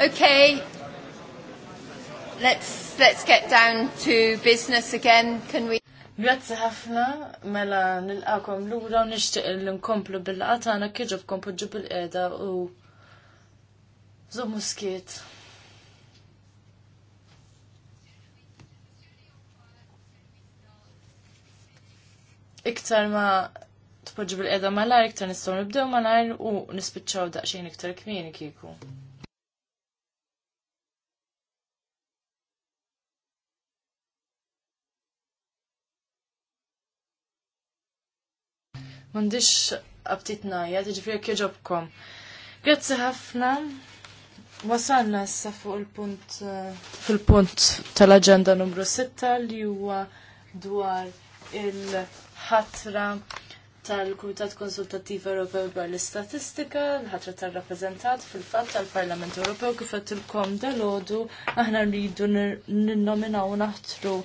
Okay, let's, let's get down to business again. Can we... Grazzi ħafna, mela nilqakom lura ura u nishtiq l-nkomplu bil-qatana kieġob kompoġu bil qiegħda u zomu skiet. Iktar ma tpoġu bil-qeda malajr iktar nistgħu nibdew malajr u nispiċċaw daqsxejn iktar kmini kiku. M'għandix abtit najja, tiġifieri kieġobkom. Grazzi ħafna. Wasalna issa fuq il-punt fil-punt tal-aġenda numru 6 li huwa dwar il-ħatra tal-Kumitat Konsultativ Ewropew dwar l-Istatistika, l-ħatra tal-rappreżentat fil-fatt tal-Parlament Ewropew kif qed ilkom dalodu aħna rridu ninnominaw naħtru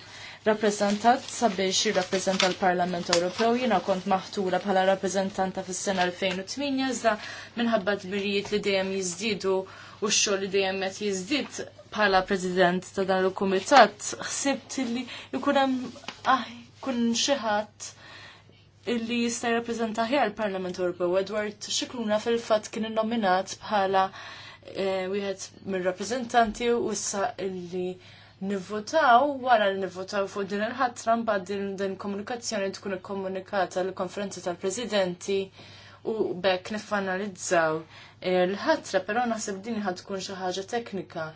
rappresentat sabiex jirrappreżenta l-Parlament Ewropew. Jiena kont maħtura bħala rappreżentanta fis-sena 2008 iżda minħabba tbirijiet li dejjem jiżdiedu u x-xogħol li dejjem qed jiżdied bħala President ta' dan il-Kumitat ħsibt li jkun hemm ah, kun xi ħadd illi jista' jirrappreżenta ħjar l-Parlament Ewropew. Edward Xikluna fil-fatt kien innominat bħala eh, wieħed mir-rappreżentanti u issa illi nivvotaw wara li nivvotaw fuq din il-ħatra mbagħad din din komunikazzjoni tkun ikkomunikata l konferenza tal-Presidenti u bekk nifanalizzaw il-ħatra, però naħseb din ħad tkun xi ħaġa teknika.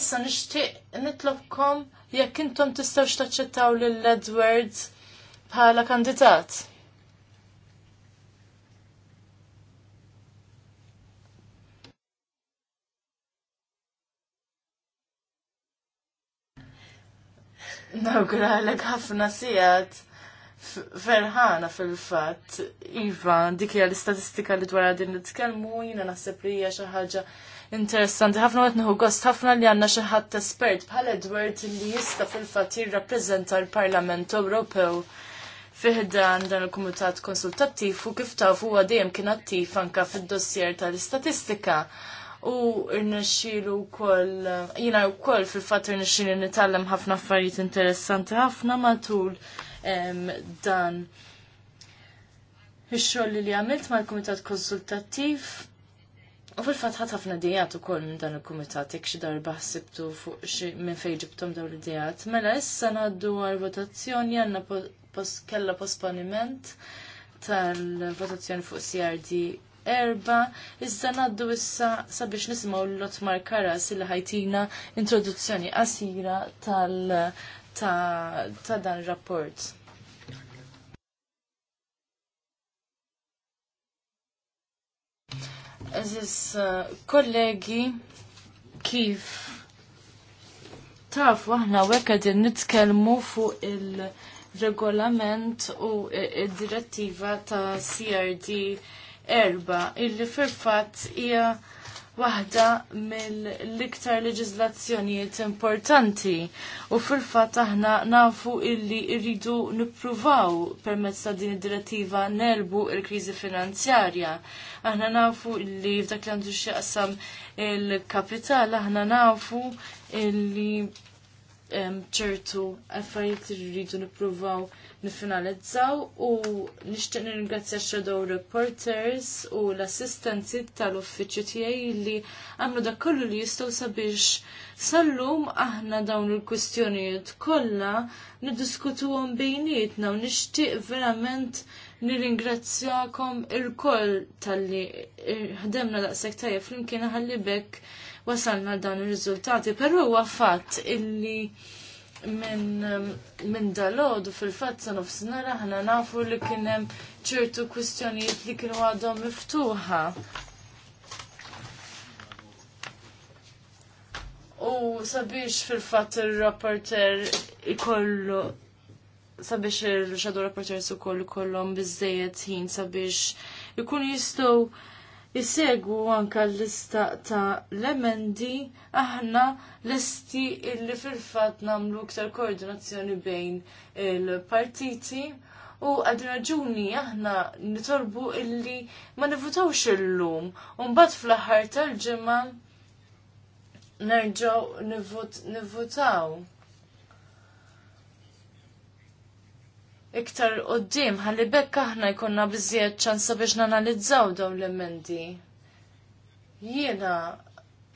Issa nixtieq nitlobkom jekk intom tistgħu taċċettaw lil Edwards bħala kandidat. għalek ħafna sijat ferħana fil-fat. Iva, dik hija l-istatistika li dwar din nitkellmu, jina naħseb li hija xi ħaġa interessanti. Ħafna qed nieħu gost ħafna li għandna xi ħadd espert bħal Edward li jista' fil-fatt jirrappreżenta l-Parlament Ewropew fiħda dan il-Kumitat Konsultattiv u kif taf huwa dejjem kien attiv anke fid-dossier tal-istatistika u rnexxielu wkoll jiena wkoll fil-fatt irnexxielu nitgħallem ħafna affarijiet interessanti ħafna matul dan ix-xogħol li għamilt mal-Kumitat Konsultattiv U fil fatt ħadd ħafna dejjat ukoll minn dan il kumitat jekk xi darba ħsibtu fuq minn fejn ġibtum dawn id-dijat. Mela issa ngħaddu għal-votazzjoni għandna pos kella posponiment tal-votazzjoni fuq CRD erba, iżda naddu issa sabiex nisimgħu l-Lotmar Karas li ħajtina introduzzjoni qasira tal ta, ta dan rapport. Eżis uh, kollegi kif taf aħna wek għedin nitkelmu fuq il-regolament u il-direttiva ta' CRD erba illi fil-fatt hija waħda mill-iktar leġizlazzjonijiet importanti u fil-fatt aħna nafu illi rridu nippruvaw permezz ta' din id-direttiva nerbu il-kriżi finanzjarja. Aħna nafu illi f'dak li għandu xieqsam il-kapital, aħna nafu illi ċertu affarijiet irridu nippruvaw nifinalizzaw u nixtieq nirringrazzja Shadow Reporters u l-assistenzi tal-uffiċċju tiegħi li għamlu dak kollu li jistgħu sabiex sallum aħna dawn il-kwistjonijiet kollha niddiskutuhom bejnietna u nixtieq verament nirringrazzjakom il-koll tal-li ħdemna daqshekk tajjeb flimkien ħalli bekk wasalna dan ir-riżultati, però huwa fatt illi minn min um, dalodu fil-fatt sa nofsinara aħna nafu li kien hemm ċertu kwistjonijiet li kienu għadhom miftuħa. U sabiex fil-fatt ir-rapporter ikollu sabiex il-xadu rapporter su kollu kollom bizzejet ħin sabiex ikun jistgħu isegwu anka l-lista ta' l-emendi aħna listi illi fil-fat namlu iktar koordinazzjoni bejn il-partiti u għad raġuni aħna nitolbu illi ma nivutawx il-lum un-bat fl-ħar tal-ġemma nerġaw nivutaw. iktar qoddim ħalli bekk aħna jkollna biżjed ċansa biex nanalizzaw dawn l-emendi. Jiena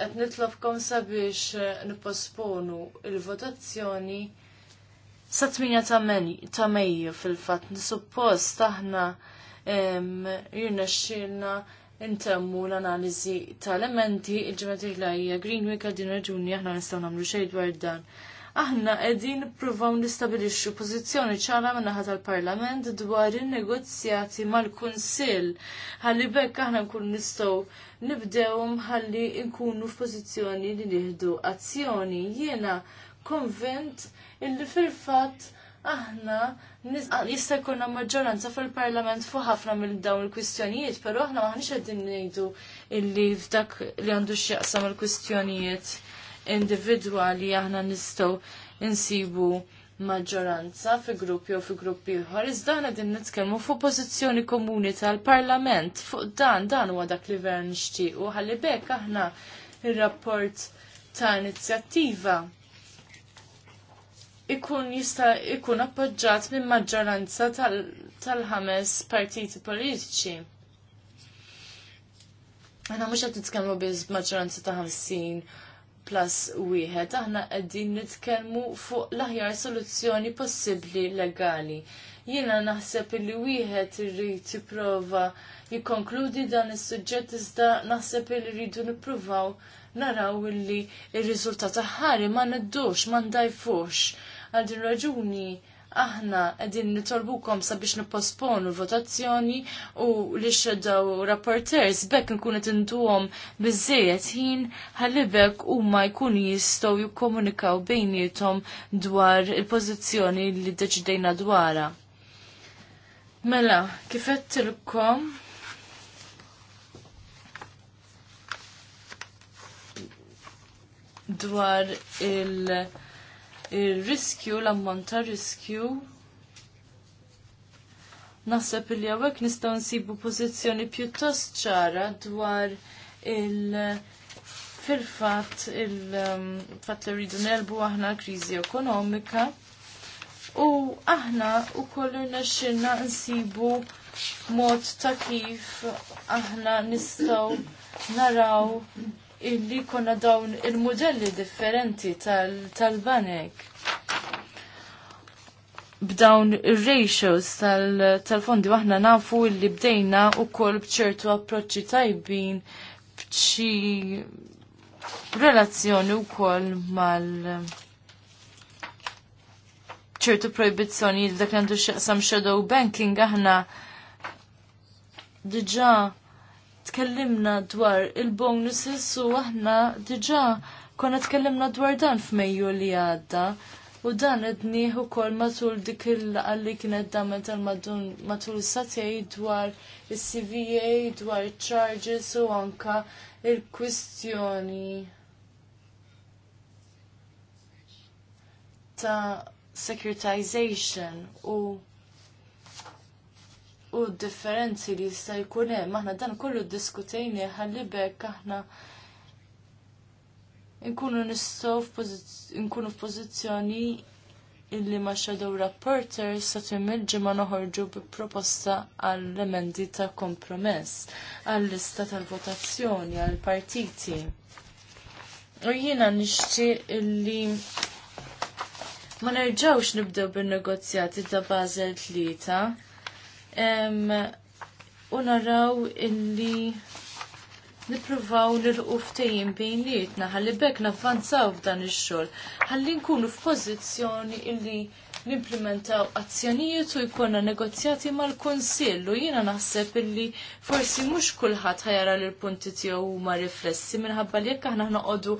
qed nitlobkom sabiex eh, nipposponu il-votazzjoni sa 8 ta' Mejju fil-fatt nisuppost aħna jirna xilna intemmu l-analiżi tal-elementi il-ġematri lajja Greenwick għal din raġuni aħna nistgħu nagħmlu xejn dwar dan aħna qegħdin nippruvaw nistabilixxu pożizzjoni ċara min-naħa tal-Parlament dwar in-negozjati mal-Kunsill ħalli bekk aħna nkunu nistgħu nibdewhom ħalli nkunu f'pożizzjoni li nieħdu azzjoni. Jiena konvent illi fil-fatt aħna jista' jkollna maġġoranza fil-Parlament fuq ħafna mill dawn il-kwistjonijiet, però aħna maħniex qegħdin ngħidu illi f'dak li għandu x'jaqsam il-kwistjonijiet individwali aħna nistgħu insibu maġġoranza fi grupp jew fi gruppi ieħor, iżda aħna din nitkellmu fuq pożizzjoni komuni tal-Parlament fuq dan dan huwa dak li vera nixtiequ ħalli bekk aħna ir-rapport ta' inizjattiva ikun jista' ikun appoġġat minn maġġoranza tal-ħames tal partiti politiċi. Aħna mhux qed nitkellmu biz maġġoranza ta' 50 plus wieħed aħna qegħdin nitkellmu fuq l-aħjar soluzzjoni possibbli legali. Jiena naħseb li wieħed irrid jipprova jikkonkludi dan is-suġġett iżda naħseb li rridu nippruvaw naraw illi ir-riżultat aħħari ma neddux, ma ndajfux. Għal din raġuni aħna qegħdin nitolbukom sabiex nipposponu l-votazzjoni u li xeddaw rapporters bekk nkun qed intuhom biżejjed ħin ħallibek huma jkunu jistgħu jikkomunikaw bejniethom dwar il-pożizzjoni li deċidejna dwarha. Mela, kif qed dwar il- il-riskju, l-ammont ta' riskju Naħseb li jawek nistaw nsibu pozizjoni pjuttost ċara dwar il- fil-fat il-fat li rridu nelbu aħna krizi ekonomika u aħna u kollu naxxilna nsibu mod ta' kif aħna nistaw naraw illi konna dawn il-modelli differenti tal-banek. B'dawn il-ratios tal-fondi waħna nafu illi bdejna u koll bċertu approċċi tajbin bċi relazzjoni u koll mal ċertu proibizzjoni dak xaqsam shadow banking aħna diġa tkellimna dwar il-bonuses u aħna diġa konna tkellimna dwar dan f'Mejju li għadda. U dan edniħu kol matul dik il-għalli kienet damet tal-madun matul satjaj dwar il-CVA, dwar il-charges u anka il-kwistjoni ta' securitization u u differenzi li jista' jkun hemm aħna dan kollu ddiskutejni ħalli bekk aħna nkunu nistgħu nkunu f'pożizzjoni illi ma Shadow Rapporter sa tim ma noħorġu bi proposta għall-emendi ta' kompromess għall-lista tal-votazzjoni għall-partiti. U jiena nixti illi ma nerġawx nibdew bin-negozjati ta' Basel tlieta u naraw illi nipruvaw bejn li bejnietna ħalli bekk nafvanzaw f'dan ix-xogħol ħalli nkunu f'pożizzjoni illi nimplementaw azzjonijiet u jkollna negozjati mal-Kunsill u jiena naħseb illi forsi mhux kulħadd ħajara l punti tiegħu huma riflessi minħabba li jekk aħna noqogħdu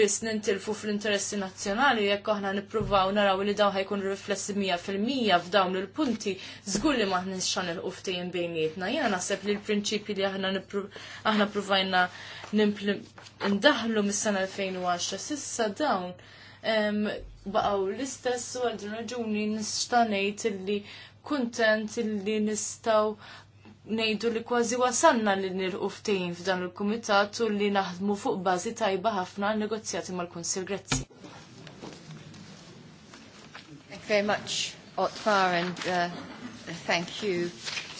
biss nintilfu fl-interessi nazzjonali jekk aħna nippruvaw naraw li dawn ħajkun riflessi mija fil-mija f'dawn il-punti żgur li maħniex xan il-quftejn bejnietna. Jiena naħseb li l-prinċipji li aħna aħna pruvajna ndaħlu mis-sena 2010 sissa dawn baqaw l-istess u għaldin raġuni nista' ngħid illi kuntent illi nistgħu nejdu li kważi wasanna li nirqu ftejn f'dan il-kumitat u li naħdmu fuq bażi tajba ħafna negozjati mal-Kunsil Grezzi. Thank you very much, Otfar, and uh, thank you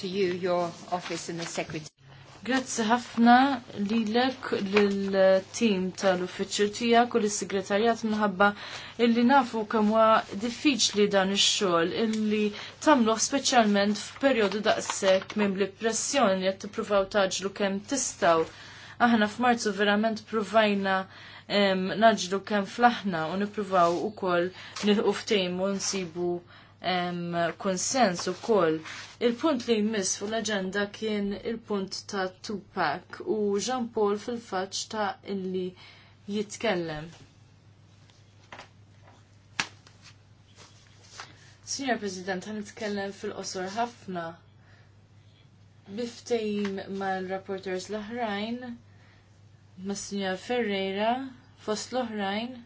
to you, your office and the Secretary. Grazzi ħafna lilek l team tal-uffiċċju tiegħek u l-segretarjat minħabba illi nafu kemm huwa diffiċli dan ix-xogħol illi tagħmluh speċjalment f'perjodu daqshekk minn li pressjoni qed tippruvaw taġlu kemm tistgħu. Aħna f'Marzu verament pruvajna naġlu kemm fl-aħna u nippruvaw ukoll nilqu ftehim u nsibu konsens u koll. Il-punt li jmiss fuq l-agenda kien il-punt ta' Tupac u Jean Paul fil-faċ ta' illi jitkellem. Signor President, għan nitkellem fil-qosor ħafna. Biftejim mal-rapporters l-oħrajn, ma' Signor Ferreira, fost l-oħrajn,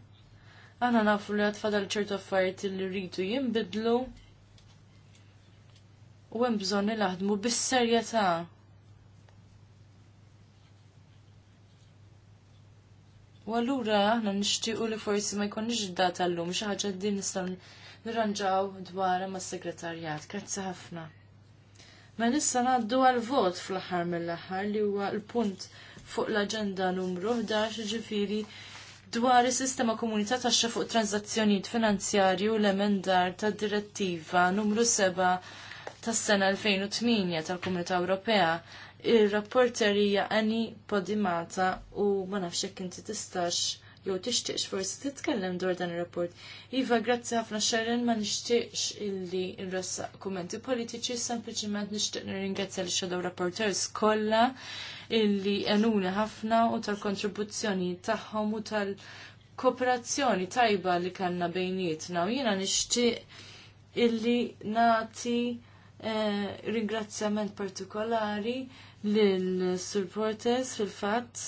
Għana nafu li fadal ċertu affarijiet li rridu jimbidlu u hemm bżonn li laħdmu bis-serjetà. U allura aħna nixtiequ li forsi ma jkunniex id-data llum xi ħaġa din nistgħu nirranġaw ma mas-segretarjat. Grazzi ħafna. Ma mela nista ngħaddu għal-vot fl-aħħar mill-aħħar li huwa l-punt fuq l-aġenda numru 11 ġifiri dwar is-sistema komunità ta' fuq transazzjonijiet finanzjarju l-emendar tad direttiva numru 7 tas-sena 2008 tal-Komunità Ewropea. Ir-rapporter hija Ani Podimata u ma nafx jekk inti tistax jew tixtieqx forsi titkellem dwar dan ir-rapport. Iva, grazzi ħafna Sharon ma nixtieqx illi nressaq kummenti politiċi, sempliċiment nixtieq nirringrazzja li shadow rapporters kollha illi enuna ħafna u tal-kontribuzzjoni tagħhom u tal-kooperazzjoni tajba li kanna bejnietna u jiena nixtieq illi nati eh, ringrazzjament partikolari lill supporters fil-fatt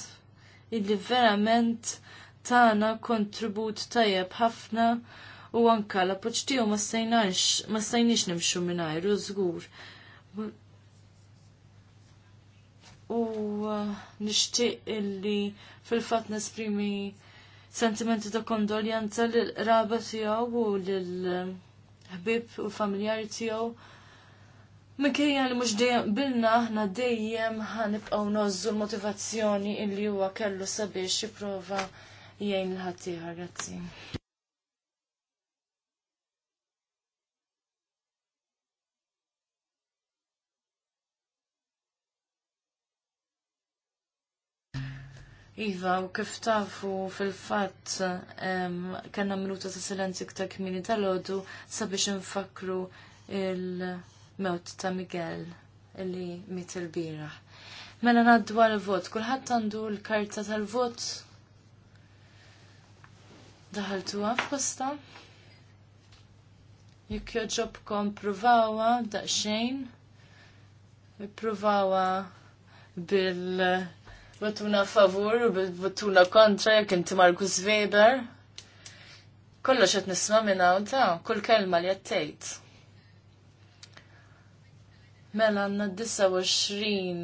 illi verament tana kontribut tajjeb ħafna u anka la poċtiju ma stajnix nimxu minnajru zgur u uh, nixtieq illi fil-fatt nesprimi sentimenti ta' kondoljanza l-raba tiegħu u l-ħbib u l-familjari tiegħu. Minkejja li mhux dejjem bilna aħna dejjem ħanibqgħu nozzu l-motivazzjoni illi huwa kellu sabiex jipprova jgħin l-ħaddieħor. Grazzi. Iva, u kif tafu fil-fat kanna minuta ta' s-silenzi iktar kmini tal-ħodu sabiex nfakru il-mewt ta' Miguel li mit il-bira. Mela naddu għal-vot, kullħat għandu l-karta tal-vot. Daħaltu għaf posta. Jekk joġobkom provawa daqxejn. Provawa bil- votuna favur u votuna kontra jekk inti Markus Weber. Kollox qed nisma' minn hawn ta' kull kelma li qed tgħid. Mela għandna 29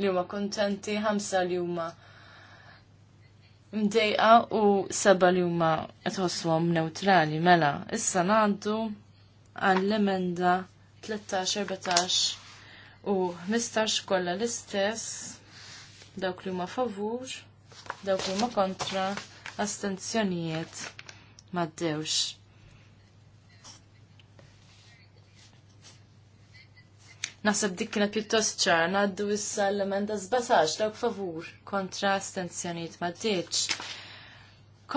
li huma kontenti, 5 li huma mdejqa u seba li huma qed ħossuhom neutrali. Mela, issa ngħaddu għall-emenda 13, 14 u 15 kollha l-istess dawk li huma favur, dawk li huma kontra, astenzjonijiet maddewx. Naħseb dik kienet pjuttost ċar, naddu issa l-emenda 17, dawk favur, kontra astenzjonijiet ma maddeċ.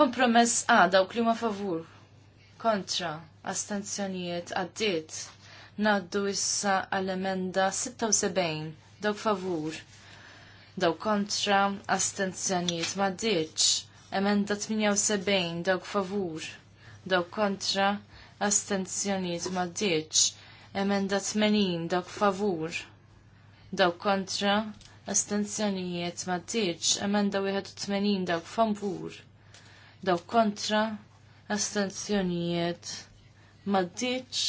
Kompromess A, dawk li huma favur, kontra astenzjonijiet għaddiet. Naddu issa għall-emenda 76, dawk favur, daw kontra astenzjonijiet maddiċ. Emenda 78 daw favur Daw kontra astenzjonijiet maddiċ. Emenda 80 daw favur Daw kontra astenzjonijiet maddiċ. Emenda 81 daw favur Daw kontra astenzjonijiet maddiċ.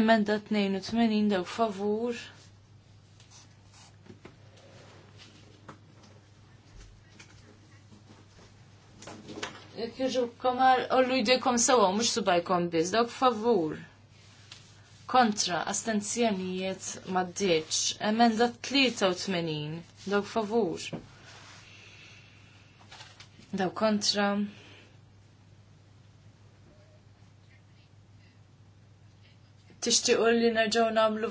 Emenda 82 daw favur Jek komar għal ollu jdejkom sewa, mux subajkom biz, dawk favur. Kontra, astenzjonijiet maddiċ, emenda 83, dawk favur. Daw kontra. Tixtiqu li nerġaw namlu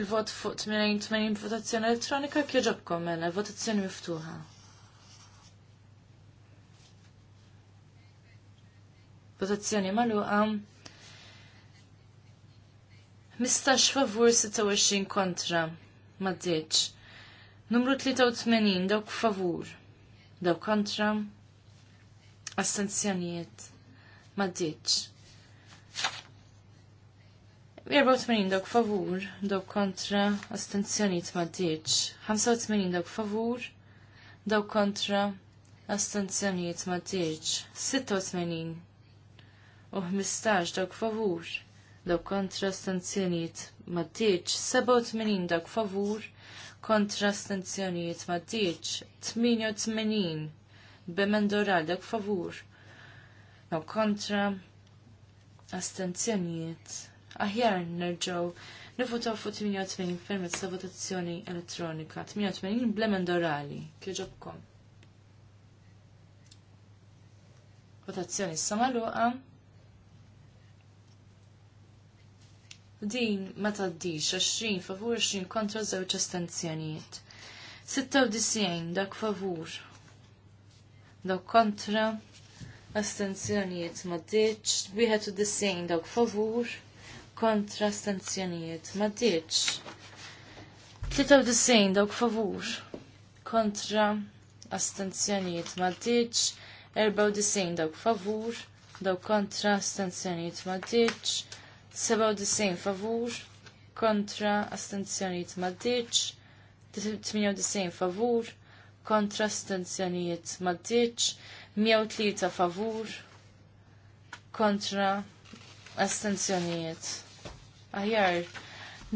il-vot fuq 88 votazzjoni elettronika kieġobkom mela, votazzjoni miftuħa. votazzjoni maluqa. mistax favur 26 kontra maddeċ. Numru 83 dawk favur, dawk kontra, astenzjonijiet maddeċ. 84 dawk favur, dawk kontra, astenzjonijiet maddeċ. 85 dawk favur, dawk kontra, astenzjonijiet maddeċ. 86 u 15 dak favur, dawk kontra stanzjoniet maddiċ, 87 dak favur, kontra stanzjoniet maddiċ, 88 b'emendoral dak favur, dawk kontra astenzjoniet. Aħjar nerġaw nifutaw fuq 88 permezz sa' votazzjoni elettronika, 88 blemendorali kieġobkom. Votazzjoni s-samaluqa. din ma taddix 20 favur 20 kontra żewġ astenzjonijiet. 96 dak favur. Dak kontra astenzjonijiet ma ddiċ, 91 dak favur kontra astenzjonijiet ma ddiċ. 93 dak favur kontra astenzjonijiet ma ddiċ, 94 dak favur dak kontra astenzjonijiet ma ddiċ, 97 favur kontra astenzjonijiet maddiċ, 98 favur kontra astenzjonijiet maddiċ, 103 favur kontra astenzjoniet. Aħjar,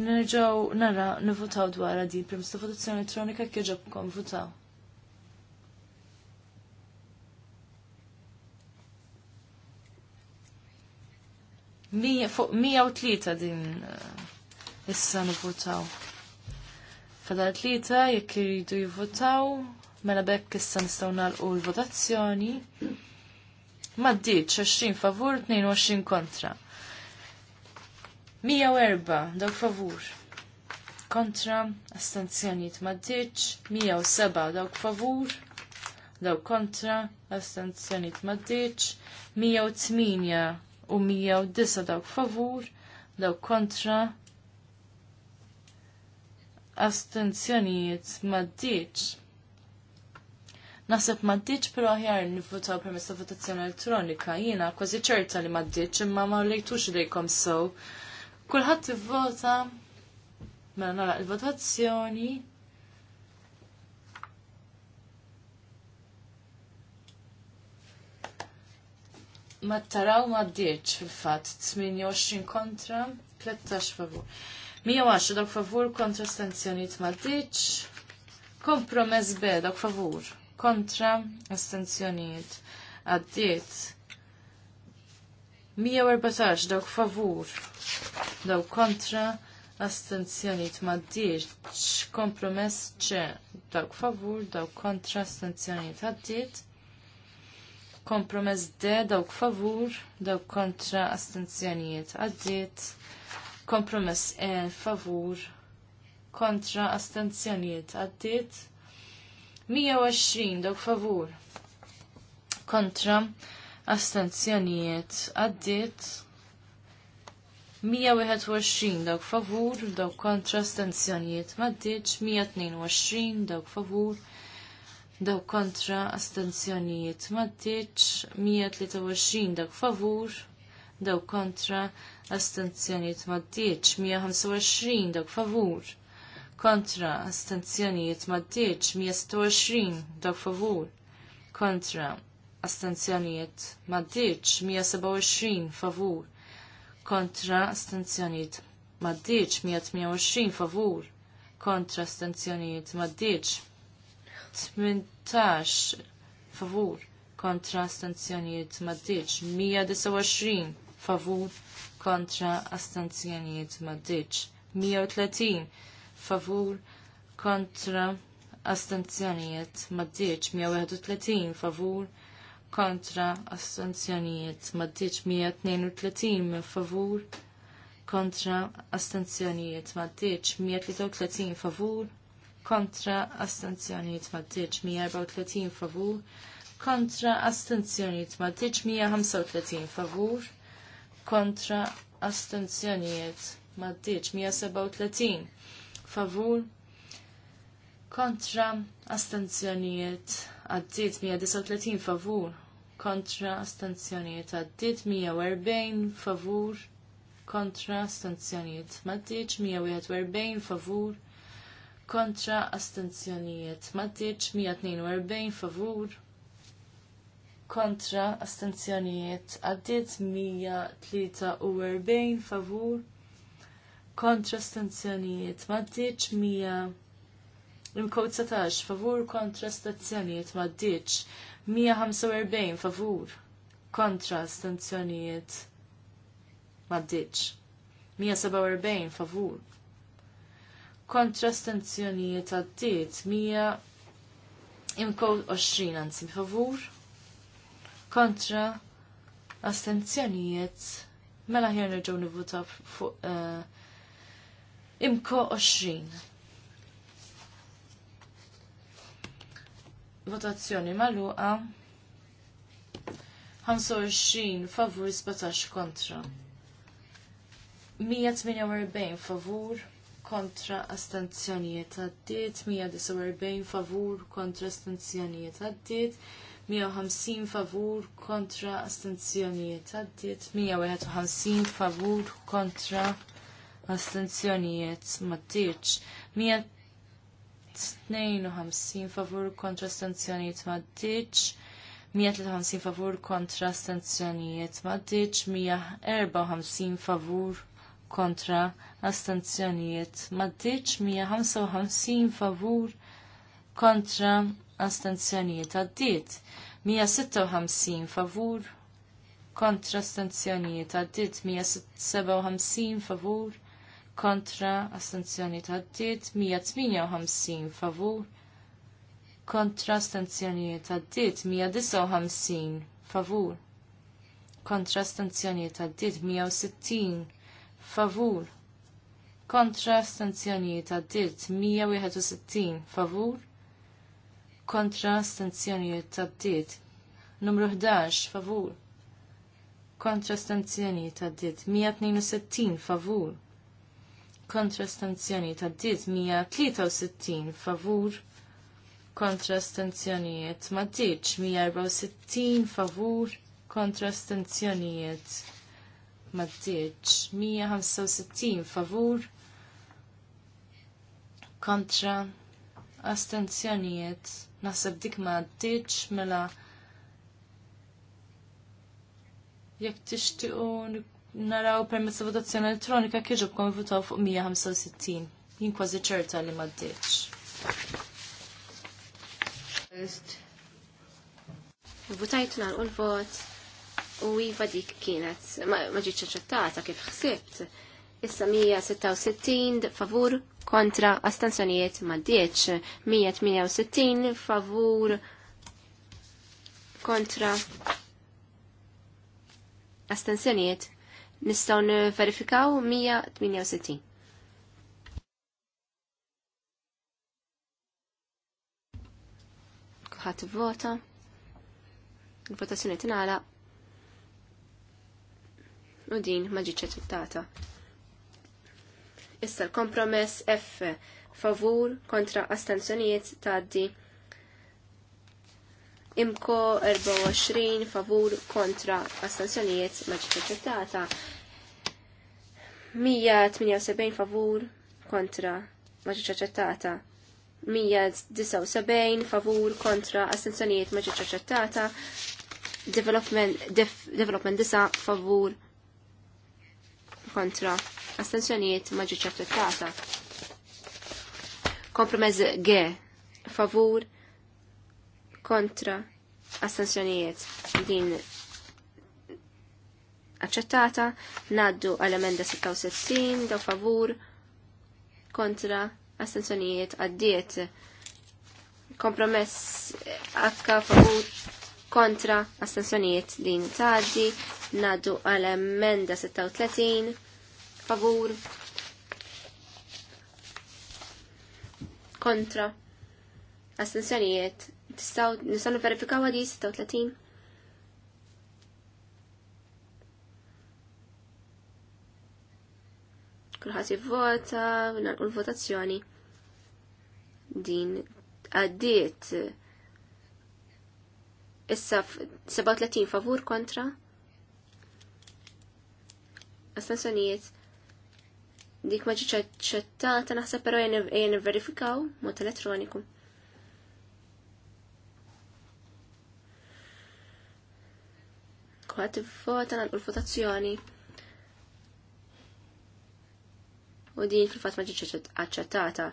nerġaw nara nivutaw dwar din prim votazzjoni elettronika kieġobkom votaw. fuq 103 din eh, issa nivvotaw. Fadal tlieta jekk iridu jivvotaw, mela bekk issa nistgħu nalqu l-votazzjoni. Maddiċ 20 favur, 22 kontra. 104 daw favur. Kontra, astenzjonijiet maddiċ, 107 dawk favur, daw kontra, astenzjonijiet maddiċ, 108 u 109 dawk favur, dawk kontra. Astenzjonijiet maddiċ. Nasib maddiċ pero ħjar nifutaw per ta' votazzjoni elettronika. Jina kważi ċerta li maddiċ imma ma lejtux dejkom sow. Kulħadd ivvota mela il-votazzjoni. ma taraw ma d-dirċ fil-fat, 28 kontra, 13 favur. 110 dok favur kontra astenzjoniet ma d-dirċ, kompromess B dok favur kontra astenzjoniet għaddiet. 114 dok favur dok kontra astenzjoniet ma d-dirċ, kompromess C dok favur dok kontra astenzjoniet għaddiet. Kompromess de dawk favur, dawk kontra astenzjonijiet għaddiet. Kompromess E favur, kontra astenzjonijiet għaddiet. 120 dawk favur, kontra astenzjonijiet għaddiet. 121 dawk favur, dawk kontra astenzjonijiet maddiċ, 122 dawk favur, daw kontra astenzjonijiet mattiċ 123 dawk favur daw kontra astenzjonijiet mattiċ 125 dak favur kontra astenzjonijiet mattiċ 126 dawk favur kontra astenzjonijiet mattiċ 127 favur kontra astenzjonijiet mattiċ 128 favur kontra astenzjonijiet mattiċ 18 favur kontra astenzjonijiet maddiċ, 129 favur kontra astenzjonijiet maddiċ, 130 favur kontra astenzjonijiet maddiċ, 131 favur kontra astenzjonijiet maddiċ, 132 favur kontra astenzjonijiet maddiċ, 133 favur kontra astenzjonijiet maddiċ 134 favur kontra astenzjonijiet maddiċ 135 favur kontra astenzjonijiet maddiċ 137 favur kontra astenzjonijiet għaddit 139 favur kontra astenzjonijiet għaddit 140 favur kontra astenzjonijiet maddiċ 141 favur kontra astenzjonijiet. Maddiċ 142 favur kontra astenzjonijiet. Għaddiet 143 favur kontra astenzjonijiet. Maddiċ 100 Imkod 17 favur kontra astenzjonijiet. Maddiċ 145 favur kontra astenzjonijiet. Maddiċ 147 favur kontra għaddiet mija imko 20 anzi favur kontra astenzjonijiet mela ħjar nerġgħu nivvuta fuq uh, imko 20. Votazzjoni magħluqa 25 favur 17 kontra. 148 favur kontra astenzjonijiet għaddiet, 149 favur kontra astenzjonijiet għaddiet, 150 favur kontra astenzjonijiet għaddiet, 151 favur kontra astenzjonijiet maddiċ, 152 favur kontra astenzjonijiet maddiċ, 153 favur kontra astenzjonijiet maddiċ, 154 favur kontra astenzjonijiet maddiċ 155 favur kontra astenzjonijiet għaddiet 156 favur kontra astanzjonijiet għaddiet 157 favur kontra astenzjonijiet għaddiet 158 favur kontra astenzjonijiet għaddiet 159 favur kontra astanzjonijiet għaddiet 160 favur kontra ta' għaddiet 161 favur kontra ta' dilt numru 11 favur kontra ta' dilt 162 favur kontra ta' dilt 163 favur kontra ta' ma 164 favur kontra astenzjonijiet maddiċ 165 favur kontra astenzjonijiet naħseb dik maddiċ mela jekk tixtiqu naraw permezz votazzjoni elettronika kieġu bkom votaw fuq 165 jien kważi ċerta li maddiċ. Votajt nar u l-vot u jiva dik kienet ma ġietx aċċettata kif ħsibt. Issa 166 favur kontra astensjonijiet ma dieċ 168 favur kontra astensjonijiet nistaw verifikaw 168. Kuħat vota. Il-votazzjoni tingħalaq u din ma ġietx aċċettata. Issa l-kompromess F favur kontra astensjonijiet tgħaddi imko 24 favur kontra astensjonijiet ma ġietx aċċettata. 178 favur kontra ma ġietx aċċettata. 179 favur kontra astenzjonijiet ma ġietx aċċettata. Development, def, development favur kontra astenzjonijiet ma ġiċ adottata. Kompromess G favur kontra astenzjonijiet din aċċettata, naddu għal-emenda 66, daw favur, kontra, astenzjonijiet, għaddiet, kompromess, akka favur, kontra astensjonijiet din tgħaddi ngħaddu għal emenda 36 favur kontra astensjonijiet tistgħu nistgħu verifikaw għadi 36 kulħadd jivvota, nagħlqu l-votazzjoni. Din għaddiet Issa 37 favur kontra. Astensjonijiet. Dik ma ġiċa ċettata naħseb però jen verifikaw mod elettroniku. Kwaħt vota nagħlqu l-votazzjoni. U din fil-fatt ma ġiċa aċċettata.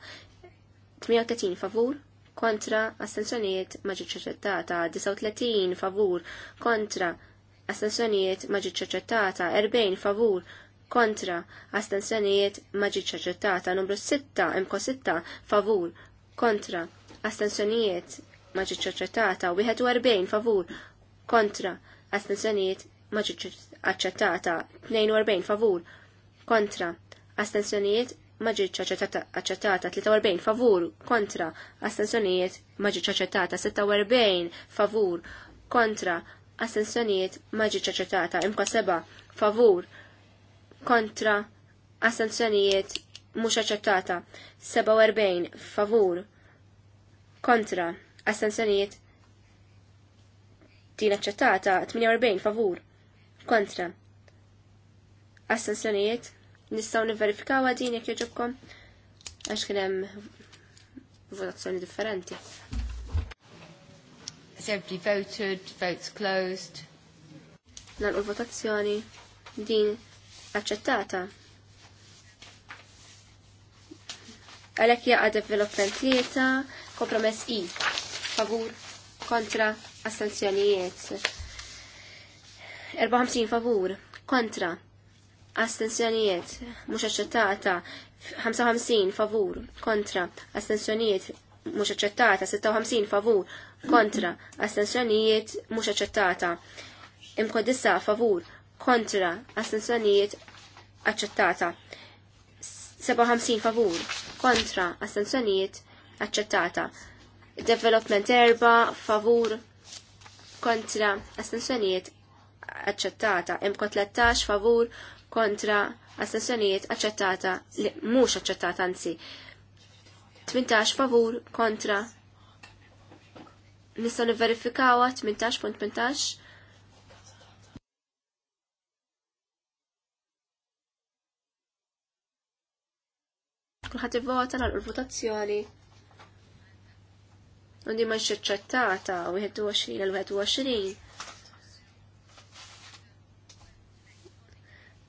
38 favur kontra astensjoniet ma ġietx aċċettata, 39 favur kontra astensjonijiet ma ġietx aċċettata, 40 favur kontra astensjonijiet ma ġietx aċċettata, numru 6 imko 6 favur kontra astensjonijiet ma ġietx aċċettata, 41 favur kontra astensjonijiet ma ġietx aċċettata, 42 favur kontra astensjonijiet ma ġietx aċċettata 43 favur kontra astensjonijiet ma ġietx aċċettata 46 favur kontra astensjonijiet ma ġietx aċċettata imka seba favur kontra astensjonijiet mhux aċċettata 47 favur kontra astensjonijiet din aċċettata 48 favur kontra astensjonijiet Nistaw niverifikaw għadin jek joġobkom għax kienem votazzjoni differenti. Has everybody voted? Votes closed? Nalqu votazzjoni din accettata. Għalek jaqa development lieta, kompromess i, favur, kontra, astenzjonijiet. 54 favur, kontra, astensjonijiet mhux aċċettata 55 favur kontra astensjonijiet mhux aċċettata 56 favur kontra astensjonijiet mhux aċċettata imkodissa favur kontra astensjonijiet aċċettata 57 favur kontra astensjonijiet aċċettata development erba favur kontra astensjonijiet aċċettata, imkod 13 favur kontra astensjonijiet aċċettata li mhux aċċettata anzi. 18 favur kontra nistgħu nivverifikawa 18.18 Kulħadd ivvota nagħlqu l-votazzjoni. Undi ma u 21 għal 21.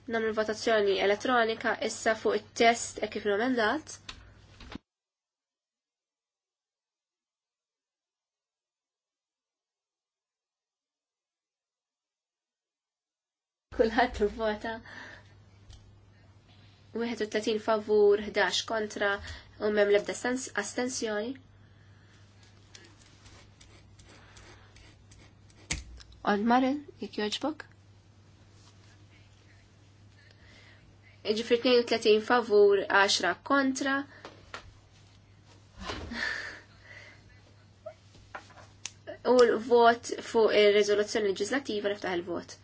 namlu votazzjoni elettronika issa fuq it-test e kif nomendat. Kulħadd vota. 31 favur, 11 kontra, u mem lebda astensjoni. Ond Marin, jek joġbok? ġifir 32 favur, 10 kontra. U l-vot fuq il-rezoluzzjoni leġislativa niftaħ il-vot.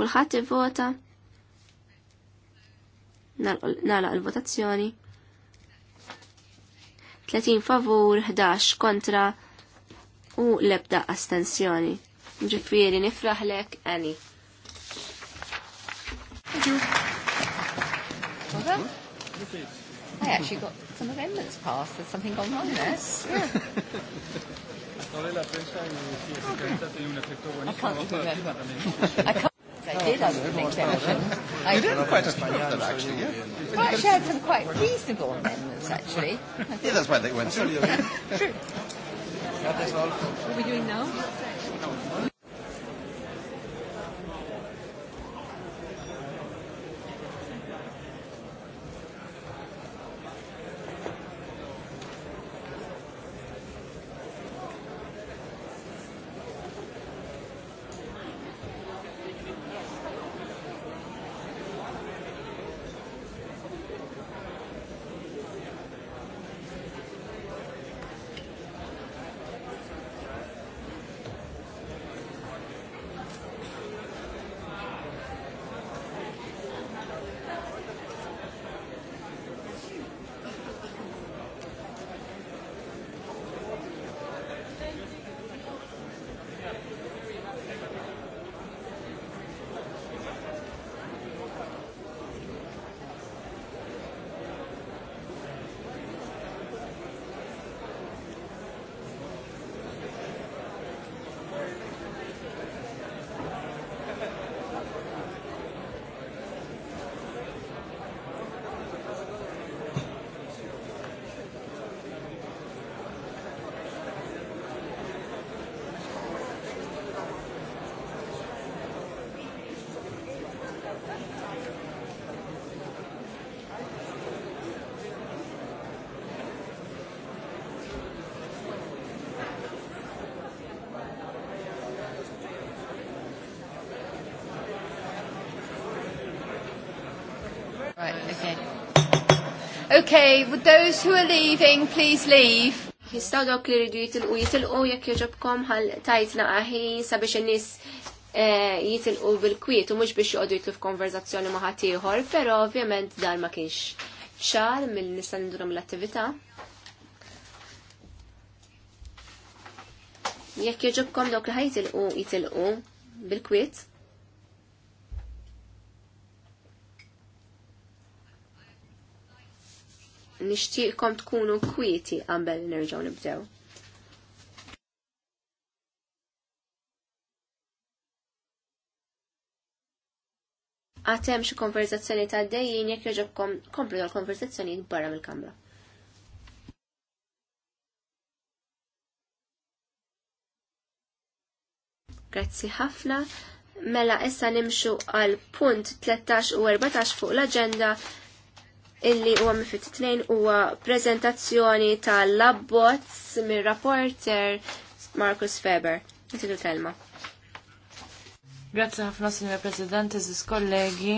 Kulħadd ivvota. Nagħlaq il-votazzjoni. 30 favur, 11 kontra u l-ebda astensjoni ġifiri nifraħlek għani. I actually got some amendments passed. There's something going on there. I can't remember. I did, I would make I did quite a few of them, actually, yeah. Well, actually, I had some quite reasonable amendments, actually. yeah, that's why they went through. True. What are we doing now? Okay, would those who are leaving please leave? Jistaw dok li rridu jitilqu jitilqu jekk joġobkom ħal tajtna aħi sabiex in-nies eh, jitilqu bil-kwiet u mhux biex joqogħdu jitlu f'konverzazzjoni ma' ħadd ieħor, però ovvjament dan ma kienx ċar mill nista' ninduna l attività Jekk joġobkom dawk li ħajtilqu jitilqu bil-kwiet. nixtieqkom tkunu kwieti qabel nerġgħu nibdew. Għatem xi konverzazzjoni ta' dejjin jekk jogħġobkom komplu l-konverzazzjoni barra mill-kamra. Grazzi ħafna. Mela issa nimxu għal punt 13 u 14 fuq l-agenda illi huwa mifit tnejn huwa prezentazzjoni tal labbots mir-rapporter Markus Feber. Nsidu telma. Grazie ħafna, Signor Presidente, Zis kollegi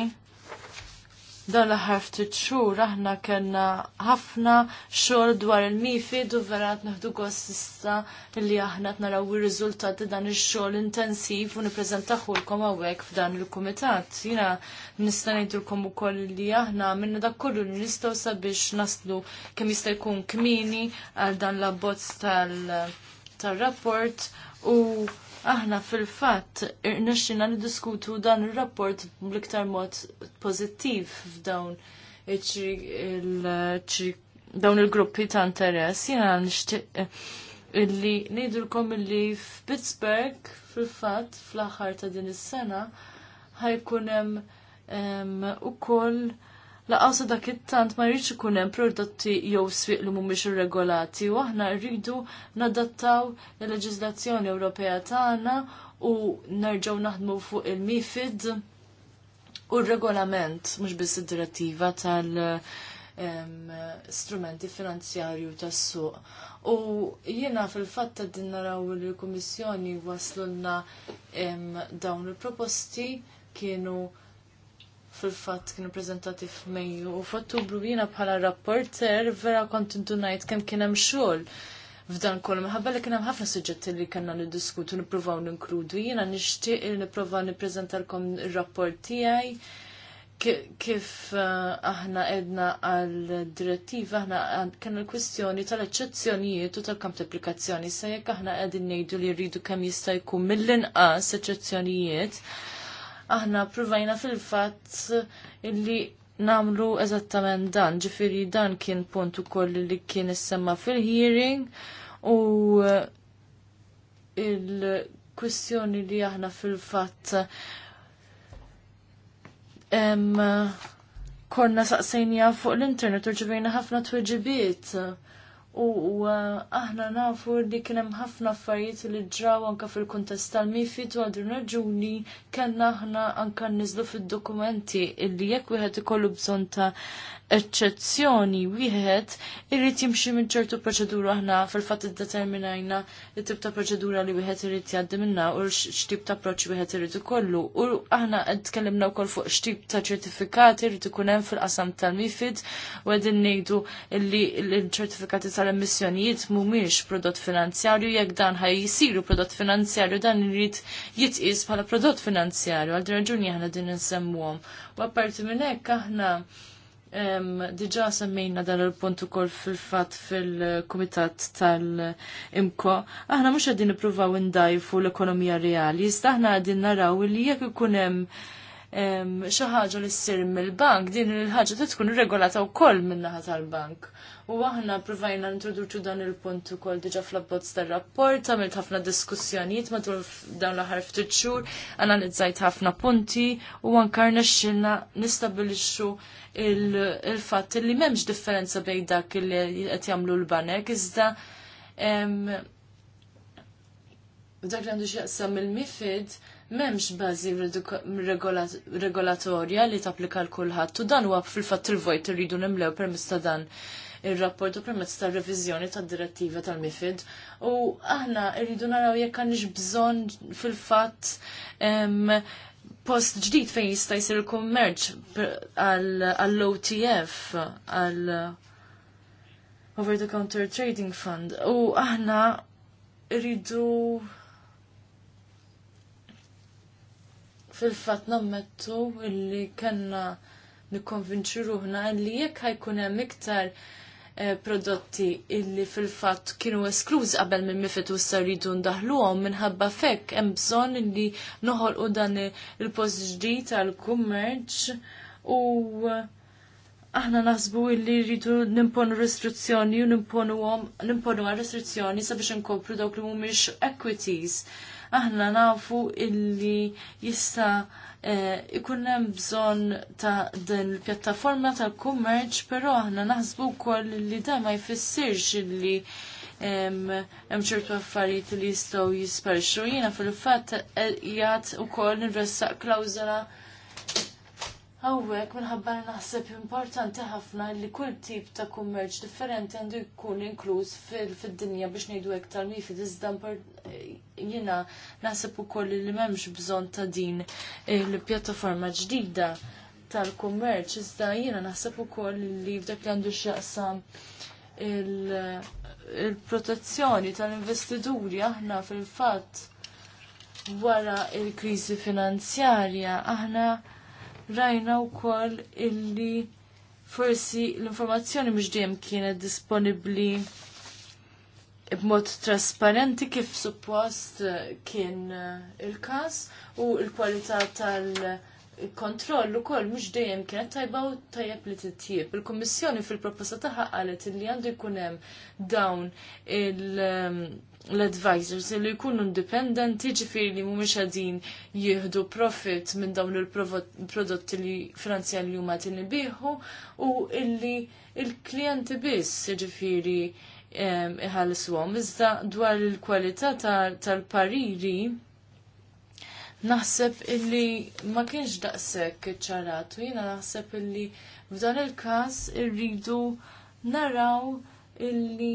dan l-ħar ftit xhur aħna kellna ħafna xogħol dwar il-mifid u vera qed naħdu gost li aħna qed naraw ir riżultati dan ix-xogħol intensiv u nippreżentahulkom hawnhekk f'dan il-kumitat. Jiena nista' ngħidulkom ukoll li aħna minna dak kollu li nistgħu sabiex naslu kemm jista' jkun kmini għal dan l-abbozz tal-rapport u aħna fil-fatt irnexxina niddiskutu dan ir-rapport bl-iktar mod pożittiv f'dawn dawn il-gruppi ta' interess. Jena nixtieq eh, illi ngħidulkom illi f'Pittsburgh fil-fatt fl-aħħar ta' din is-sena ħajkun hemm ukoll laqgħu dak it-tant ma rridx ikun hemm prodotti jew swieq li mhumiex irregolati u aħna rridu nadattaw il-leġiżlazzjoni Ewropea tagħna u nerġgħu naħdmu fuq il-MIFID u r-regolament mhux biss id-direttiva tal- strumenti finanzjarju tas-suq. U jiena fil-fatt din naraw li l-Kummissjoni waslulna dawn il-proposti kienu fil-fatt kienu prezentati f'Mejju u f'Ottubru jiena bħala rapporter vera kont najt kemm kien hemm xogħol f'dan kol minħabba li kien hemm ħafna suġġetti li kellna niddiskutu nippruvaw ninkludu. Jiena nixtieq n nipprova nippreżentalkom ir-rapport tiegħi kif eh, aħna edna għal direttiva aħna kena l-kwistjoni tal-eċezzjonijiet u tal-kamp applikazzjoni sa jekk aħna qegħdin ngħidu li rridu kemm jista' jkun mill-inqas eċezzjonijiet aħna provajna fil-fatt illi namlu eżattament dan, ġifiri dan kien punt ukoll li kien issemma fil-hearing u uh, il-kwistjoni li aħna fil-fatt uh, konna saqsajnija fuq l-internet u ġivajna ħafna tweġibiet U eh, aħna nafu li kien hemm ħafna affarijiet li ġraw anke fil-kuntest tal-mifid u għadru raġuni kellna aħna anke nniżlu fid-dokumenti li jekk wieħed ikollu bżonn ta' eċċezzjoni wieħed irrid jimxi minn ċertu proċedura aħna fil-fatt iddeterminajna it-tip ta' proċedura li wieħed irrid jgħaddi minna u x'tip ta' approċċ wieħed irid ikollu. U aħna qed tkellimna wkoll fuq x'tip ta' ċertifikati irid ikun hemm fil-qasam tal-MIFID u qegħdin ngħidu li l-ċertifikati tal-emissjonijiet mhumiex prodott finanzjarju jekk dan ħaj jisiru prodott finanzjarju dan irid jitqies bħala prodott finanzjarju għal raġuni aħna din insemmuhom. U apparti minn hekk aħna Diġa semmejna dan il-punt ukoll fil-fatt fil-Kumitat tal-Imko. Aħna mhux qegħdin nippruvaw indajfu l-ekonomija reali, Jista aħna qegħdin naraw li jekk ikun hemm xi ħaġa li ssir mill-bank, din il-ħaġa tkun irregolata wkoll min-naħa tal-bank u aħna provajna introduċu dan il-punt ukoll diġà fl-abbozz tar-rapport, għamilt ħafna diskussjonijiet matul dawn l-aħħar ftit xhur, analizzajt ħafna punti u anke rnexxilna nistabilixxu il-fatt li m'hemmx differenza bejn dak li qed jagħmlu l-banek iżda dak li għandu xieqsam il-mifid memx bazi regolatorja li tapplika l-kulħadd u dan huwa fil-fatt il-vojt irridu nimlew permezz ta' dan ir rapportu permezz tar-reviżjoni tad-direttiva tal-MIFID u aħna rridu naraw jekk għandix bżonn fil-fatt post ġdid fejn jista' jsir il-kummerċ għall-OTF għall over the counter trading fund u aħna rridu fil fatt nammettu illi kanna nikkonvinċi ruħna li jekk ħajkun hemm iktar Eh, prodotti illi fil-fatt kienu eskluż qabel minn mifet u s-saridu ndaħluhom minħabba fekk hemm bżonn illi noħolqu dan il-post ġdid għall-kummerċ u aħna naħsbu illi rridu nimponu restrizzjoni u nimponu għom, nimponu għal restrizzjoni sabiex nkopru dawk li mumiex equities. Aħna nafu illi jista' Eh, ikun hemm bżonn ta' din il-pjattaforma tal-kummerċ, però aħna naħsbu wkoll li dan ma jfissirx li hemm ċertu affarijiet li jistgħu jisparxu. Jiena fil-fatt eh, jgħat ukoll nirressaq klawżola Għawwek, minħabba li naħseb importanti ħafna li kull tip ta' kummerċ differenti għandu jkun inkluż fil-dinja biex ngħidu hekk tal-mifid iżda jiena naħseb ukoll li m'hemmx bżonn ta' din il-pjattaforma ġdida tal-kummerċ iżda jiena naħseb ukoll li f'dak li għandu x'jaqsam il-protezzjoni tal-investituri aħna fil-fatt wara il-kriżi finanzjarja aħna rajna wkoll illi forsi l-informazzjoni mhux dejjem kienet disponibbli b'mod trasparenti kif suppost kien eh, il-każ u l-kwalità tal-kontroll ukoll mhux dejjem kienet tajba u tajjeb li titjieb. Il-Kummissjoni fil-proposta tagħha qalet illi għandu jkun hemm dawn il- l-advisors li jkunu indipendenti ġifiri li mhumiex għadin jieħdu profit minn dawn il-prodotti li finanzjali li huma qed biħu u illi il-klijenti biss ġifiri iħallishom. Iżda dwar il-kwalità tal-pariri naħseb illi ma kienx daqshekk ċaratu, jiena naħseb illi f'dan il-każ irridu naraw illi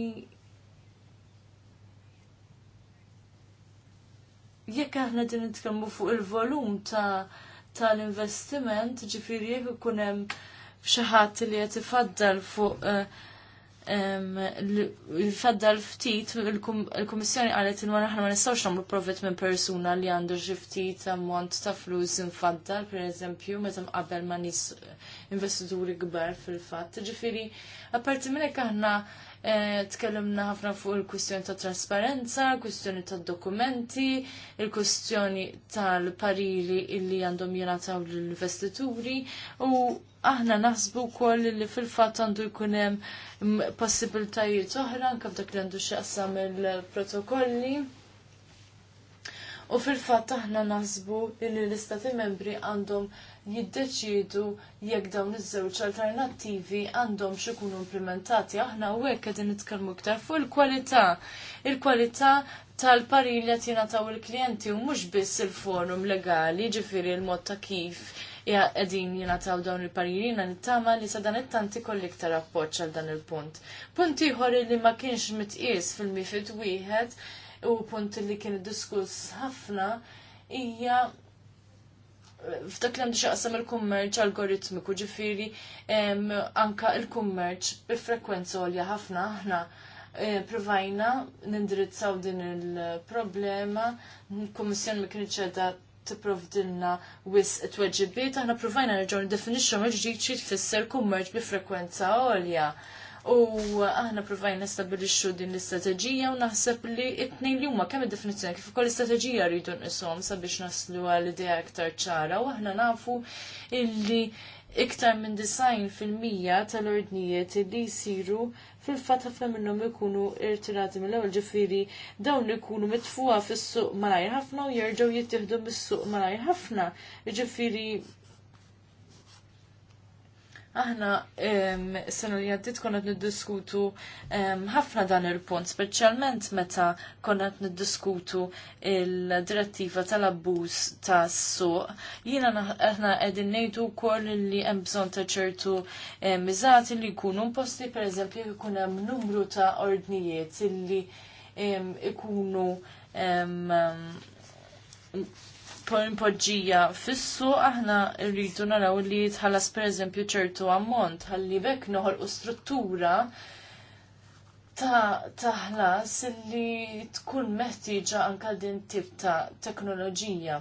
jekk aħna din nitkellmu fuq il-volum ta' tal-investiment, ġifiri jekk ikun hemm xi ħadd li qed ifaddal fuq jifaddal eh, ftit, il-Kummissjoni qalet il aħna ma nistgħux nagħmlu profit minn persuna li għandu xi ftit ammont ta' flus infaddal, pereżempju, meta mqabbel ma' nies investituri kbar fil-fatt. Ġifiri, apparti minn hekk aħna eh, tkellimna ħafna fuq il kustjoni ta' trasparenza, il-kustjoni ta' dokumenti, il-kwistjoni tal-pariri illi għandhom jenataw l-investituri u aħna naħsbu wkoll li fil-fatt għandu jkun hemm possibiltajiet oħra anke dak li għandu x'jaqsam il-protokolli. U fil-fatt aħna naħsbu li l-istati membri għandhom jiddeċidu jekk dawn iż-żewġ alternattivi għandhom xikunu implementati. Aħna u hekk qegħdin nitkellmu iktar fuq il-kwalità. Il-kwalità tal li qed jingħataw il-klijenti u mhux biss il-forum legali, jiġifieri l-mod ta' kif qegħdin jingħataw dawn il-parili na nittama li sa dan it-tanti kolli iktar appoġġ għal dan il-punt. Punt ieħor li ma kienx mitqies fil-mifid wieħed u punt li kien diskuss ħafna hija f'dak li għandu xaqsam il-kummerċ algoritmiku ġifiri anka il-kummerċ bi-frekwenza għolja ħafna ħna eh, provajna nindirizzaw din il-problema, il mi ma ċeda qiegħda tipprovdilna wis it-tweġibiet, aħna provajna nerġgħu nidefinixxu mill-ġdid xi tfisser kummerċ bi-frekwenza għolja. U aħna provajna nistabilixxu din l-istrateġija u naħseb li it-tnejn li huma kemm id-definizzjoni kif ukoll istrateġija rridu nqishom sabiex naslu għal idea iktar ċara u aħna nafu illi iktar minn design fil-mija tal-ordnijiet li jsiru fil-fatt ħafna minnhom ikunu irtirati mill-ewwel ġifieri dawn ikunu mitfuha fis-suq malajr ħafna u jerġgħu jittieħdu mis-suq malajr ħafna. Ġifieri Aħna s-sena li għaddit konna niddiskutu ħafna dan il-punt, specialment meta konna niddiskutu il-direttiva tal-abbuż ta' s-suq. Jina aħna għedin nejdu kol li hemm bżon ta' ċertu miżati li jkunu posti, per eżempju, jkun hemm numru ta' ordnijiet illi ikunu poġġija fissu aħna rridu naraw li tħallas pereżempju ċertu ammont ħalli bekk noħolqu struttura ta' taħlas li tkun meħtieġa anke din tip ta' teknoloġija.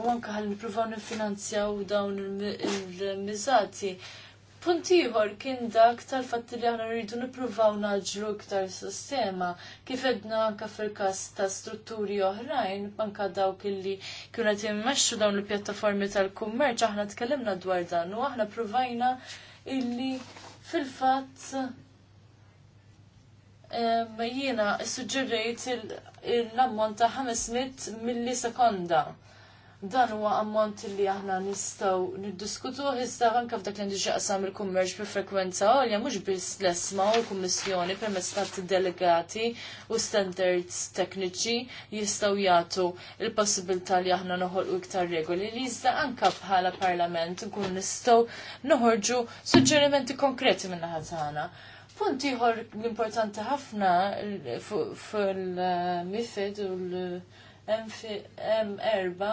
U anke ħalli nippruvaw nifinanzjaw dawn il-miżati. il miżati Puntiħor, ieħor kien dak tal-fatt li aħna rridu nippruvaw naġru iktar sistema kif edna anke fil-każ ta' strutturi oħrajn banka dawk illi kienu qed immexxu dawn il-pjattaformi tal-kummerċ aħna tkellimna dwar dan u aħna pruvajna illi fil-fatt ehm, jiena suġġerejt l-ammont ta' 500 millisekonda. sekonda dan huwa ammont li aħna nistgħu niddiskutu iżda anke f'dak li ndiġi qasam il-kummerċ bi frekwenza għolja mhux biss l-esma u l-kummissjoni permezz ta' delegati u standards tekniċi jistgħu jagħtu il-possibilità li aħna noħolqu iktar regoli li iżda anke bħala parlament nkun nistgħu noħorġu suġġerimenti konkreti minn tagħna. Punt ieħor l-importanti ħafna fil-mifid u l- M4,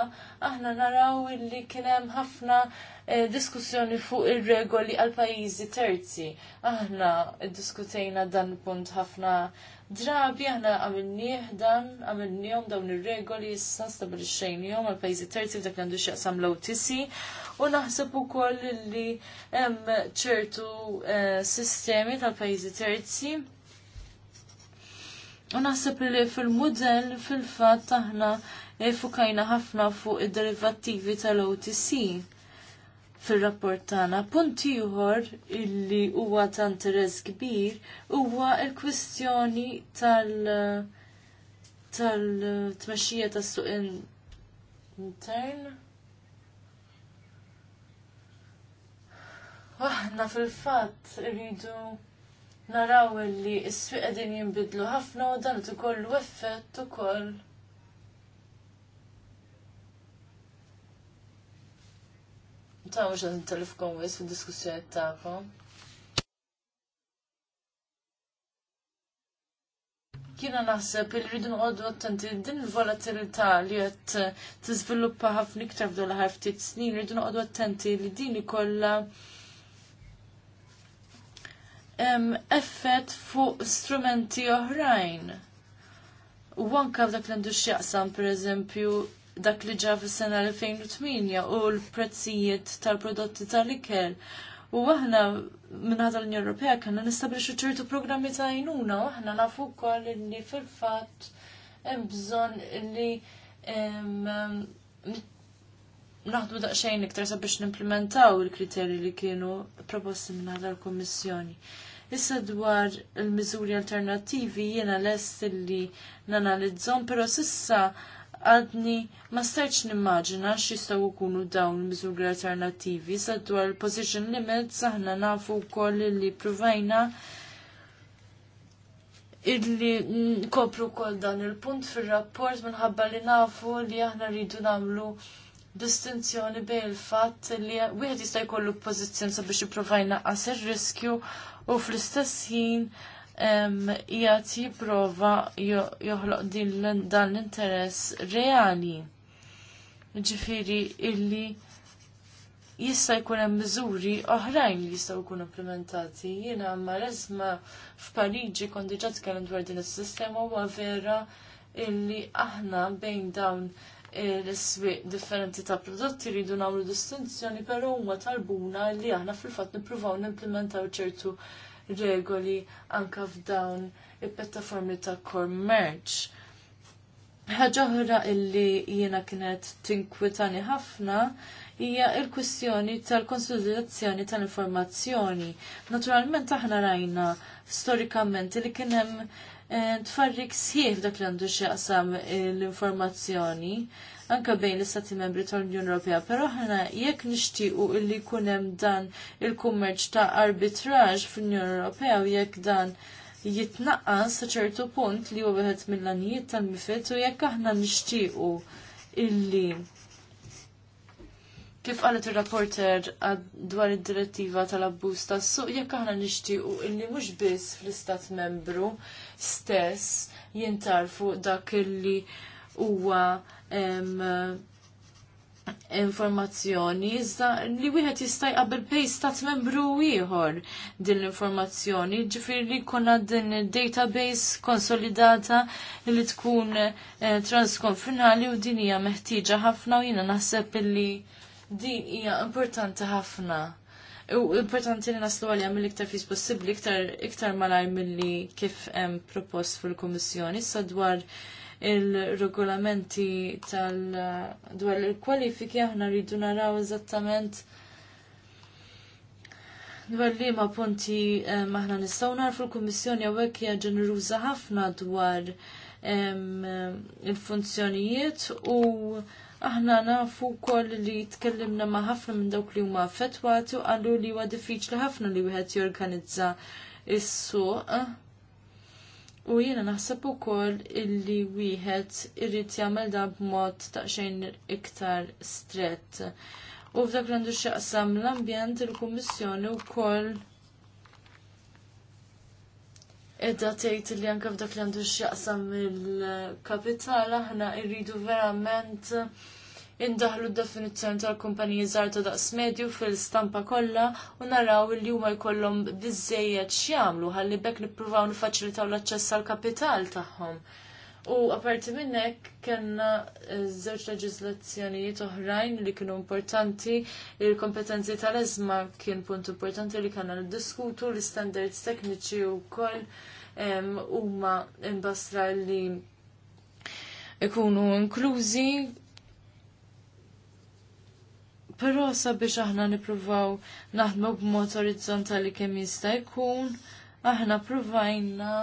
aħna naraw illi kienem ħafna eh, diskussjoni fuq ir-regoli għal pajjiżi terzi. Aħna diskutejna dan punt ħafna drabi, aħna għamilnieh dan, għamilniehom dawn ir-regoli issa stabilixxejnihom għal pajizi terzi f'dak għandu x'jaqsam l u naħseb ukoll li hemm ċertu eh, sistemi tal-pajjiżi terzi U naħseb li fil-modell fil-fatt aħna fukajna ħafna fuq id-derivattivi tal-OTC fil-rapport tagħna. Punt ieħor illi huwa ta' interess kbir huwa l-kwistjoni tal- tal-tmexxija tas-suq intern. Waħna fil-fatt irridu naraw li s sfiq qegħdin jinbidlu ħafna u dan ukollu effett ukoll. Ta' mhux qed intelifkom wis fid diskussjonijiet tagħkom. kiena naħseb li rridu nqogħdu attenti din il-volatilità li qed tiżviluppa ħafna iktar f'dawn l-ħar ftit snin, rridu noqogħdu attenti li din ikollha effett fuq strumenti oħrajn. U anka f'dak l jaqsam, x'jaqsam pereżempju dak li ġa fis-sena 2008 u l-prezzijiet tal-prodotti tal-ikel. U aħna minn ħadd l-Unjoni Ewropea kellna nistabilixu ċertu programmi ta' għajnuna u aħna nafu wkoll li fil-fatt hemm bżonn li naħdmu daqsxejn iktar sabiex nimplementaw il-kriterji li kienu proposti minn ħadha l-Kummissjoni. Issa dwar il-miżuri alternattivi jiena lest li nanalizzhom, però sissa għadni ma stajċ nimmaġina x'jistgħu jkunu dawn miżuri alternattivi Issa dwar il-position limits aħna nafu wkoll li pruvajna illi kopru wkoll dan il-punt fir-rapport minħabba li nafu li aħna rridu nagħmlu distinzjoni bej il-fatt li wieħed jista' jkollu pożizzjoni sabiex jipprova jnaqqas ir-riskju u fl-istess ħin jgħat jipprova joħloq din dan l-interess reali. Ġifiri illi jista' jkun hemm miżuri oħrajn li jistgħu jkunu implementati. Jiena ma eżma f'Pariġi kont diġà tkellem dwar din is-sistema huwa vera illi aħna bejn dawn l-iswiq differenti ta' prodotti rridu nagħmlu distinzjoni, però huma talbuna li aħna fil-fatt nippruvaw nimplementaw ċertu regoli anka f'dawn il pettaformi ta' commerce. Ħaġa oħra illi jiena kienet tinkwitani ħafna hija l-kwistjoni tal-konsolidazzjoni tal-informazzjoni. Naturalment aħna rajna storikament li kien hemm Eh, tfarrik sħiħ dak li għandu xieqsam l-informazzjoni anka bejn l-istati membri tal-Unjoni Ewropea, pero ħana jekk nixtiequ illi jkun hemm dan il-kummerċ ta' arbitraġ fl-Unjoni Ewropea u jekk dan jitnaqqas sa ċertu punt li huwa wieħed mill-anijiet tal-mifet u jekk aħna nixtiequ illi Kif qalet ir-rapporter dwar id-direttiva tal-abbuż tas-suq, jekk aħna nixtiequ illi mhux biss fl-istat membru stess jintarfu dak illi huwa informazzjoni iżda li wieħed jista' jqabel bej stat membru ieħor din l-informazzjoni, ġifieri li jkollna din database konsolidata li tkun eh, transkonfinali u din hija meħtieġa ħafna u jiena naħseb li din hija importanti ħafna. U importanti li naslu għalja mill-iktar fis possibli, iktar, iktar malaj mill-li kif hemm propost fil-Komissjoni, sa dwar il-regolamenti tal- dwar il-kwalifiki aħna rridu naraw eżattament dwar li ma punti eh, maħna nistaw narfu l-Komissjoni għawek hija ġeneruża ħafna dwar il-funzjonijiet u Aħna nafu wkoll li tkellimna ma' ħafna minn dawk li huma affettwati u li huwa diffiċli ħafna li wieħed jorganizza is-suq. U jiena naħseb ukoll illi wieħed irid jagħmel dan b'mod taqxejn iktar strett. U f'dak l-għandu x'jaqsam l-ambjent il-Kummissjoni wkoll edda tgħid li anke f'dak li għandu x'jaqsam il-kapital aħna rridu verament indaħlu d-definizzjoni tal-kumpaniji żgħar ta' daqs medju fil-stampa kollha u naraw li huma jkollhom biżejjed x'jagħmlu ħalli bekk nippruvaw nifaċilitaw l-aċċess għall-kapital tagħhom. U apparti minn hekk kellna eh, żewġ leġiżlazzjonijiet oħrajn li kienu importanti, il-kompetenzi tal ezma kien punt importanti li kellna niddiskutu, l-istandards tekniċi wkoll huma imbasra li ikunu inklużi Pero sabiex aħna nipruvaw naħdmu b'mod orizzontali kemm jista' jkun, aħna pruvajna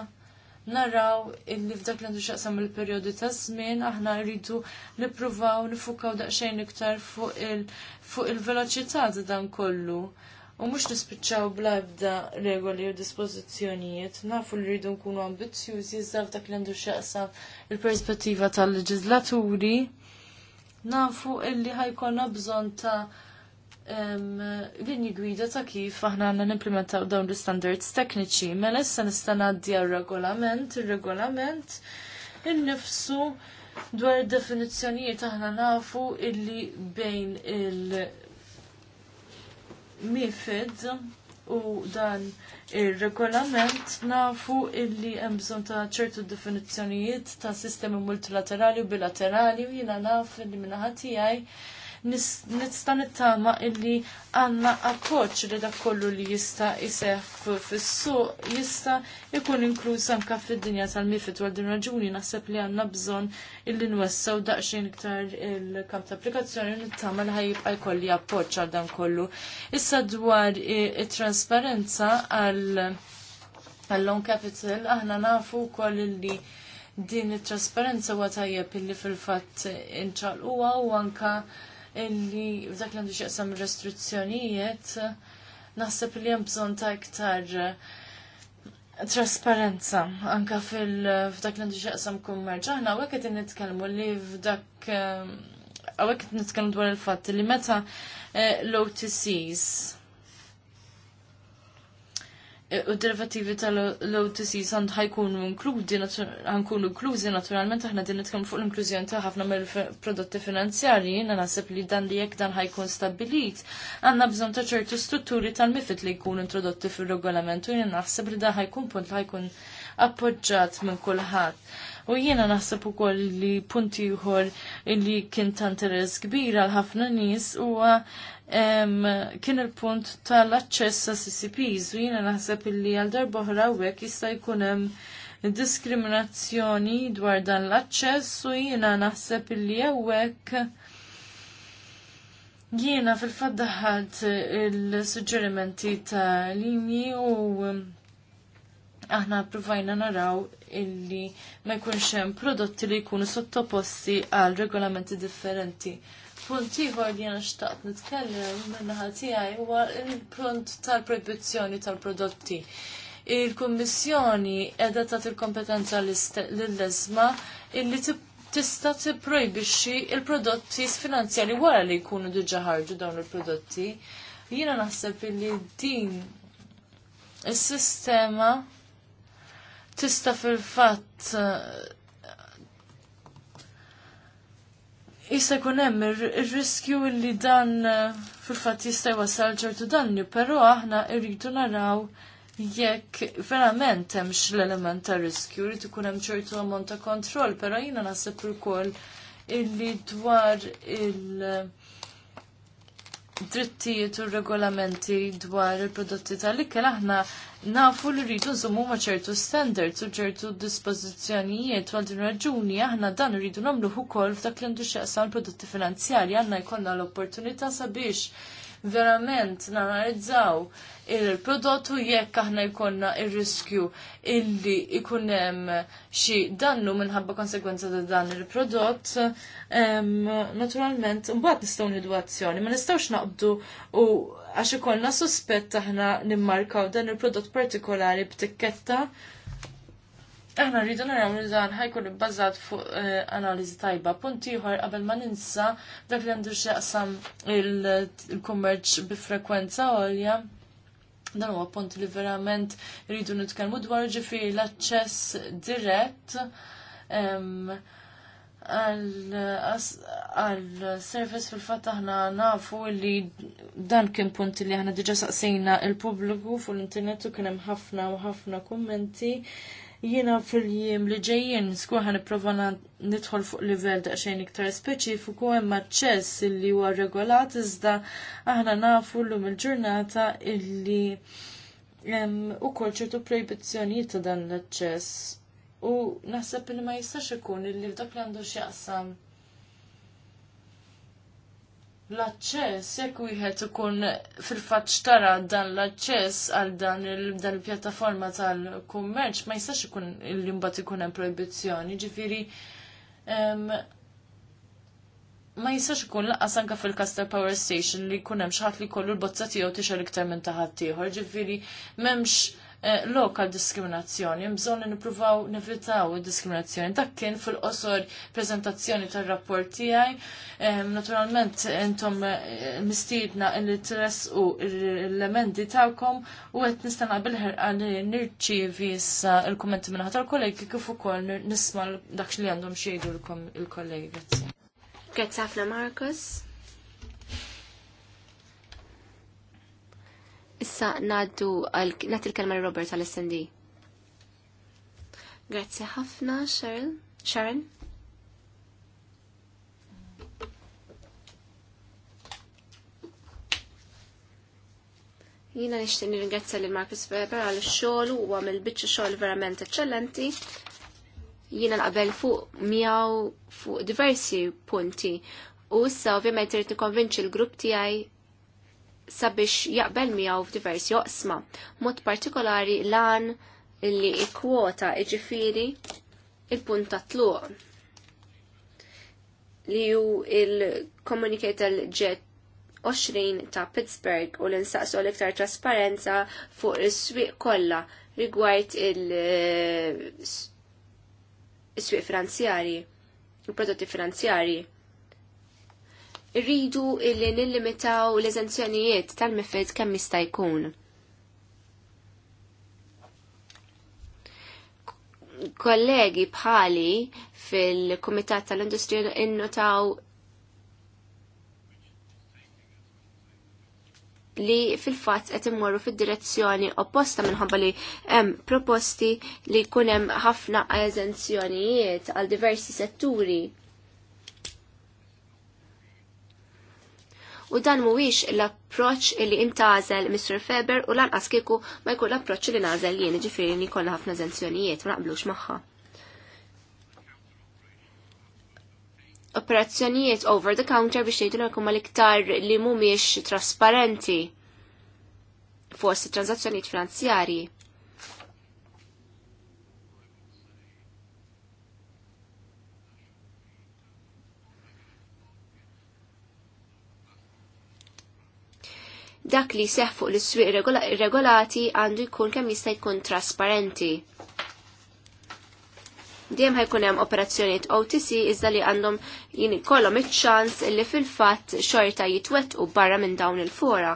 naraw illi f'dak li għandu xaqsam il-perjodu ta' żmien aħna rridu nippruvaw nifukaw daqsxejn iktar fuq il-veloċità ta' dan kollu u mhux nispiċċaw bl-ebda regoli u dispożizzjonijiet. Nafu li rridu nkunu ambizzjużi iżda dak li għandu x'jaqsam il-perspettiva tal-leġislaturi. Nafu illi ħajkonna bżonn ta' linji gwida ta' kif aħna għanna nimplementaw dawn l-standards tekniċi. Mela issa nista' ngħaddi regolament ir-regolament innifsu dwar definizzjonijiet aħna nafu illi bejn il- MIFID u dan il-regolament nafu illi hemm bżonn ta' ċertu definizzjonijiet ta' sistemi multilaterali u bilaterali u jina naf illi minnaħa tiegħi nista' nittama illi għandna appoġġ li dak kollu li jista' jseħħ fis-suq jista' jkun inkluż anka fid-dinja tal mifit għal din raġuni naħseb li għandna bżonn illi nwessaw daqsxejn iktar il-kamp ta' applikazzjoni nittama li ħajjibqa' kolli approċ għal dan kollu. Issa dwar it-trasparenza għal għall-long capital, aħna nafu kol li din it-trasparenza huwa tajjeb illi fil-fatt inċalquha u anka illi dak li għandu xieqsam restrizzjonijiet, naħseb li hemm bżonn ta' iktar eh, trasparenza anka fil-f'dak li għandu xieqsam kummerġ Aħna u qed li f'dak għawek eh, qed nitkellmu dwar il-fatt li meta eh, l-OTCs Eh, u derivativi tal-OTC sand ħajkunu inkludi, ħankunu inklużi naturalment aħna din nitkellmu fuq l-inklużjoni ta' ħafna mill-prodotti finanzjarji, jiena naħseb li dan li jekk dan ħajkun stabilit, għandna bżonn ta' ċertu strutturi tal-mifit li jkunu introdotti fir-regolamentu, jiena naħseb li dan ħajkun punt li ħajkun appoġġat minn kulħadd. U jiena naħseb ukoll li punti ieħor li kien tant kbira kbir għal ħafna nies huwa kien il-punt tal-aċċess ta' CCPs u jiena naħseb illi għal darba oħra hekk jista' jkun hemm diskriminazzjoni dwar dan l-aċċess u jiena naħseb illi hawnhekk jiena fil-fatt il-suġġerimenti ta' linji u aħna provajna naraw illi ma jkunx hemm prodotti li jkunu sottoposti għal regolamenti differenti. Punt ieħor li għan xtaqt nitkellem minnaħa tiegħi huwa l-punt tal-proibizzjoni tal-prodotti. Il-Kummissjoni qiegħda tagħti l-kompetenza lill-leżma illi tista' tipprojbixxi l prodotti finanzjari wara li jkunu diġà ħarġu dawn il-prodotti. Jiena naħseb illi din is-sistema tista' fil-fatt jista' jkun hemm ir-riskju li dan eh, fil-fatt jista' jwassal ċertu danju, però aħna rridu naraw jekk verament hemmx l-element ta' riskju li ikun hemm ċertu ammont ta' kontroll, però jiena naħseb ukoll illi dwar il- drittijiet u regolamenti dwar il-prodotti tal-ikel aħna nafu li rridu nżommu ma ċertu standards u ċertu dispożizzjonijiet għal din raġuni aħna dan rridu nagħmluh ukoll f'dak li għandu x'jaqsam prodotti finanzjarji għandna jkollna l-opportunità sabiex verament nanalizzaw il prodottu jekk aħna jkollna il riskju illi ikun hemm xi dannu minħabba konsekwenza ta' dan il-prodott, naturalment mbagħad nistgħu nieħdu azzjoni, ma nistgħux naqbdu u għax ikollna suspett aħna nimmarkaw dan il-prodott partikolari b'tikketta Aħna rridu naraw li dan ħajkun bbażat fuq eh, analiżi tajba. Punt ieħor qabel ma ninsa dak li għandu x'jaqsam il-kummerċ bi frekwenza għolja. Dan huwa punt li verament rridu nitkellmu dwar ġifieri l-aċċess dirett għal-service fil fatt aħna nafu li dan kien punti li aħna diġa saqsejna il-pubbliku fuq l-internet u kien hemm ħafna u ħafna kummenti Jiena fil-jiem li ġejjien skuħa nipprova nidħol fuq livell daqsxejn iktar speċifiku hemm aċċess illi huwa regolat iżda aħna nafu llum il-ġurnata illi hemm ukoll ċertu projbizzjonijiet ta' dan l-aċċess. U naħseb li ma jistax ikun illi f'dak li għandu x'jaqsam l-aċċess jekk wieħed ikun fil-fatt xtara dan l-aċċess għal dan il-pjattaforma tal-kummerċ ma jistax ikun li imbat ikun hemm proibizzjoni, ġifieri ma jistax ikun laqas anke fil custer tal-Power Station li jkun hemm xi ħadd li jkollu l-bozza tiegħu tixel iktar minn taħat ieħor, ġifieri m'hemmx Eh, lokal diskriminazzjoni, bżon nipruvaw nevitaw diskriminazzjoni. Dak kien fil-qosor prezentazzjoni tal-rapport tiegħi. Naturalment intom eh, mistiedna li u l-elementi tawkom u qed nistana bil-ħerqa li nirċievi issa l-kummenti minnaħa tal-kollegi kif ukoll nisma' dakx li għandhom xejdu l-kollegi. Grazzi ħafna Marcus. Issa naddu nagħti il kelma Robert għal SND. Grazzi ħafna, Sharon. Sharon? Jina nishtiq nirringrazzja lil Marcus Weber għal xogħol u għamil biċċa xogħol verament eċċellenti. Jina naqbel fuq miegħu fuq diversi punti. U issa ovvjament irid nikkonvinċi l-grupp tiegħi sabiex jaqbel miegħu f'diversi oqsma, mod partikolari lan illi kwota iġifiri il-punta tluq li ju il-communicator ġet 20 ta' Pittsburgh u l-insaqsu l-iktar trasparenza fuq is-swieq kollha rigward il-swieq finanzjari, il-prodotti finanzjari rridu illi nillimitaw l-eżenzjonijiet tal-mifid kemm jista' jkun. Kollegi bħali fil-Kumitat tal-Industrija innotaw li fil-fatt qed immorru fid-direzzjoni opposta minħabba li hemm proposti li jkun hemm ħafna eżenzjonijiet għal diversi setturi. u dan mhuwiex l-approċċ li intażel Mr. Feber u lanqas kieku ma jkun l-approċċ li nażel jien ġifieri li jkollna ħafna żenzjonijiet ma naqblux magħha. Operazzjonijiet over the counter biex jgħidulkom mal-iktar li mhumiex trasparenti fost transazzjonijiet finanzjarji dak li seħ fuq l-iswiq regolati għandu jkun kemm jista' jkun trasparenti. Dejjem ħajkun hemm operazzjonijiet OTC iżda li għandhom jien kollhom iċ-ċans li fil-fatt xorta jitwettqu barra minn dawn il-fora.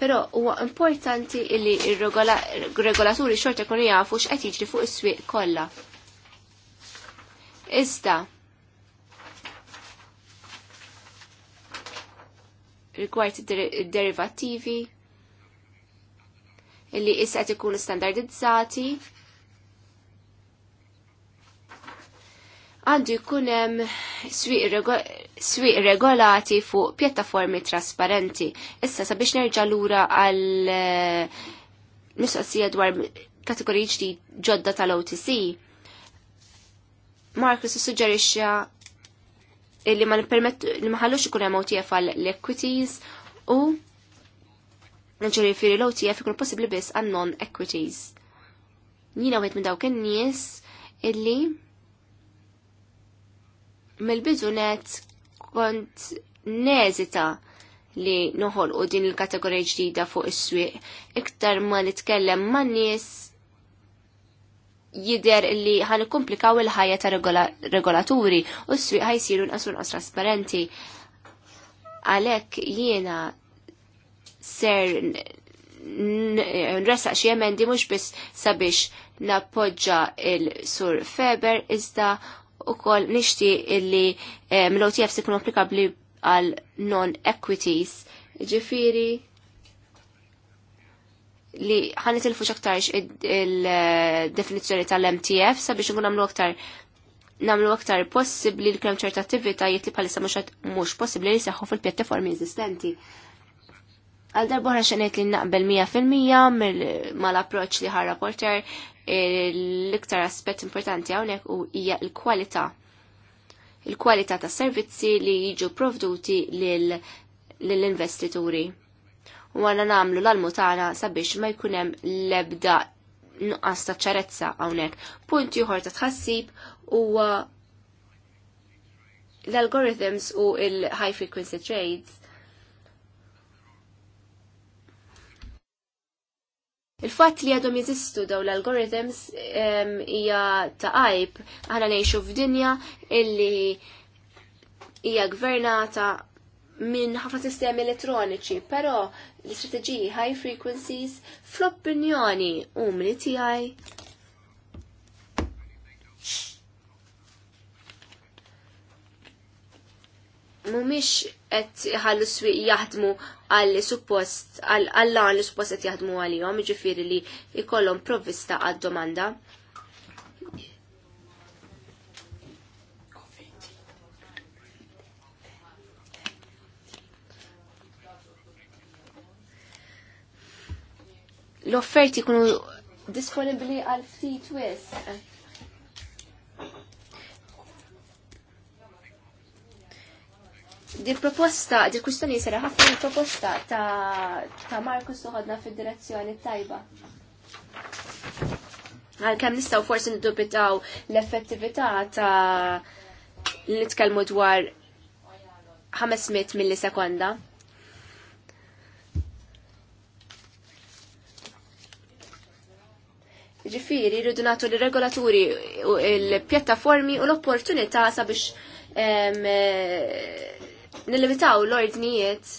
Però huwa importanti li r-regolaturi xorta jkunu jafu x'qed jiġri fuq is-swieq kollha. Iżda, rigward id-derivattivi illi issa qed ikunu standardizzati. Għandu jkun hemm swieq regolati fuq pjattaformi trasparenti. Issa sabiex nerġa' lura għal eh, mistoqsija dwar kategoriji ġodda tal-OTC. Marcus suġġerixxa li ma nippermettu li ma ħallux ikun hemm OTF għal l-equities u ġirifiri l-OTF ikun possibbli biss għal non-equities. Jina wieħed minn dawk in-nies illi mill-bidunet kont neżita li noħolqu din il-kategorija ġdida fuq is-swieq iktar ma nitkellem ma' nies jider li ħan komplikaw il-ħajja ta' regolaturi u s-swiq ħajsiru nqasru nqas trasparenti. Għalek jiena ser nresaq xie emendi mux bis sabiex nappoġġa il-sur Feber iżda u kol nishti illi eh, mill-OTF sikun applikabli għal non-equities ġifiri li ħanet il aktarx il-definizjoni tal-MTF sabiex nkun nagħmlu aktar namlu aktar possibli li kemm ċerta attivitajiet li bħalissa mhux possibbli li seħħu fil-pjattaformi eżistenti. Għal darba ħra xenet li naqbel 100% mal-approċ li ħarra Porter l-iktar aspett importanti hawnhekk u hija l-kwalità. Il-kwalità tas servizzi li jiġu provduti lill-investituri u għana namlu l-almutana sabiex ma jkunem lebda nuqqas ta' ċarezza għawnek. Punt juħor ta' tħassib u l-algorithms u il-high frequency trades Il-fatt li għadhom jeżistu daw l-algorithms hija ta' għajb aħna ngħixu f'dinja illi hija gvernata minn ħafna sistemi elettroniċi, però l-istrateġiji high frequencies fl-opinjoni u minn tiegħi mumiex qed ħallu swi jaħdmu għall suppost għall għall suppost qed jaħdmu għalihom, jiġifieri li jkollhom provvista għad-domanda. l-offerti kunu disponibli għal ftit wis. Di proposta, di kustoni sera ħafna proposta ta', ta Markus uħodna fil-direzzjoni tajba. Għal-kem nistaw forsi nidubitaw l-effettività ta' li nitkellmu dwar 500 millisekonda. Ġifiri, rridu nagħtu li regolaturi l pjattaformi u l-opportunità sabiex eh, nilimitaw l-ordnijiet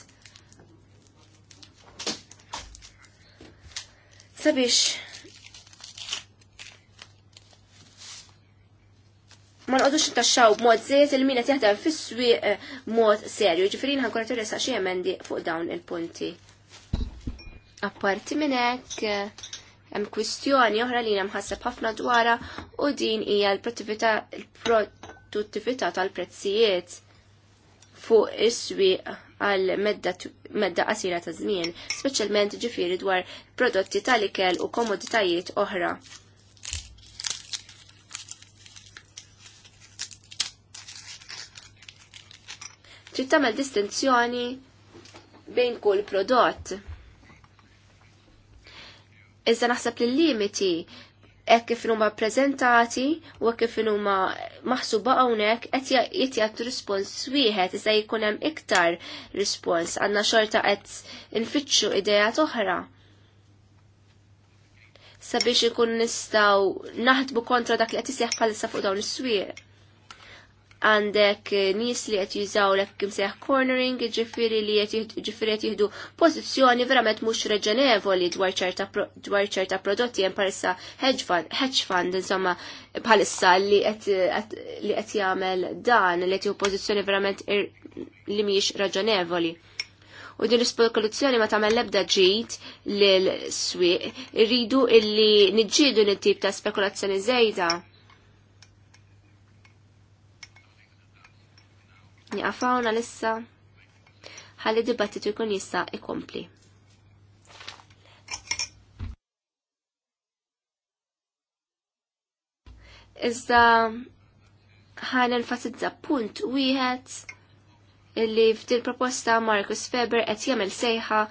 sabiex ma nqodux ntaxxaw b'mod żejt il qed jaħdem fis-swieq eh, mod serju. Ġifieri ħankun qed xi emendi fuq dawn il-punti. Apparti minn hekk Hemm kwistjoni oħra li ħaseb ħafna dwarha u din hija l-produttività tal-prezzijiet fuq is-swieq għal medda qasira ta' żmien, speċjalment ġifieri dwar prodotti tal-ikel u komoditajiet oħra. Trid tagħmel distinzjoni bejn kull prodott Iżda naħseb li limiti hekk kif huma ppreżentati u hekk kif huma maħsuba hawnhekk qed jagħtu rispons wieħed iżda jkun hemm iktar rispons għandna xorta qed infittxu idejat oħra. Sabiex ikun nistgħu naħdbu kontra dak li qed isseħħ bħalissa fuq dawn is-swieq għandek eh, nis li qed jizaw lek kim cornering, ġifiri li ġifiri qed jieħdu pożizzjoni verament mhux reġenevoli dwar ċerta prodotti hemm parissa hedge fund, insomma bħalissa li qed jagħmel dan li qed jieħu pożizzjoni verament li mhijiex raġonevoli. U din l-spekulazzjoni ma tagħmel l-ebda ġid lill swieq irridu illi niġġieldu nit-tip ta' spekulazzjoni żejda Niqafawna lissa ħalli dibattitu jkun jissa ikompli. Iżda ħalli nfasidza punt wieħed illi f'dil proposta Marcus Feber qed jagħmel sejħa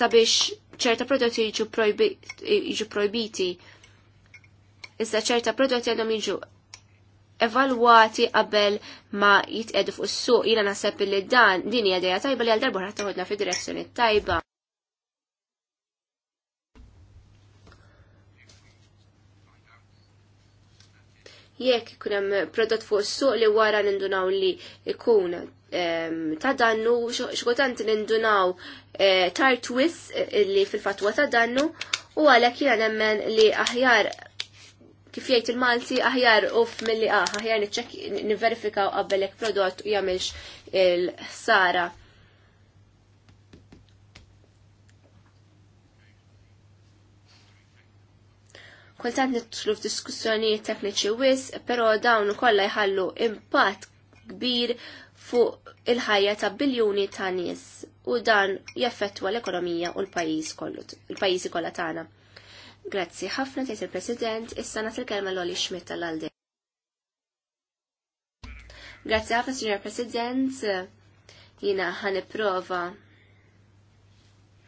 sabiex ċerta prodotti jiġu projbiti. Iżda ċerta prodotti għandhom jiġu evalwati qabel ma jitqedu fuq is-suq jiena naħseb li dan din hija idea tajba li għal darba ħadd taħodna fid-direzzjoni tajba. Jekk ikun hemm prodott fuq is-suq li wara nindunaw li ikun ehm, ta' dannu xkotant nindunaw eh, tar eh, li fil-fatwa ta' dannu u għalhekk jiena nemmen li aħjar kif jgħid il-Malti aħjar uff milli aħ, ah, aħjar niċċek niverifikaw qabel jekk prodott u jagħmilx il sara Kultant nitlu f'diskussjonijiet tekniċi wis, però dawn ukollha jħallu impatt kbir fuq il-ħajja ta' biljuni ta' nies u dan jaffettwa l-ekonomija u l-pajjiż kollu, il-pajjiżi kollha tagħna. Grazzi ħafna tiet il-President, issa nagħti il-kelma oli Schmidt tal-Alde. Grazzi ħafna Sr. President, jiena ħaniprova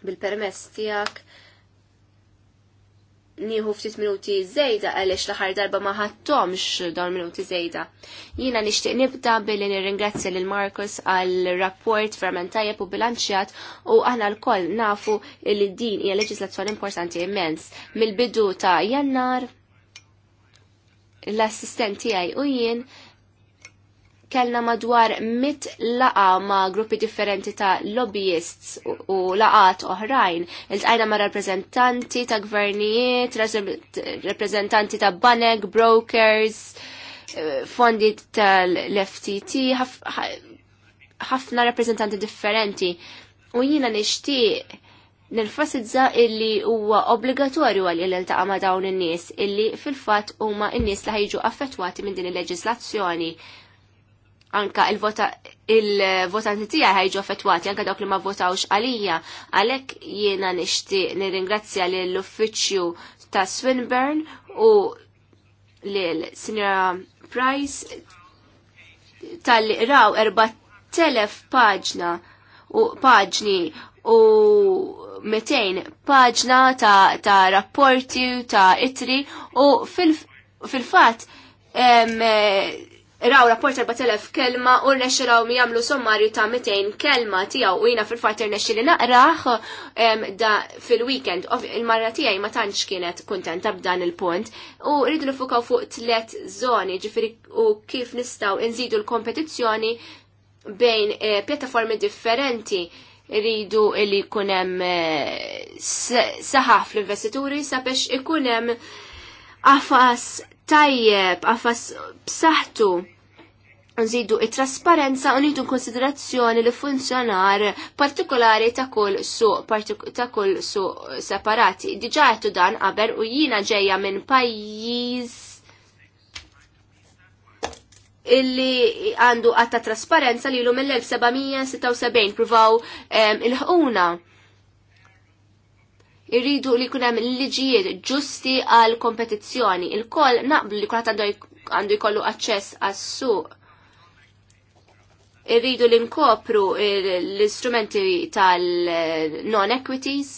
bil-permess tiegħek nieħu ftit minuti żejda għaliex l-aħħar darba ma ħadtomx dawn minuti żejda. Jiena nixtieq nibda billi nirringrazzja lil Marcus għal rapport verament tajjeb u bilanċjat u aħna lkoll nafu li din hija leġislazzjoni importanti immens. Mill-bidu ta' Jannar l-assistent tiegħi u jien kellna madwar mit laqa ma' gruppi differenti ta' lobbyists u laqat oħrajn. Il-tajna ma' rappresentanti ta' gvernijiet, rappresentanti ta' banek, brokers, eh, fondi tal-FTT, ħafna rappresentanti differenti. U jina nishtiq nil fasidza illi huwa obbligatorju għal il-iltaqa ma' dawn in-nies illi fil-fatt huma n-nies li ħajġu affettwati minn din il-leġislazzjoni anka il-votanti tija ħajġu affettwati anka dawk li ma votawx għalija. Għalek jiena nishti nirringrazzja l-uffiċju ta' Swinburne u l-Sinjora Price tal-li raw 4000 paġna u paġni u 200 paġna ta', ta rapporti u ta' itri u fil-fat fil raw rapport 4000 kelma u raw mi jagħmlu sommarju ta' 200 kelma tiegħu u jina fil-fatt irnexxi li naqraħ da fil-weekend. Il-marra tiegħi ma tantx kienet kuntenta b'dan il-punt u rridu nifukaw fuq tliet zoni ġifiri u kif nistgħu nżidu l-kompetizzjoni bejn e, pjattaformi differenti rridu li kunem e, saħaf l-investituri sabiex ikunem hemm għafas tajjeb, għafas b'saħħtu nżidu it-trasparenza u nidu konsiderazzjoni li funzjonar partikolari ta' kull suq, ta' kull su separati. Diġa dan qabel u jina ġeja minn pajjiż illi għandu għatta trasparenza li l 1776 provaw il-ħuna irridu li hemm liġijiet ġusti għal kompetizzjoni. Il-koll naqblu li kunet għandu jkollu aċċess għas-suq. Irridu li nkopru l-istrumenti tal-non-equities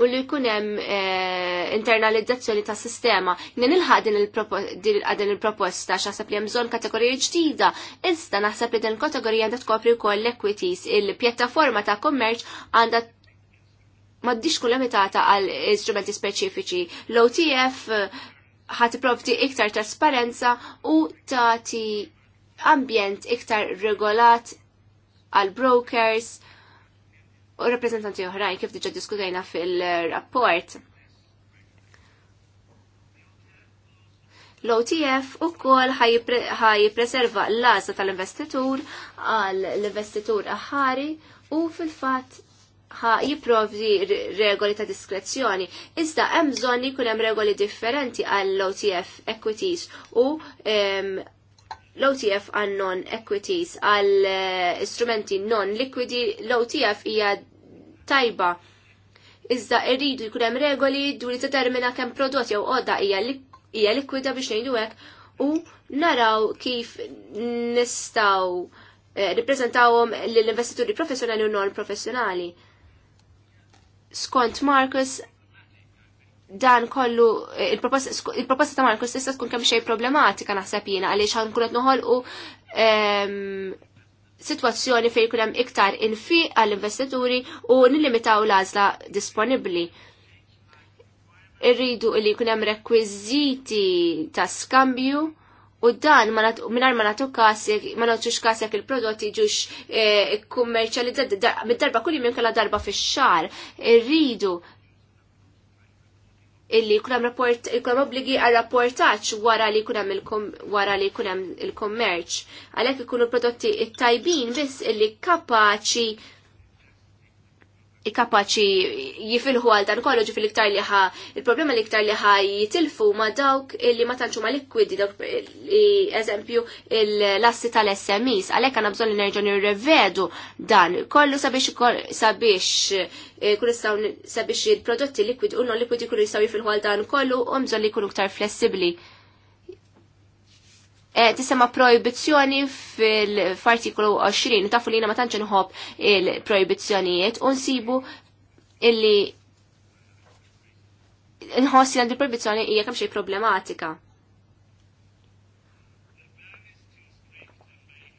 u li jkun hemm eh, internalizzazzjoni ta' sistema. Jien ilħaq din il-proposta x'aħseb li hemm bżonn kategorija ġdida, iżda naħseb li din kategorija għandha tkopri wkoll l-equities, il-pjattaforma ta' kommerċ għandha maddix kull limitata għal istrumenti speċifiċi. L-OTF eh, ħat provti iktar trasparenza u tati ambjent iktar regolat għal brokers u rappresentanti oħrajn kif diġa diskutajna fil-rapport. L-OTF u kol preserva l-għazza tal-investitur għal l-investitur aħari u fil-fat ħa jiprovdi regoli ta' diskrezzjoni. Iżda hemm bżonn jkun hemm regoli differenti għall otf equities u l-OTF għal non-equities, għal eh, istrumenti non-liquidi, l-OTF hija tajba. Iżda irridu jkun hemm regoli duri determina kemm prodott jew qodda hija likwida biex ngħidu hekk u naraw kif nistgħu rippreżentawhom eh, lill-investituri professjonali u non professjonali. Skont Marcus dan kollu eh, il-proposta ta' Markus tista' tkun kemm xejn problematika naħseb jiena għaliex ħan kunet noħolqu ehm, situazzjoni fejn kunem hemm iktar infi għall-investituri u nillimitaw l-għażla disponibbli. Irridu li jkun hemm rekwiżiti ta' skambju u dan minar ma natu kasek, ma natux kasek il-prodotti ġux eh, kummerċalizzat, mid-darba kulli minn kalla darba fix xar irridu illi kunem rapport, kunem obligi għal rapportaċ wara li kunem wara li il-kommerċ. Għalek ikunu prodotti it-tajbin biss illi kapaċi kapaċi jifilħu għal dan kollu ġifil iktar li ħa, il-problema li iktar li ħa jitilfu ma dawk li ma tantxu ma likwidi, dawk eżempju l-assi tal smis għalek għana bżon li nerġu nirrevedu dan, kollu sabiex sabiex eh, sabiex il-prodotti likwidi, unno likwidi jistaw jifilħu għal dan kollu, u bżon li kunu iktar flessibli. Eh, tisema proibizjoni fil fartiklu 20, tafu li jina ma tanċen hop il-proibizjonijiet, unsibu illi nħossi għand il-proibizjoni hija kemm xej problematika.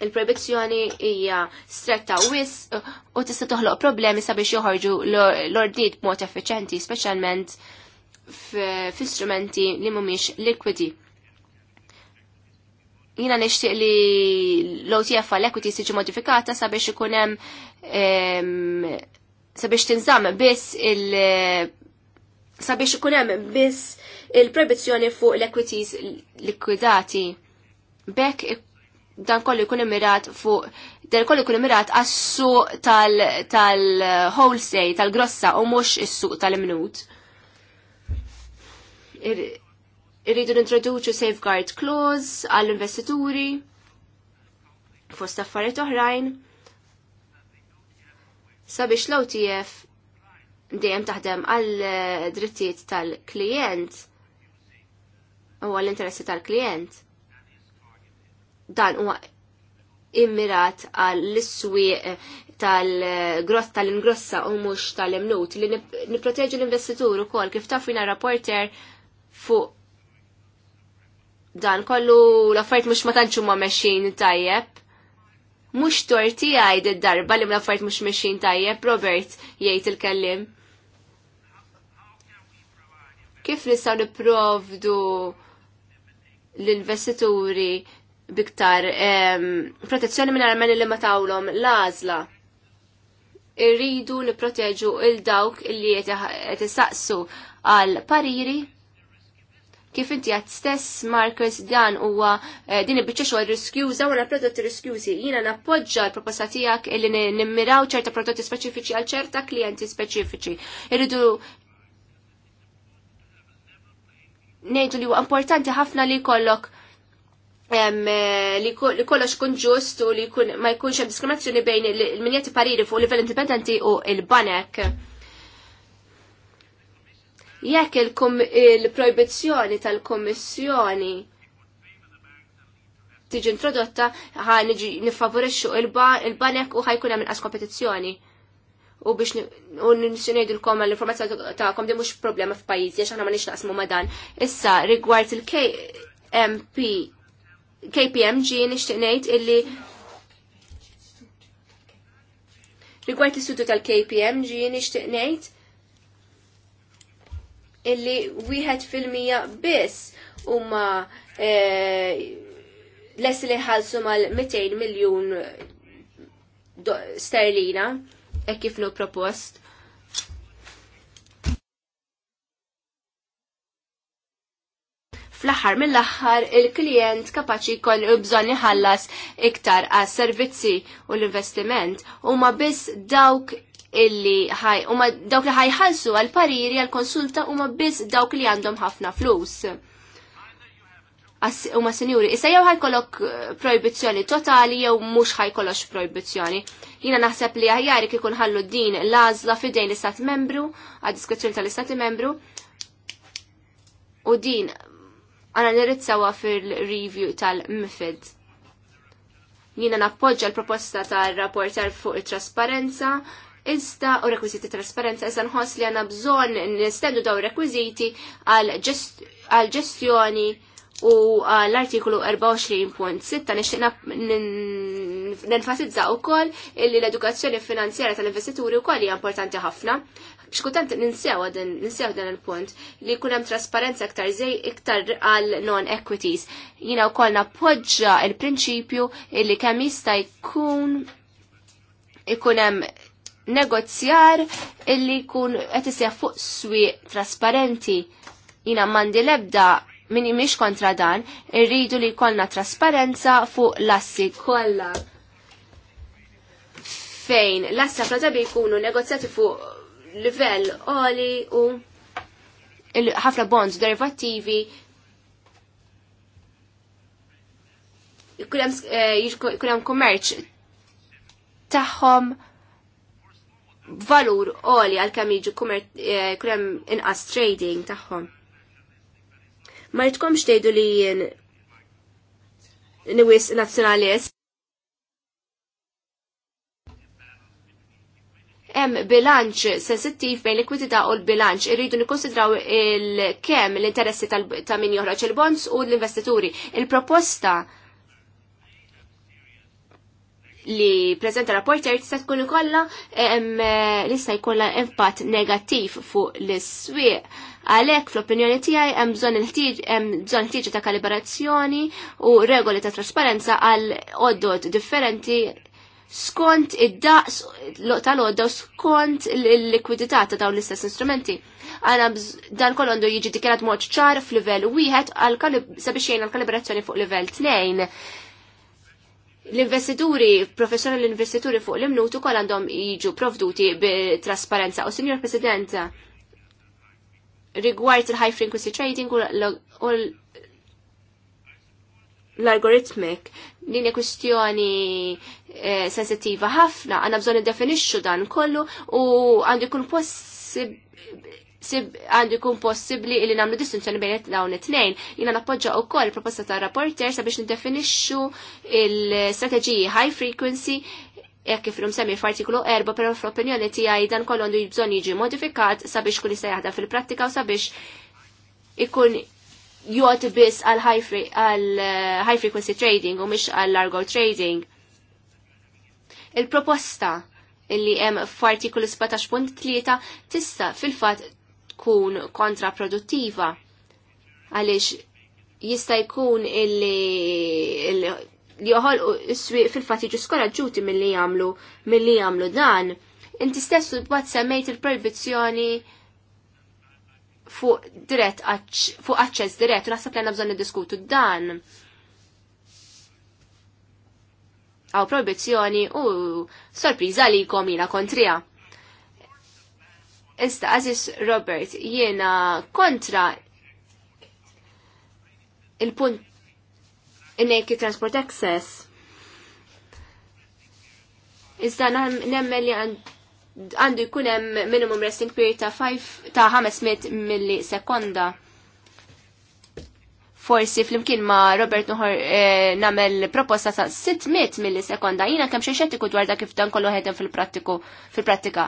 Il-proibizjoni hija stretta wis u tista' toħloq problemi sabiex joħorġu l-ordniet b'mod effiċenti, speċjalment fl-strumenti li mhumiex likwidi jina nishtiq li l-OTF għal-equity siġi modifikata sabiex ikunem sabiex tinżam biss il- sabiex ikunem biss il prebizjoni fuq l-equities likwidati. Bek dan kollu jkun mirat fuq dan kollu jkun mirat għas-su tal tal-grossa u mhux is-suq tal-imnut Irridu nintroduċu safeguard clause għall-investituri fost affarijiet oħrajn sabiex l-OTF dejjem taħdem għall eh, drittijiet tal-klient u għall interessi tal-klient. Dan huwa immirat għall iswieq eh, tal-gross tal-ingrossa u mhux tal-imnut li nipproteġu l-investitur ukoll kif tafina rapporter fuq dan kollu l-affarijiet mhux ma tantx huma mexxin tajjeb. Mhux torti għajd id-darba li l-affarijiet mhux mexxin tajjeb, Robert jgħid il-kellim. Kif nistgħu nipprovdu l-investituri biktar protezzjoni minn armen li ma tawlhom l-għażla? Irridu nipproteġu il-dawk li qed isaqsu għal pariri Kif inti għat stess markers dan huwa eh, din il-bicċa xogħol riskjuża wara prodotti riskjużi. Jiena nappoġġa l-proposta tiegħek illi nimmiraw ċerta prodotti speċifiċi għal ċerta klijenti speċifiċi. Irridu ngħidu li huwa importanti ħafna li kollok eh, li kollox kun ġust u li kun, ma jkunx hemm diskriminazzjoni bejn il-minjeti pariri fuq livell indipendenti u il-banek. Jekk il-proibizzjoni tal-Kommissjoni tiġi introdotta, ħa niġi nifavorixxu il-banek u ħajkun hemm inqas kompetizzjoni. U biex u nisnejdilkom l informazzja tagħkom di mhux problema f'pajjiżi għax aħna ma nix naqsmu ma dan. Issa rigward il-KMP KPMG nixtieq ngħid illi Rigward l-istitut tal-KPMG nixtieq ngħid illi wieħed fil-mija biss huma e, les li ħalsu mal-200 miljun sterlina, e kif nu propost. fl-aħħar mill-aħħar il-klient kapaċi jkun bżonn iħallas iktar għas servizzi u l-investiment u ma biss dawk illi ħaj, u dawk li ħajħalsu għal-pariri għal-konsulta u ma biss dawk li għandhom ħafna flus u ma senjuri, issa jew ħajkollok eh, proibizzjoni totali jew mhux ħajkollox proibizzjoni. Jiena naħseb li għajjari kikun ikun ħallu din l-għażla fidejn l-Istat Membru, għad diskrezzjoni tal-Istati Membru. U din għana nirritzawa fil-review tal-MIFID. Jiena nappoġġa l-proposta tal-rapporter fuq it-trasparenza, iżda u rekwiziti trasparenza iżda nħoss li għana bżon nistendu daw rekwiziti għal ġestjoni u l-artiklu 24.6 nixtiqna nenfasizza u koll illi l-edukazzjoni finanzjera tal-investituri u koll hija importanti ħafna. X'kutant ninsew dan il-punt li kunem hemm trasparenza iktar zej iktar għal non-equities. Jina wkoll nappoġġa il-prinċipju illi kemm jista' jkun ikun hemm negozjar illi kun qed isseħ fuq swi trasparenti. Jina mandi lebda minni miex kontra dan, irridu li kollna trasparenza fuq lassi kollha. Fejn, lassa bi jkunu negozjati fuq livell oli u ħafna bonds derivativi kulem eh, kummerċ taħħom valur għoli għal kemm jiġu kurem eh, inqas trading tagħhom. Ma rridkomx tgħidu li jien niwis nazjonalist. Em bilanċ sensittiv bejn likwidità u l-bilanċ. Irridu nikkonsidraw il-kemm l-interessi ta' min joħroġ il-bonds u l-investituri. Il-proposta il proposta li prezenta rapporter tista' tkun ikollha lista jkollha impatt negattiv fuq l-iswieq. Għalhekk fl-opinjoni tiegħi hemm bżonn il-ħtieġ hemm bżonn ħtieġ ta' kalibrazzjoni u regoli ta' trasparenza għal oddod differenti skont id-daqs tal-odda u skont l-likwidità ta' dawn l-istess instrumenti. Għana dan kollu għandu jiġi dikjerat mod ċar f'livell wieħed sabiex jgħin għal kalibrazzjoni fuq livell 2 l-investituri, professjoni l-investituri fuq l-imnut kol għandhom jiġu provduti bit-trasparenza. U Signor President, rigward il-high frequency trading u l-algoritmik, din kwistjoni eh, sensittiva ħafna, għandna bżonn definisġu dan kollu u għandu jkun possib għandu jkun possibbli li nagħmlu distinzjoni bejn dawn it-tnejn. Jiena nappoġġa wkoll proposta ta' rapporter sabiex niddefinixxu il-strateġiji high frequency jekk kif semmi f'artiklu 4, però fl-opinjoni tiegħi dan kollu għandu bżonn jiġi modifikat sabiex kun jista' jaħdem fil-prattika u sabiex ikun jgħod biss għal eh, high frequency trading u mhix għal largo trading. Il-proposta illi hemm f'artiklu 17.3 tista' fil-fatt tkun kontraproduttiva għaliex jista' jkun illi li joħol iswi fil-fatt jiġu skoraġġuti milli jagħmlu li jamlu dan. Inti stessu bad semmejt il-proibizzjoni fuq dirett fuq aċċess dirett u naħseb li għandna bżonn niddiskutu dan. Għaw proibizzjoni u sorpriża li jkom jina kontrija. Ista, Aziz Robert, jiena kontra il-punt innejki transport access. Iżda nemmen li għandu jkun hemm minimum resting period ta' 5 ta' 500 millisekonda. Forsi flimkien ma' Robert Nuħor eh, namel proposta sa 600 millisekonda. Jina kemm xejn xettiku dwar da' kif dan kollu ħedem fil-prattiku fil-prattika. fil fil prattika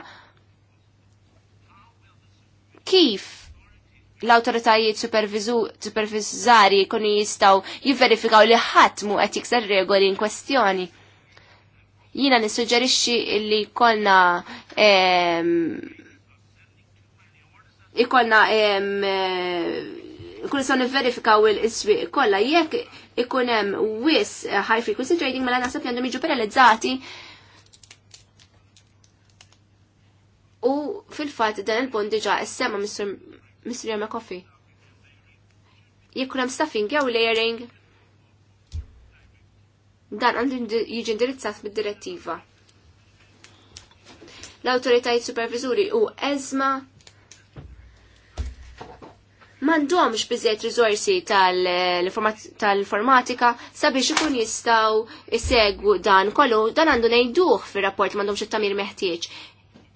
fil fil prattika kif l-autoritajiet supervizzari kunu jistaw jiverifikaw li ħadd mu qed jikser regoli in kwestjoni. Jina nissuġġerixxi li kolna ikolna eh, kull sa verifikaw il-iswiq kollha jekk ikun hemm wis high frequency trading mela naħseb li jiġu paralizzati? fil-fatt dan il-punt diġà issema Mr. Yamakofi. Jekk hemm staffing jew layering, dan għandu jiġi indirizzat mid-direttiva. l autoritajt supervizuri u ezma mandomx biżiet rizorsi tal-informatika sabiex ikun jistaw isegwu dan kollu, dan għandu nejduħ fil-rapport mandomx it-tamir meħtieġ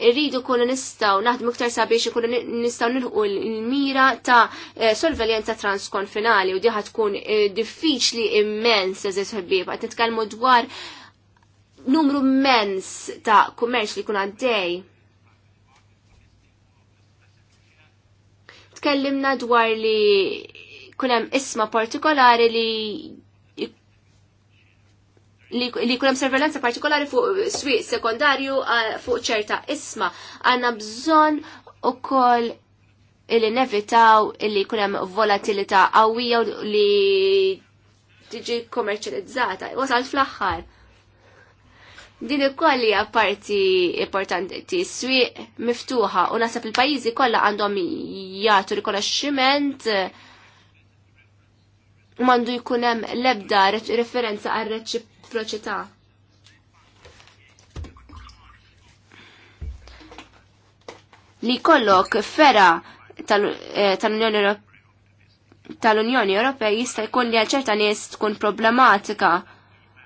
irridu kunu nistaw naħdmu iktar sabiex ikunu nistaw nilħu l-mira ta' eh, sorveljenza transkonfinali u diħa tkun eh, diffiċli immens eżis ħbib. Għat nitkalmu dwar numru immens ta' kummerċ li kun għaddej. Tkellimna dwar li kunem isma partikolari li li kunem sorveljanza partikolari fuq swi sekondarju fuq ċerta isma. Għanna bżon u koll illi nevitaw illi kunem volatilità għawija li tiġi kommerċializzata. Wasal fl-axħar. Din ukoll hija parti importanti swi miftuħa u nasab il-pajjiżi kollha għandhom jagħtu rikonoxximent mandu jkun hemm l-ebda referenza għal reċiproċità. Li kollok fera eh, tal-Unjoni tal Ewropea tal jista' jkun li għal ċerta nies tkun problematika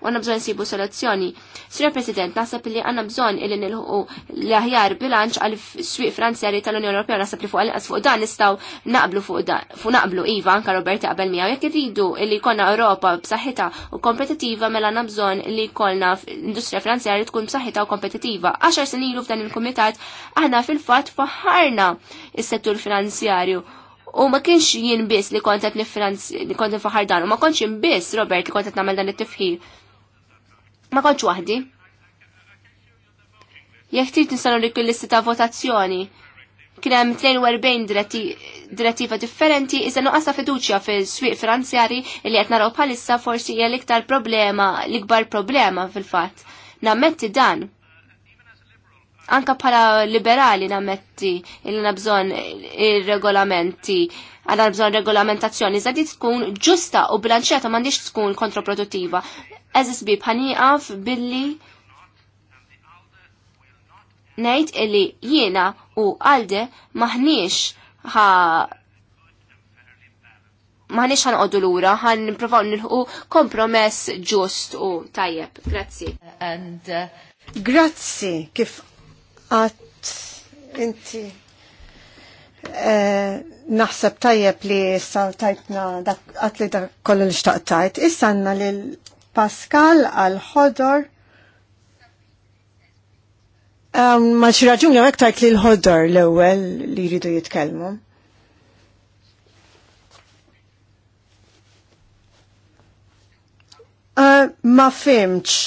għanna bżon nsibu soluzzjoni. Sir President, nasab li għanna bżon illi nilħu l-aħjar bilanċ għal swiq Franzjari tal-Unjoni Ewropea nasab li fuq għal fuq dan nistaw naqblu fuq dan, fuq naqblu Iva, anka Roberta qabel miegħu jekk irridu illi jkollna Ewropa b'saħħita u kompetittiva mela għanna bżon li jkollna industrija Franzjari tkun b'saħħitha u kompetittiva. Għaxar sen ilu f'dan il-kumitat aħna fil-fatt faħarna is-settur finanzjarju U ma kienx jien biss li kontet nifinanzi, li kontet faħar dan, u ma kontx jien biss, Robert, li kontet namel dan it-tifħir. Ma konċ waħdi. Jekk trid nisalu dik kull listi ta' votazzjoni, kien hemm 42 direttiva differenti, iżda nuqqas fiduċja fil-swieq finanzjari li qed naraw bħalissa forsi hija l-iktar problema, l-ikbar problema fil-fatt. Nammetti dan. Anka bħala liberali nammetti il nabżon ir-regolamenti għanna bżon regolamentazzjoni, iżda tkun ġusta u bilanċeta m'għandix tkun kontraproduttiva eżis bi bħaniqaf billi nejt illi jiena u għalde maħniex ħa maħniex ħan għoddu l-ura, ħan niprofaw nilħu kompromess ġust u tajjeb. Grazzi. And uh... Grazzi kif għat inti uh, naħseb tajjeb li issa tajtna għat li da kollu li xtaqtajt. Issa għanna li Pascal għal-ħodor. ma xi raġuni hekk tajt li l-ħodor l-ewwel li jridu jitkellmu. Eh, ma fimx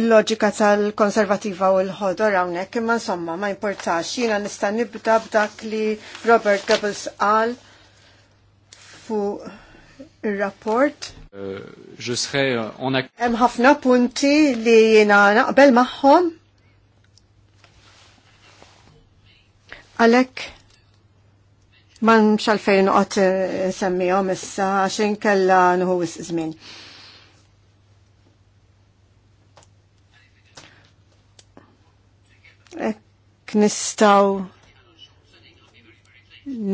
il-loġika tal-konservativa u l-ħodor hawnhekk, imma insomma ma importax. Jiena nista' nibda b'dak li Robert Goebbels qal fuq il-rapport. Euh, euh, Hemm ħafna punti li jiena naqbel magħhom. Għalhekk ma nx għalfejn noqgħod nsemmihom eh, issa għax inkella nħu żmien. Ek nistaw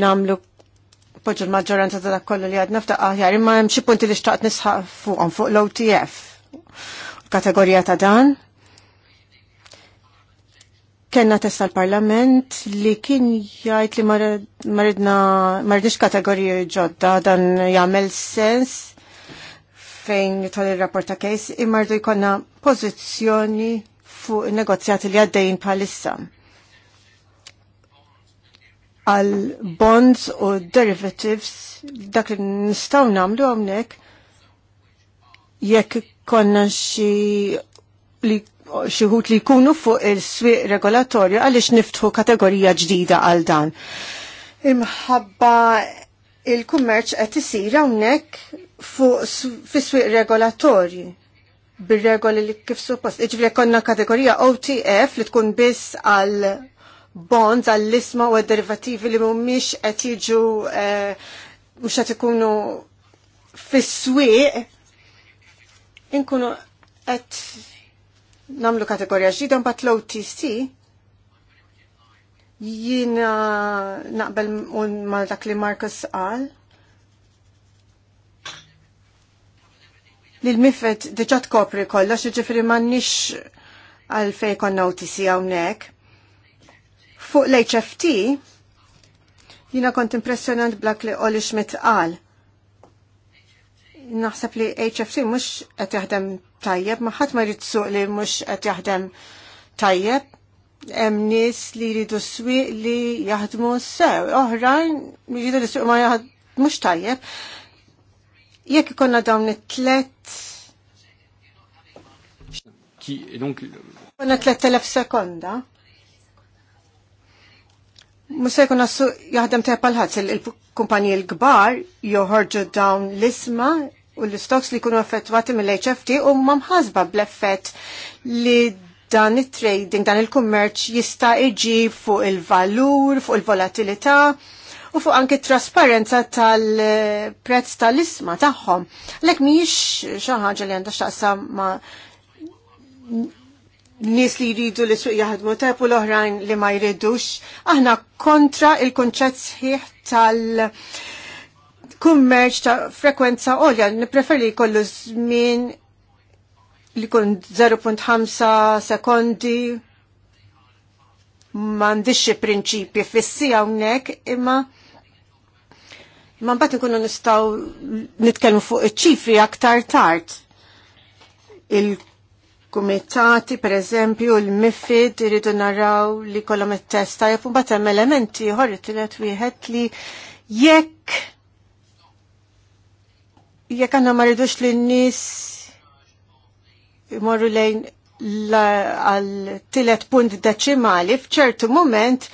namlu nappoġġu l-maġġoranza ta' kollu li għadna f'daqqa ħjar, imma hemm xi punti li xtaqt nisħaq fuqhom fuq l-OTF. Kategorija ta' dan. Kenna testa l-Parlament li kien jgħid li maridna maridniex kategoriji ġodda dan jagħmel sens fejn jitħol ir-rapport ta' case imma rdu jkollna pożizzjoni fuq in-negozjati li għaddejjin bħalissa għal bonds u derivatives dak li nistaw namlu għamnek jekk konna xi li xieħut li jkunu fuq il-swiq regolatorju għalix niftħu kategorija ġdida għal dan. Imħabba il-kummerċ qed isir hawnhekk fuq fis-swieq regolatorju bir-regoli li kif suppost. Iġbri konna kategorija OTF li tkun biss għal bonds għall-isma u derivativi li mhumiex qed jiġu eh, mhux qed ikunu fis-swieq inkunu qed namlu kategorija ġdida mbagħad l-OTC Jiena naqbel mal dak li Marcus qal. l mifet diġat tkopri kollox, ġifiri mannix għalfej konna u għawnek. Fuq l-HFT, jina kont impressionant blak li Oli Schmidt għal. Naħseb li HFT mux qed jaħdem tajjeb, ma ħadd ma rrit suq li mhux qed jaħdem tajjeb. Hemm nies li jridu swi li jaħdmu sew, oħrajn jridu li suq ma jaħdmux mhux tajjeb. Jekk ikonna dawn it-tlet Konna 3000 sekonda. Musa jkun nassu jaħdem tepa l-ħadz il-kumpanji l-gbar joħorġu dawn l-isma u l-istoks li kunu effettwati mill-HFT u mamħazba bl-effett li dan il-trading, dan il-kummerċ jista' iġi fuq il-valur, fuq il-volatilità u fuq anki trasparenza tal-prezz tal-isma tagħhom. Lek mhijiex xi ħaġa li għandha x'taqsam ma' nis li jridu li suq jaħdmu tep u l-oħrajn li ma jridux. Aħna kontra il-konċett sħiħ tal- kummerċ ta' frekwenza olja, nipreferi li kollu żmien li kun 0.5 sekondi m'għandix prinċipji fissi hawnhekk imma imma mbagħad nkunu nistgħu nitkellmu fuq iċ-ċifri aktar tard il kumitati, per eżempju, l-mifid irridu naraw li kolom il testa jafu batem elementi ħorri t-tilet wieħed li jekk jekk għanna marridux li n-nis morru lejn għal tilet punt deċimali, fċertu moment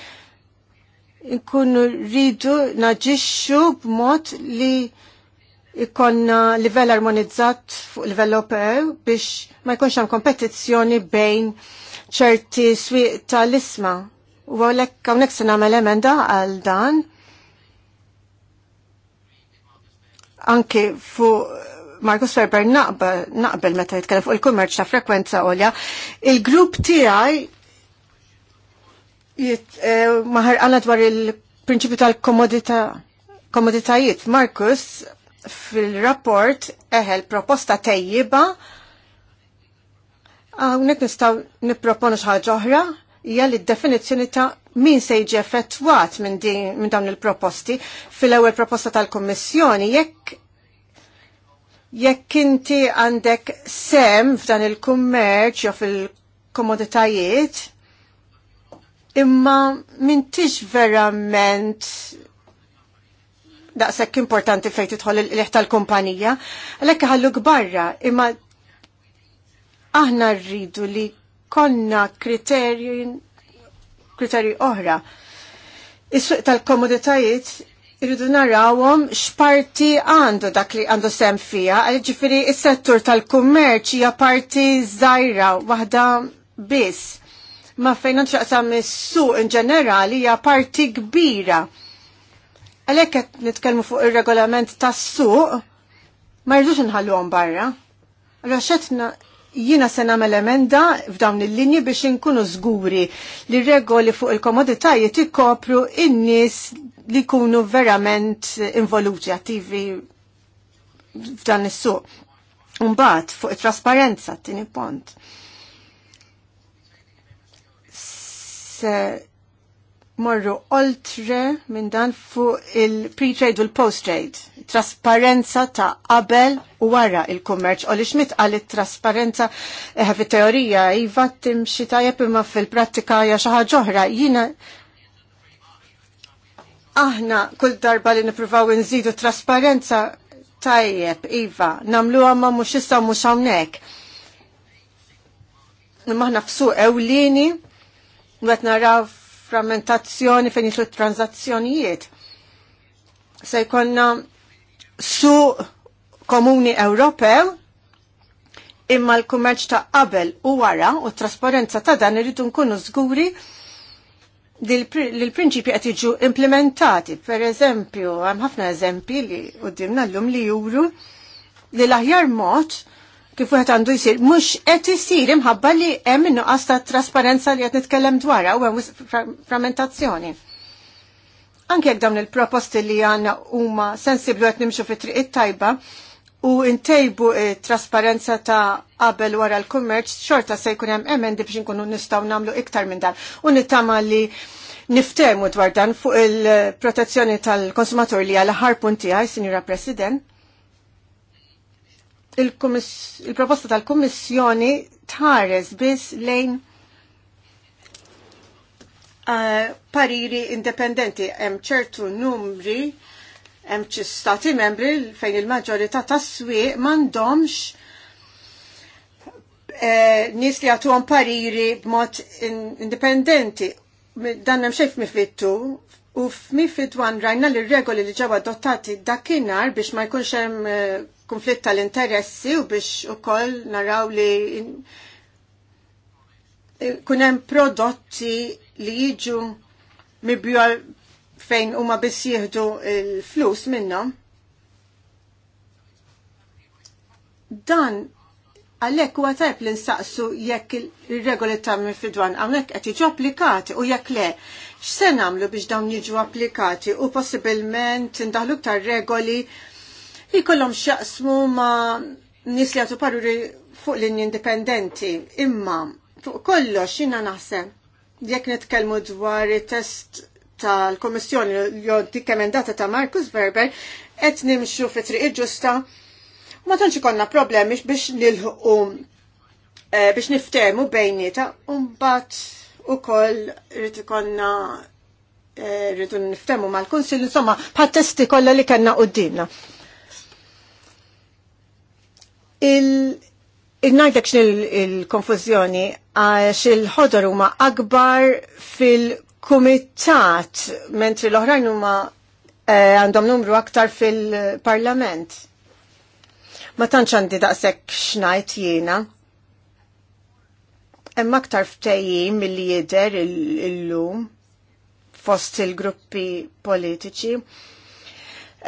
nkunu rridu naġixxu b'mod li ikonna livell armonizzat fuq livell Ewropew biex ma jkunx hemm kompetizzjoni bejn ċerti swieq tal-isma. U għalhekk hawnhekk se nagħmel emenda għal dan. Anki fuq Markus Ferber naqbel naqbel meta jitkellem fuq il-kummerċ ta' frekwenza għolja, il-grupp tiegħi eh, maħar għana dwar il-prinċipju tal komoditajiet. Markus fil-rapport eħel proposta tejjiba Għawnek nistaw niproponu xaħġa oħra, hija li d-definizzjoni ta' min se jiġi effettwat minn min dawn il-proposti fil-ewwel proposta tal-Kummissjoni jekk jekk inti għandek sem f'dan il-kummerċ jew fil-komoditajiet imma min tix verament daqshekk importanti fejn tidħol il-qiegħ tal-kumpanija, għalhekk għallu barra, imma aħna rridu li konna kriterji kriterji oħra. Is-suq tal-komoditajiet irridu narawhom x'parti għandu dak li għandu sem fija, ġifiri is-settur tal-kummerċ hija parti żgħira waħda biss. Ma fejn nxaqsam mis suq in ġenerali hija parti kbira Għalhekk qed nitkellmu fuq ir-regolament tas-suq, ma rridux għom barra. Allura xetna jina se nagħmel emenda f'dawn il-linji biex inkunu żguri li regoli fuq il-komoditajiet ikopru in-nies li jkunu verament involuti attivi f'dan is-suq. Mbagħad fuq it-trasparenza t-tieni pont. Se morru oltre minn dan fuq il-pre-trade u l-post-trade. Trasparenza ta' qabel u wara il-kummerċ. U li xmit għal trasparenza eh, fit teorija jiva timxi ta' imma fil-prattika ja xaħġa ġohra. Jina aħna kull darba li nipruvaw nżidu trasparenza tajjeb, Iva, namlu għamma mux issa mux għamnek. Maħna fsu ewlini, għet naraw frammentazzjoni fejn jisu transazzjonijiet. Se jkonna su komuni Ewropew imma l-kummerċ ta' qabel u wara u t trasparenza ta' dan irridu nkunu żguri li l-prinċipi qed jiġu implementati. Per eżempju, hemm ħafna eżempji li qudiemna llum li juru li l-aħjar mod kif wieħed għandu jsir mhux qed isir imħabba li hemm innuqas ta' trasparenza li qed nitkellem dwar u għem frammentazzjoni. Anke jekk dawn il-proposti li għandna huma sensibbli qed nimxu fit triq it-tajba u ntejbu trasparenza ta' qabel wara l-kummerċ xorta se jkun hemm emendi biex inkunu nistgħu nagħmlu iktar minn dan. U nittama li niftemu dwar dan fuq il-protezzjoni tal-konsumatur li għal ħar punti għaj, Sinjura President il-proposta tal-Kummissjoni tħares biss lejn uh, pariri indipendenti hemm ċertu numri hemm ċi stati membri fejn il-maġġorità tas-swieq m'għandhomx eh, nies li għatuhom pariri b'mod indipendenti. Dan hemm xejn mifittu u f'mifid wan rajna li regoli li ġew adottati dakinhar biex ma jkunx hemm eh, konflitt tal-interessi u biex ukoll naraw li kunem prodotti li jiġu mibju fejn huma biex jihdu l-flus minnhom. Dan għalhekk huwa għatajb li nsaqsu jekk ir-regoli ta' mifidwan hawnhekk qed jiġu applikati u jekk le x'se nagħmlu biex dawn jiġu applikati u possibilment indaħlu iktar regoli jkollhom xaqsmu ma' nisljatu paruri fuq l-inni indipendenti. Imma fuq kollox jiena naħseb jekk nitkellmu dwar it-test tal-Komissjoni li dik emendata ta' Markus Berber qed nimxu fitri triq ġusta ma tantx ikollna problemi biex nilħu eh, biex niftemu bejnieta u koll ukoll konna ikollna eh, rridu niftemu mal konsil insomma pa' testi kollha li kellna dinna. Il-najdek il-konfuzjoni għax il-ħodor huma akbar fil-kumitat, mentri l-oħrajn huma eh, għandhom numru aktar fil-parlament. Ma tantx għandi daqshekk xnajt jiena. Hemm aktar ftejjim milli jidher illum fost il-gruppi politiċi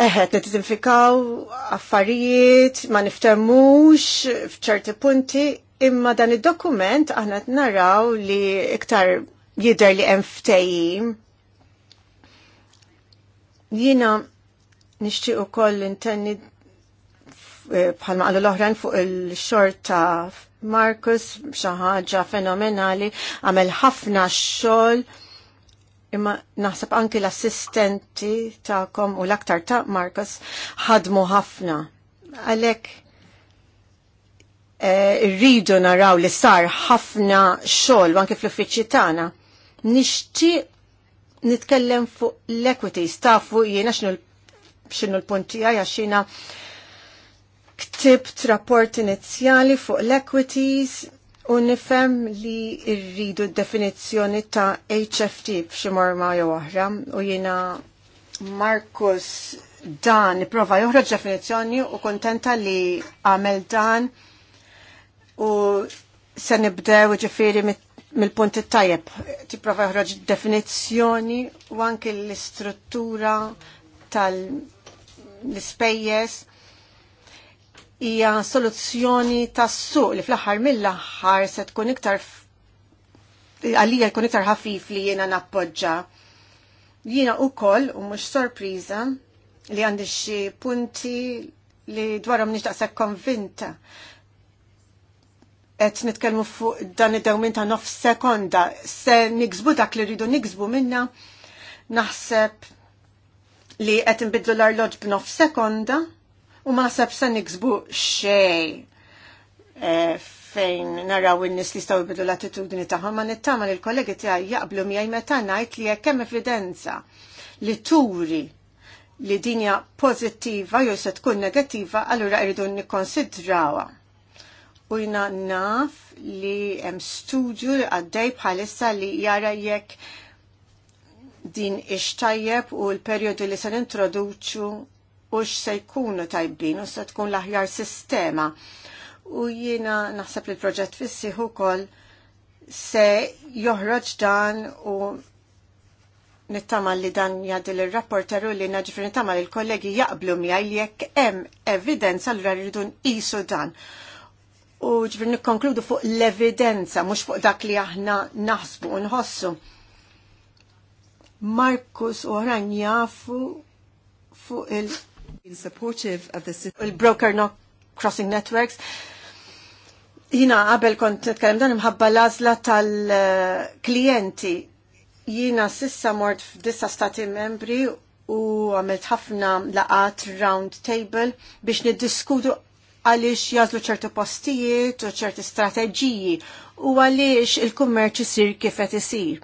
eħet nitizinfikaw affarijiet, ma niftemux fċerti punti, imma dan id-dokument aħna naraw li iktar jider li hemm ftehim. Jiena nixtieq ukoll intenni bħalma qalu l-oħrajn fuq il-xorta Marcus xaħġa ħaġa fenomenali għamel ħafna xogħol imma naħseb anki l-assistenti ta'kom u l-aktar ta' Marcus ħadmu ħafna. Għalek eh, rridu naraw li sar ħafna xogħol anke fl-uffiċċji tagħna. Nixtieq nitkellem fuq l-equities tafu jiena x'inhu l-punti għaj għax ktibt rapport inizjali fuq l-equities U nifhem li rridu d-definizzjoni ta' HFT b'xi morma jew oħra u jiena Markus dan prova joħroġ definizzjoni u kontenta li għamel dan u se nibdew ġifieri mill-punti tajjeb. Tipprova joħroġ definizzjoni u anke l-istruttura tal-ispejjeż hija soluzzjoni tas-suq li fl-aħħar mill-aħħar se tkun iktar għalija jkun iktar ħafif li jiena nappoġġa. Jiena ukoll u mhux sorpriża li għandi xi punti li dwarhom nixtaqsek konvinta. Qed nitkellmu fuq dan id-dewmin ta' nof sekonda, se niksbu dak li rridu niksbu minna, naħseb li qed nbidlu l-arloġ b'nof sekonda, u ma sab sa niksbu xej eh, fejn naraw in-nies li staw ibidu l-attitudni tagħhom ma nittama li l-kollegi tiegħi jaqblu miegħi meta ngħid li hekk hemm evidenza li turi li dinja pożittiva jew se tkun negattiva, allura rridu nikkonsidrawha. U jina naf li hemm studju li għaddej bħalissa li jara jekk din ixtajjeb u l-periodu li se nintroduċu u x'se jkunu tajbin u se tkun l-aħjar sistema. U jiena naħseb li l-proġett hu ukoll se joħroġ dan u nittama li dan jadil il u li naġifri nittamal li l-kollegi jaqblu mija li jekk em evidenza l rridu nqisu dan. U ġifri nikkonkludu fuq l-evidenza, mux fuq dak li aħna naħsbu u nħossu. Markus u ħran jafu fuq il- Il-broker no crossing networks. Jina qabel kont nitkellem dan imħabba l-għażla tal-klijenti. Jina sissa mort f'disa stati membri u għamilt ħafna laqat round table biex niddiskutu għaliex jazlu ċertu postijiet u ċerti strateġiji u għaliex il-kummerċ isir kif qed isir.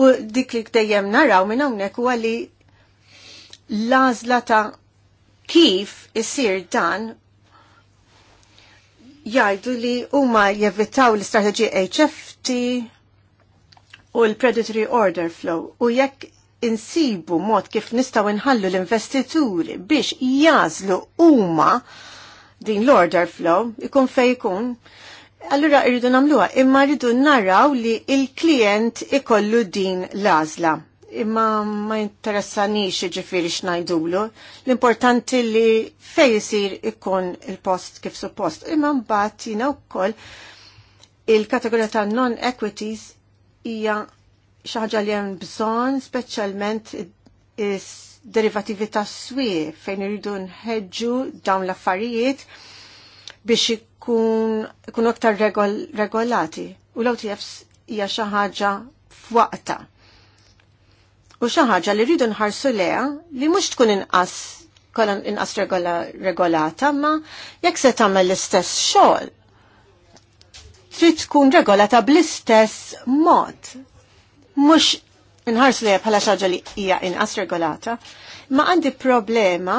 U dik li dejjem naraw minn hawnhekk huwa li l-għażla ta' Kif isir dan jajdu li huma jevitaw l-istrateġija HFT u l-predatory order flow u jekk insibu mod kif nistaw inħallu l-investituri biex jazlu huma din l-order flow ikun fej ikun allura irridu namluha imma rridu naraw li il-klient ikollu din l-għażla imma ma interessanix ġifiri xnajdulu. L-importanti li fej jisir ikun il-post kif suppost. Imma mbagħad jina wkoll il-kategorija ta' non-equities hija xi ħaġa li hemm bżonn speċjalment derivativi ta' swi fejn iridu nħeġġu dawn l-affarijiet biex ikun ikunu aktar regol, regolati. U l-OTFs hija xi ħaġa f'waqta u xi ħaġa li rridu nħarsu leha li mhux tkun inqas kollha inqas regolata, ma jekk se tagħmel l-istess xogħol trid tkun regolata bl-istess mod. Mhux inħarsu leha bħala xi ħaġa li hija inqas regolata, ma għandi problema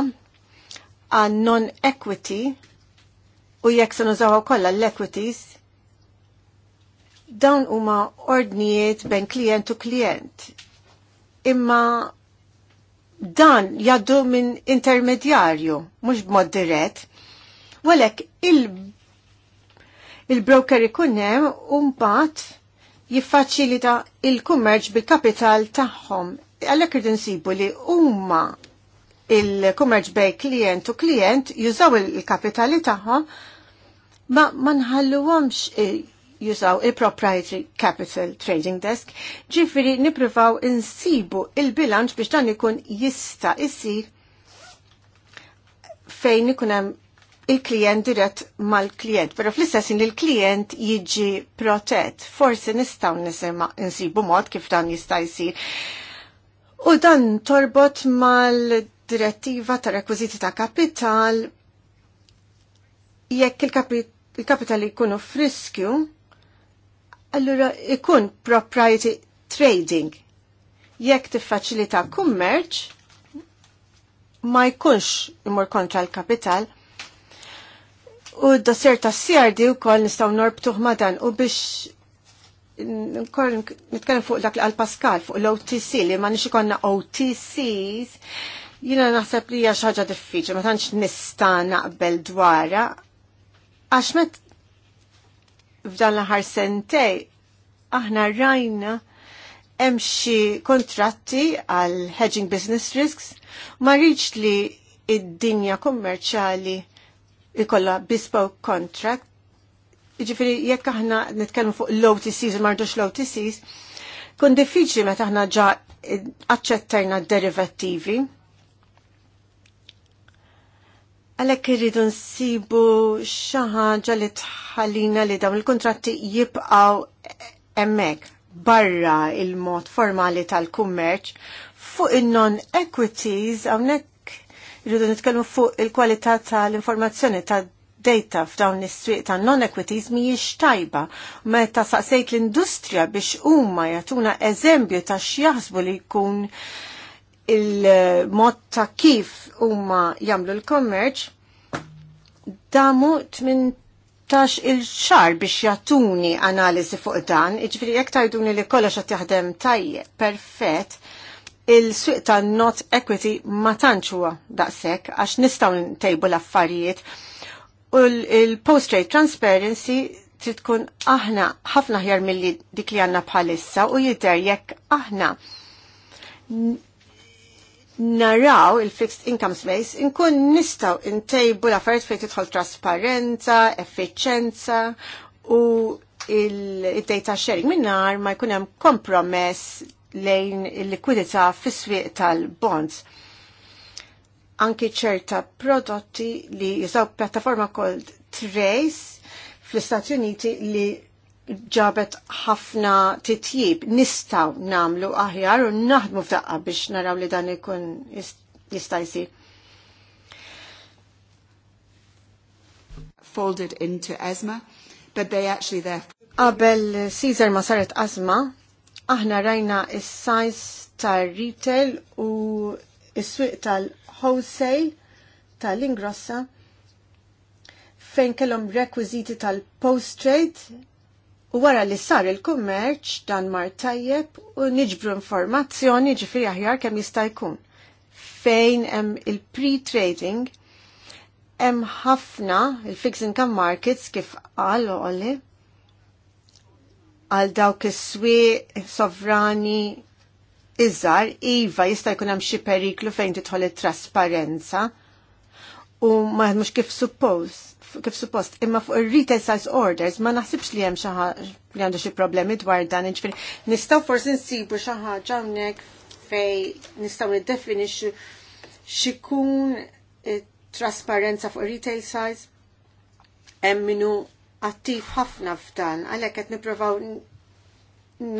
għan non-equity u jekk se nużaw kollha l-equities dawn huma ordnijiet bejn klient u klient imma dan jaddu minn intermedjarju, mux b'mod dirett. Walek il-broker il ikunem bat jiffaċilita il kummerġ bil-kapital tagħhom. Għallek irdu nsibu li huma il kummerġ bej klient u klient jużaw il-kapitali tagħhom ma ma nħalluhomx jużaw il-proprietary capital trading desk, ġifiri nipruvaw insibu il-bilanċ biex dan ikun jista jissir fejn ikun hemm il-klient dirett mal-klient, pero fl-istess il-klient jiġi protett. Forsi nistgħu nisema insibu mod kif dan jista' jsir. U dan torbot mal-direttiva ta' rekwiżiti ta' kapital jekk il-kapital il jkunu friskju, allura ikun propriety trading. Jekk tiffaċilita kummerċ, ma jkunx imur kontra l-kapital. U d dosser ta' CRD u kol nistaw norbtuħ madan u biex nitkellem fuq dak l Pascal fuq l-OTC li ma nix ikonna OTCs jina naħseb li hija xi ħaġa diffiċli ma tantx nista' naqbel dwarha għax met f'dan l-aħħar sentej aħna rajna hemm xi kontratti għal hedging business risks ma rridx li id-dinja kummerċali ikolla bespoke contract. Iġifiri, jekk aħna nitkellmu fuq l-OTCs, mardux l-OTCs, kun diffiċli meta aħna ġa accettajna derivativi. Għalek irridu nsibu xaħġa li tħallina li dawn il-kontratti jibqaw emmek barra il-mod formali tal-kummerċ fuq il-non equities għawnek irridu nitkellmu fuq il-kwalità tal-informazzjoni tad data f'dawn is-swieq ta' non equities mhijiex tajba. Meta saqsejt l-industrija biex huma jagħtuna eżempju ta' x'jaħsbu li jkun il-mod ta' kif huma jagħmlu l-kommerċ damu 18 il-xar biex jatuni analiżi fuq dan, iġifieri jekk tajduni li kollox qed jaħdem tajjeb perfett, il-suq ta' not equity ma tanċuwa huwa daqshekk għax nistgħu ntejbu l-affarijiet. U l-post trade transparency trid tkun aħna ħafna ħjar milli dik li għandna bħalissa u jidher jekk aħna naraw il-fixed income space inkun nistaw intejbu l-affarijiet fejn tidħol trasparenza, effiċenza u il-data sharing minnar ma jkun hemm kompromess lejn il-likwidità fis-swieq tal-bonds. Anki ċerta prodotti li jużaw pjattaforma called Trace fl-Istati Uniti li ġabet ħafna titjib nistaw namlu aħjar u naħdmu f'daqqa biex naraw li dan ikun jista' jsir. Folded into asthma, but they actually there. Qabel Caesar ma saret asma, aħna rajna is-sajs tar-retail u is-swieq tal-wholesale tal-ingrossa fejn kellhom rekwiżiti tal-post trade u wara li sar il-kummerċ dan mar tajjeb u niġbru informazzjoni ġifiri aħjar kemm jista' jkun. Fejn hemm il-pre-trading hemm ħafna il-fixed income markets kif qal u għal dawk is sovrani iżgħar iva jista' jkun hemm xi periklu fejn tidħol it-trasparenza u ma mhux kif suppose kif suppost, imma fuq il-retail size orders ma naħsibx li hemm xi li għandu xi problemi dwar dan, ġifieri nistgħu forsi nsibu xi ħaġa hawnhekk fej nistgħu niddefinixxu xikun trasparenza fuq retail size hemm minu attiv ħafna f'dan, għalhekk qed nippruvaw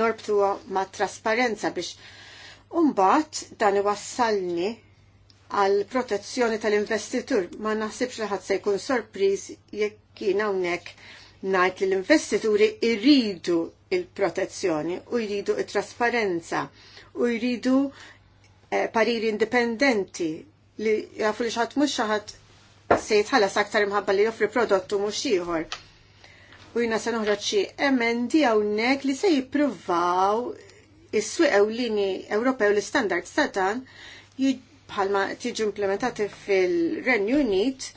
norbtuha ma' trasparenza biex Umbat dan iwassalni għal protezzjoni tal-investitur. Ma naħsibx li ħadd se jkun sorpriż jekk jien hawnhekk ngħid li l-investituri jridu il-protezzjoni u jridu it-trasparenza u jridu eh, pariri indipendenti li jafu li xaħat mux xaħat se jitħallas aktar imħabba li joffri prodottu mux ieħor. U jina se noħroġ emendi hawnhekk li se jippruvaw is-swieq ewlieni Ewropew l-istandards ta' dan bħalma tiġu implementati fil-Renju Unit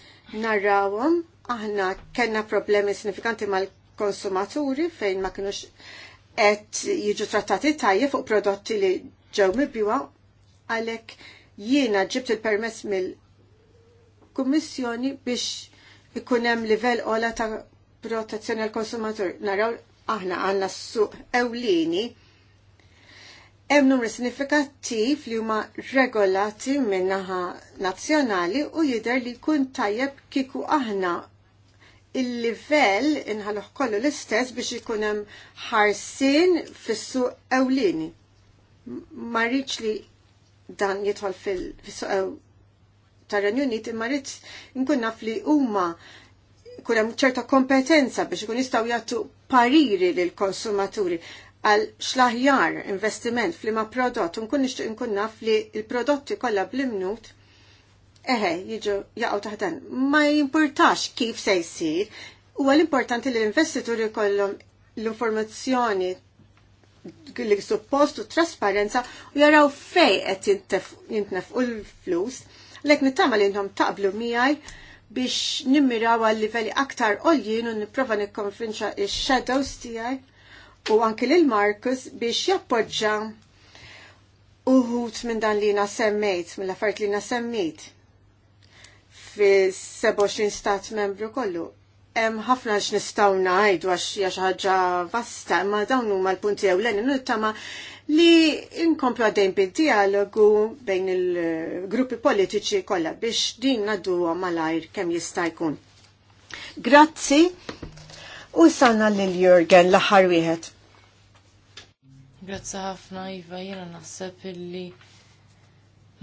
narrawhom aħna kellna problemi sinifikanti mal-konsumaturi fejn ma kienux qed jiġu trattati tajjeb fuq prodotti li ġew mibjuwa għalhekk jiena ġibt il-permess mill-Kummissjoni biex ikun hemm livell ola ta' protezzjoni għal konsumatur Naraw aħna għandna s-suq ewlieni Hemm numru sinifikattiv li huma regolati min-naħa nazzjonali u jidher li jkun tajjeb kieku aħna il-livell inħalluh kollu l-istess biex ikun hemm ħarsien fis-suq ewlieni. Ma rridx li dan jidħol fis-suq ew tar-Renju Unit imma rrid nkun naf li huma kun hemm ċerta kompetenza biex ikun jistgħu jagħtu pariri lill konsumaturi għal xlaħjar investiment fl-ma prodott, unkun nixtieq inkun naf li il-prodotti kolla bl-imnut eħe jiġu jaqgħu taħdan. Ma jimportax kif se jsir, huwa l-importanti li l-investituri kollhom l-informazzjoni li suppost u trasparenza u jaraw fej qed jintnefqu l-flus. Lek nittama li jintom taqblu miegħi biex nimmiraw għal livelli aktar oljien u nipprova nikkonfinċa ix-shadows tiegħi u anki lil Markus biex jappoġġa uħut minn dan li na semmejt, mill affarijiet li na semmejt fi 27 stat membru kollu. Hemm ħafna x nistgħu ngħidu għax hija xi ħaġa vasta, imma dawn huma l-punti ewlenin u tama li inkomplu għaddejn bid-dialogu bejn il-gruppi politiċi kollha biex din ngħadduhom malajr kemm jista' jkun. Grazzi u sanna lil Jurgen l-aħħar wieħed. Grazzi ħafna Iva, jiena naħseb illi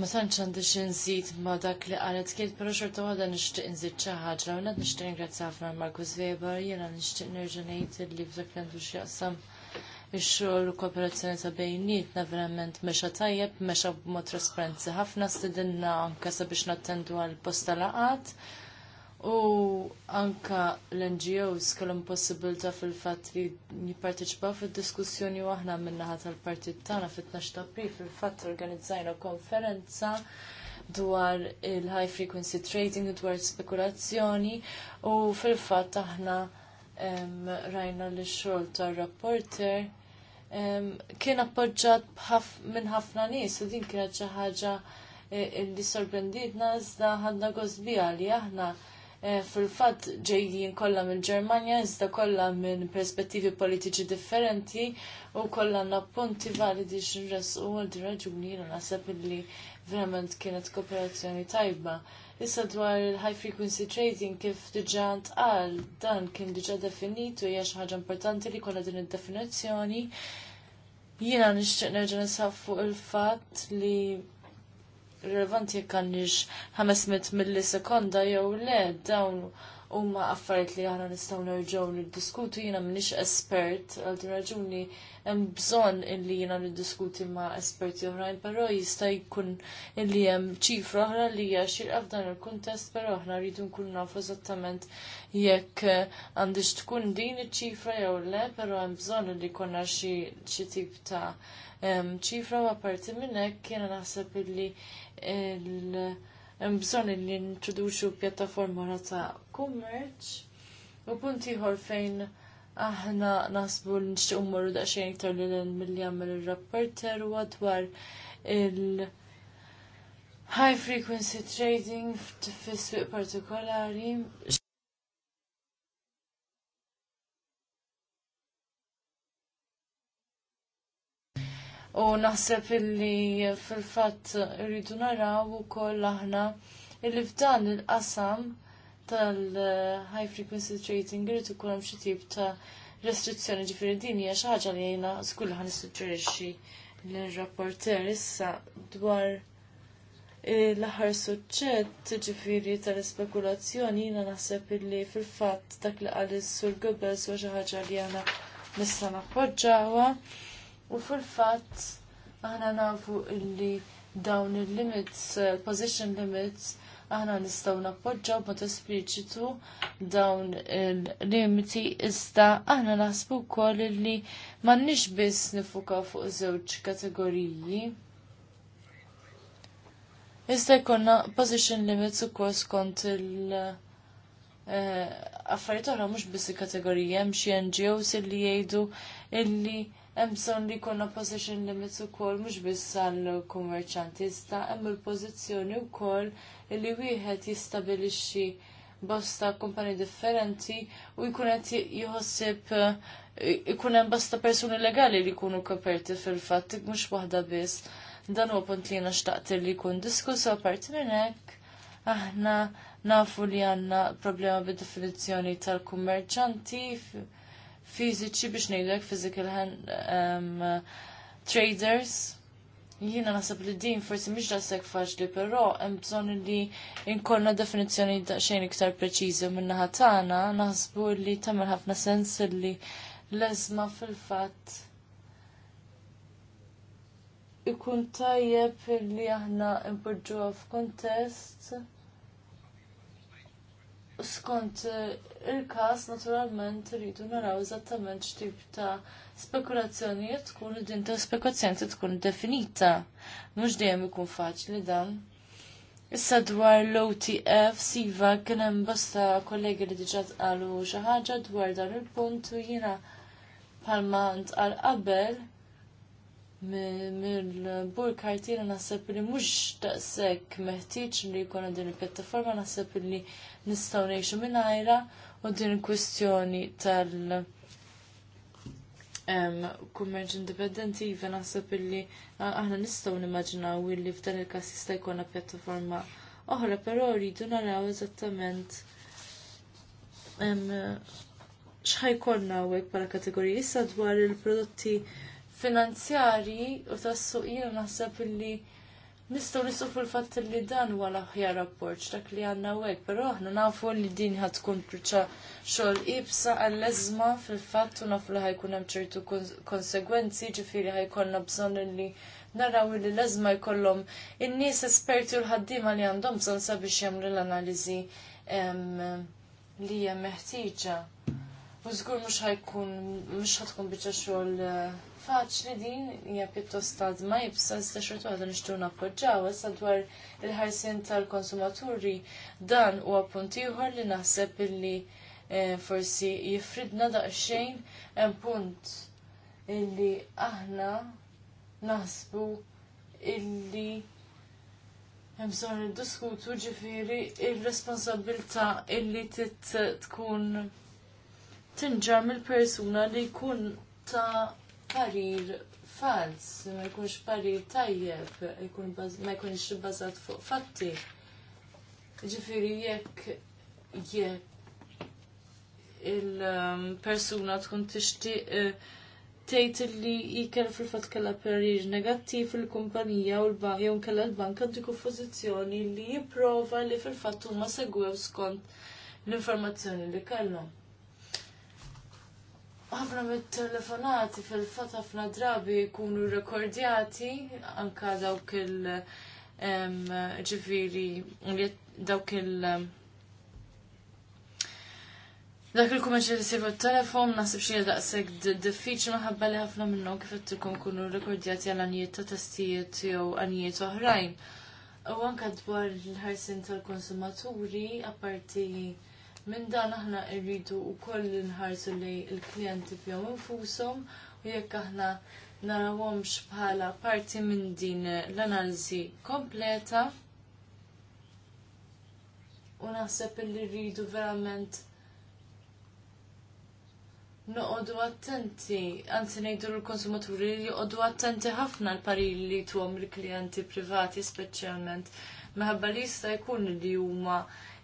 ma tantx għandi xi nżid ma dak li qalet kien però xorta waħda nixtieq nżid xi ħaġa u ngħad nixtieq ingrazzi ħafna Markus Weber, jiena nixtieq nerġa' ngħid illi f'dak li għandu x'jaqsam ix-xogħol u kooperazzjoni ta' bejnietna verament mexa tajjeb, mexa b'mod trasparenzi ħafna stidinna anke sabiex nattendu għal posta laqat. U anka l-NGOs kellhom possibilità fil-fatt li jipparteċipaw fid-diskussjoni u aħna min-naħa tal-partit tagħna fit-12 ta' April fil-fatt organizzajna konferenza dwar il-high frequency trading u dwar spekulazzjoni u fil-fatt aħna rajna l xogħol tar-rapporter kien appoġġat minn ħafna nies u din kienet xi ħaġa eh, li sorprenditna iżda ħadna bija li aħna Eh, fil-fatt ġejjin kollha mill-Ġermanja iżda kollha minn perspettivi politiċi differenti u kollha punti validi x'inresqu għal din raġuni jiena naħseb illi verament kienet kooperazzjoni tajba. Issa dwar il-high frequency trading kif diġà ntqal dan kien diġà definit u hija xi ħaġa importanti li kollha din id-definizzjoni. Jiena nixtieq nerġa' nisħab fuq il-fatt li relevanti jekk għandix 500 millisekonda jew le dawn huma affarijiet li aħna nistgħu nerġgħu niddiskutu jiena m'iniex espert għal din raġuni hemm bżonn illi jiena niddiskuti ma' esperti oħrajn, però jista' jkun illi hemm ċifra oħra li hija xirqa f'dan il-kuntest, però aħna rridu nkunu nafu eżattament jekk għandix tkun din iċ-ċifra jew le, però hemm bżonn illi jkollna xi tip ta' ċifra u apparti minn hekk jiena naħseb illi il-bżon li nintroduċu pjattaforma ta' kummerċ u punt ieħor fejn aħna nasbu li nixtieq da xejn iktar lil milli jagħmel ir-rapporter u dwar il- high frequency trading fis partikolari U naħseb illi fil-fatt rridu naraw ukoll aħna illi f'dan il-qasam tal-high frequency trading rridu ikun hemm xi tip ta' restrizzjoni ġifieri din hija xi ħaġa li jena skull ħa nissuġġerixxi l rapporter issa dwar l-aħħar suċċett ġifiri tal spekulazzjoni jiena naħseb illi fil-fatt dak li qal is-Sur Goebbels huwa ħaġa li jena nista' nappoġġawha. U fil-fatt aħna nafu illi dawn il-limits, eh, position limits, aħna nistaw nappoġġaw ma espliċitu dawn il-limiti, iżda aħna naħsbu wkoll illi m'għandniex biss nifuka fuq żewġ kategoriji. Iżda jkollna position limits ukoll skont il- eh, Affarijiet oħra mhux biss il-kategorija hemm xi NGOs illi jgħidu illi hemm bżonn li jkollna position limits ukoll mhux biss għall-kummerċanti hemm il-pożizzjoni wkoll li wieħed jistabilixxi bosta kumpani differenti u jkun qed jħossib ikun hemm bosta persuni legali li jkunu koperti fil-fatt mhux waħda biss. Dan huwa punt li jiena xtaqt li jkun diskussu apart minn hekk aħna nafu li għandna problema bid-definizzjoni tal-kummerċanti fiżiċi biex ngħidlek physical hand um, traders. Jiena naħseb li din forsi mhix daqshekk faċli, però hemm bżonn li inkolna definizzjoni xejn iktar preċiżi min-naħa tagħna naħsbu li tagħmel ħafna sens li leżma fil-fatt ikun tajjeb li aħna impoġġuha f'kuntest skont eh, il-kas naturalment rridu naraw eżattament x'tip ta' spekulazzjonijiet tkun din ta' spekulazzjoni tkun definita. Mhux dejjem ikun faċli dan. Issa dwar l-OTF, Siva, kien hemm bosta kollegi li diġà tqalu xi ħaġa dwar dan il-punt u jiena bħalma ntqal qabel mill-Burkhardt jiena naħseb li mhux daqshekk meħtieġ li jkun din il-pjattaforma naħseb li nistgħu ngħixu mingħajra u din il-kwistjoni tal- kummerġ indipendenti jiva naħseb illi aħna nistgħu nimmaġinaw illi f'dan il-każ jista' jkollna pjattaforma oħra, però rridu naraw eżattament xħajkonna u għek pala kategoriji issa dwar il-prodotti finanzjari u tassu jina naħseb illi Nistgħu nisu fil-fatt li dan huwa l-aħjar rapport dak li għandna għek, però aħna nafu li din ħad tkun ċa xogħol ibsa għall-eżma fil-fatt u nafu li ħajkun hemm ċertu konsegwenzi, ġifieri ħajkollna bżonn li naraw li l-eżma jkollhom in-nies esperti u l ħaddima li għandhom bżonn sabiex jagħmlu l-analiżi li hija meħtieġa. U żgur mhux ħajkun mhux ħadkun biċċa xogħol eh, faċli din hija pjuttost ma jibsa sta xorta waħda nixtru nappoġġaw issa dwar il-ħarsien tal-konsumaturi dan huwa punt ieħor li naħseb illi eh, forsi jifridna daqsxejn hemm punt illi aħna naħsbu illi hemm bżonn niddiskutu ġifieri ir-responsabilità illi tit tkun tinġar mill-persuna li jkun ta' parir fals, ma jkunx parir tajjeb, ma jkunx bazat fuq fatti. Ġifiri jekk jekk il-persuna tkun tixtieq eh, tejt li jikker fil-fatt kellha parir negattiv fil-kumpanija u l-bank jew kellha l-bank għandu pozizjoni li jipprova li fil-fatt huma segwew skont l-informazzjoni li kellhom ħafna mit-telefonati fil-fat ħafna drabi jkunu rekordjati anka dawk il ġifiri dawk il Dak il kumeċi li sirvu t-telefon, nasib xie daqseg diffiċ maħabba li ħafna minnu kif għattilkom kunu rekordjati għal anijiet ta' testijiet jew anijiet oħrajn. U anka dwar l-ħarsin tal-konsumaturi, apparti Minn dan aħna rridu wkoll nħarsu li l-klijenti fihom infushom u jekk aħna narawhomx bħala parti minn din l analizi kompleta. U naħseb li rridu verament noqodu attenti, anzi ngħidu l-konsumaturi li joqodu attenti ħafna l-parili li tuhom il-klijenti privati speċjalment. Meħabba li jista' jkun li huma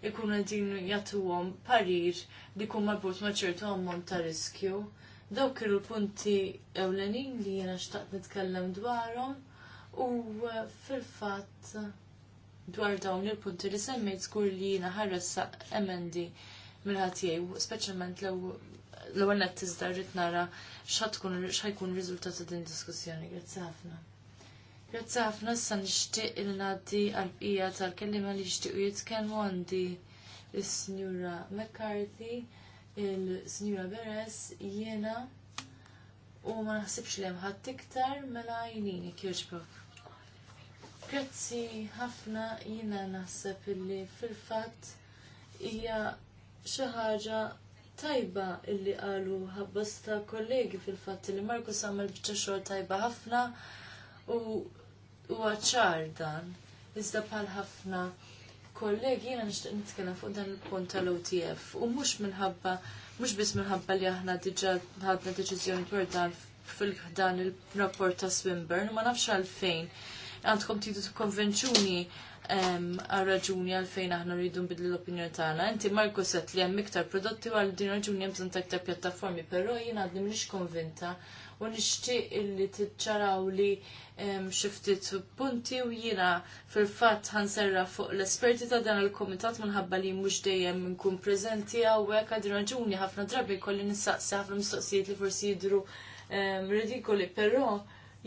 ikunu din jagħtuhom parir li jkun marbut maċertu għom ammont ta' riskju. Dawk kienu punti ewlenin li jiena xtaqt nitkellem dwarhom u uh, fil-fatt dwar dawn il-punti li semmejt skur li jiena ħarressa emendi mill-ħatijaj, speċjalment l-ewwel t tiżda rrid nara x'ħatkun x'ħajkun rizultat ta' din diskussjoni. Grazzi ħafna. Grazzi ħafna sa nixtieq il-ngħaddi għall-bqija tal-kelliema li jixtiequ jitkellmu għandi is-Sinjura McCarthy, il-Sinjura Beres, Jena, u ma naħsibx li hemm ħadd iktar mela jnini kjoġbok. Grazzi ħafna jiena naħseb illi fil-fatt hija xi ħaġa tajba illi qalu ħabbasta kollegi fil-fatt li Marku għamel b'ċa xogħol tajba ħafna u huwa ċar dan. Iżda bħal ħafna kollegi jiena nixtieq nitkellem fuq dan il-punt tal-OTF u mhux minħabba mhux biss minħabba li aħna diġà ħadna deċiżjoni dwar dan fil-dan il-rapport ta' Swinburne ma nafx għalfejn għandkom tidu konvenzjoni ehm, għal raġuni għalfejn aħna rridu nbidlu l-opinjoni tagħna. Inti Marko set li hemm iktar prodotti għal din raġuni hemm bżonn ta' aktar pjattaformi, però jien għadni mhix konvinta u nixtieq illi tiċċaraw li xiftit punti u jiena fil-fatt ħanserra fuq l-esperti ta' dan il-komitat minħabba li mhux dejjem nkun prezenti hawnhekk għad raġuni ħafna drabi kolli nissaqsi ħafna mistoqsijiet li forsi jidhru ridikoli, però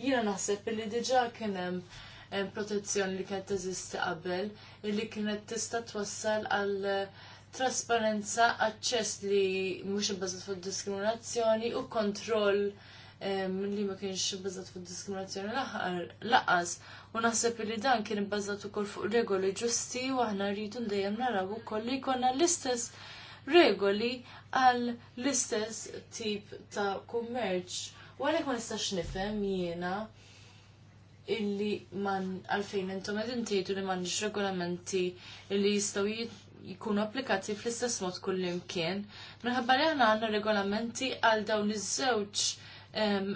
jiena naħseb li diġà kien hemm protezzjoni li kienet teżisti qabel, li kienet tista' twassal għal trasparenza, aċċess li mhux ibbażat fuq diskriminazzjoni u kontroll li ma kienx bazzat fuq diskriminazzjoni laqas. U naħseb li dan kien bazzat ukoll fuq regoli ġusti u aħna rridu dejjem naraw ukoll li jkollna l-istess regoli għal l-istess tip ta' kummerċ. U għalhekk ma nistax nifhem jiena illi man għalfejn intom qed intgħidu li m'għandix regolamenti li jistgħu jikunu applikati fl-istess mod kullimkien. Minħabba li aħna għandna regolamenti għal dawn iż-żewġ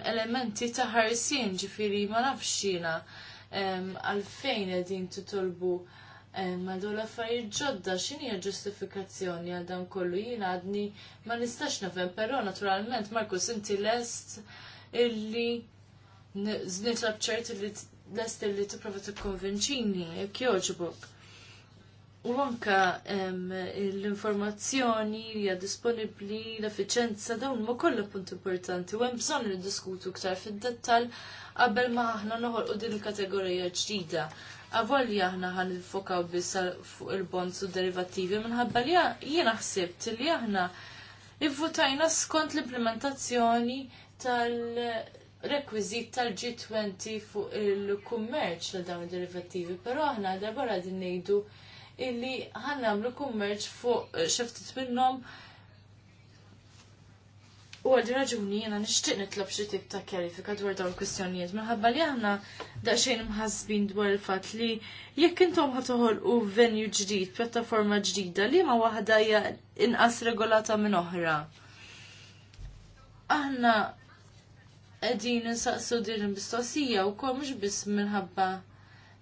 elementi ta' ħarsien ġifiri ma nafx xina għalfejn edin titolbu ma dawn l-affarijiet ġodda x'inhi l-ġustifikazzjoni għal dan kollu jiena għadni ma nistax nafhem, però naturalment Markus inti lest illi l ċert li lest illi tipprova tikkonvinċini jekk jogħġbok. U anka l-informazzjoni li hija disponibbli, l-effiċenza dawn ma kollha punt importanti u hemm bżonn li diskutu fid-dettall qabel ma aħna noħolqu din il-kategorija ġdida. Avolja aħna ħan nifokaw biss fuq il-bonds u derivativi minħabba li jiena ħsibt li aħna ivvutajna skont l-implementazzjoni tal- rekwizit tal-G20 fuq il-kummerċ ta' dawn derivativi, pero aħna darbara din ngħidu illi ħannamlu kummerċ fuq eh, xeftit minnhom U għaddi raġuni jena nishtiq nitlob xi tip ta' kjarifika dwar dawn l kwistjonijiet minħabba li aħna daqsxejn mħazbin dwar il-fatt li jekk intom u venju ġdid, pjattaforma ġdida li ma waħda hija inqas regolata minn oħra. Aħna qegħdin insaqsu din il u wkoll mhux biss minħabba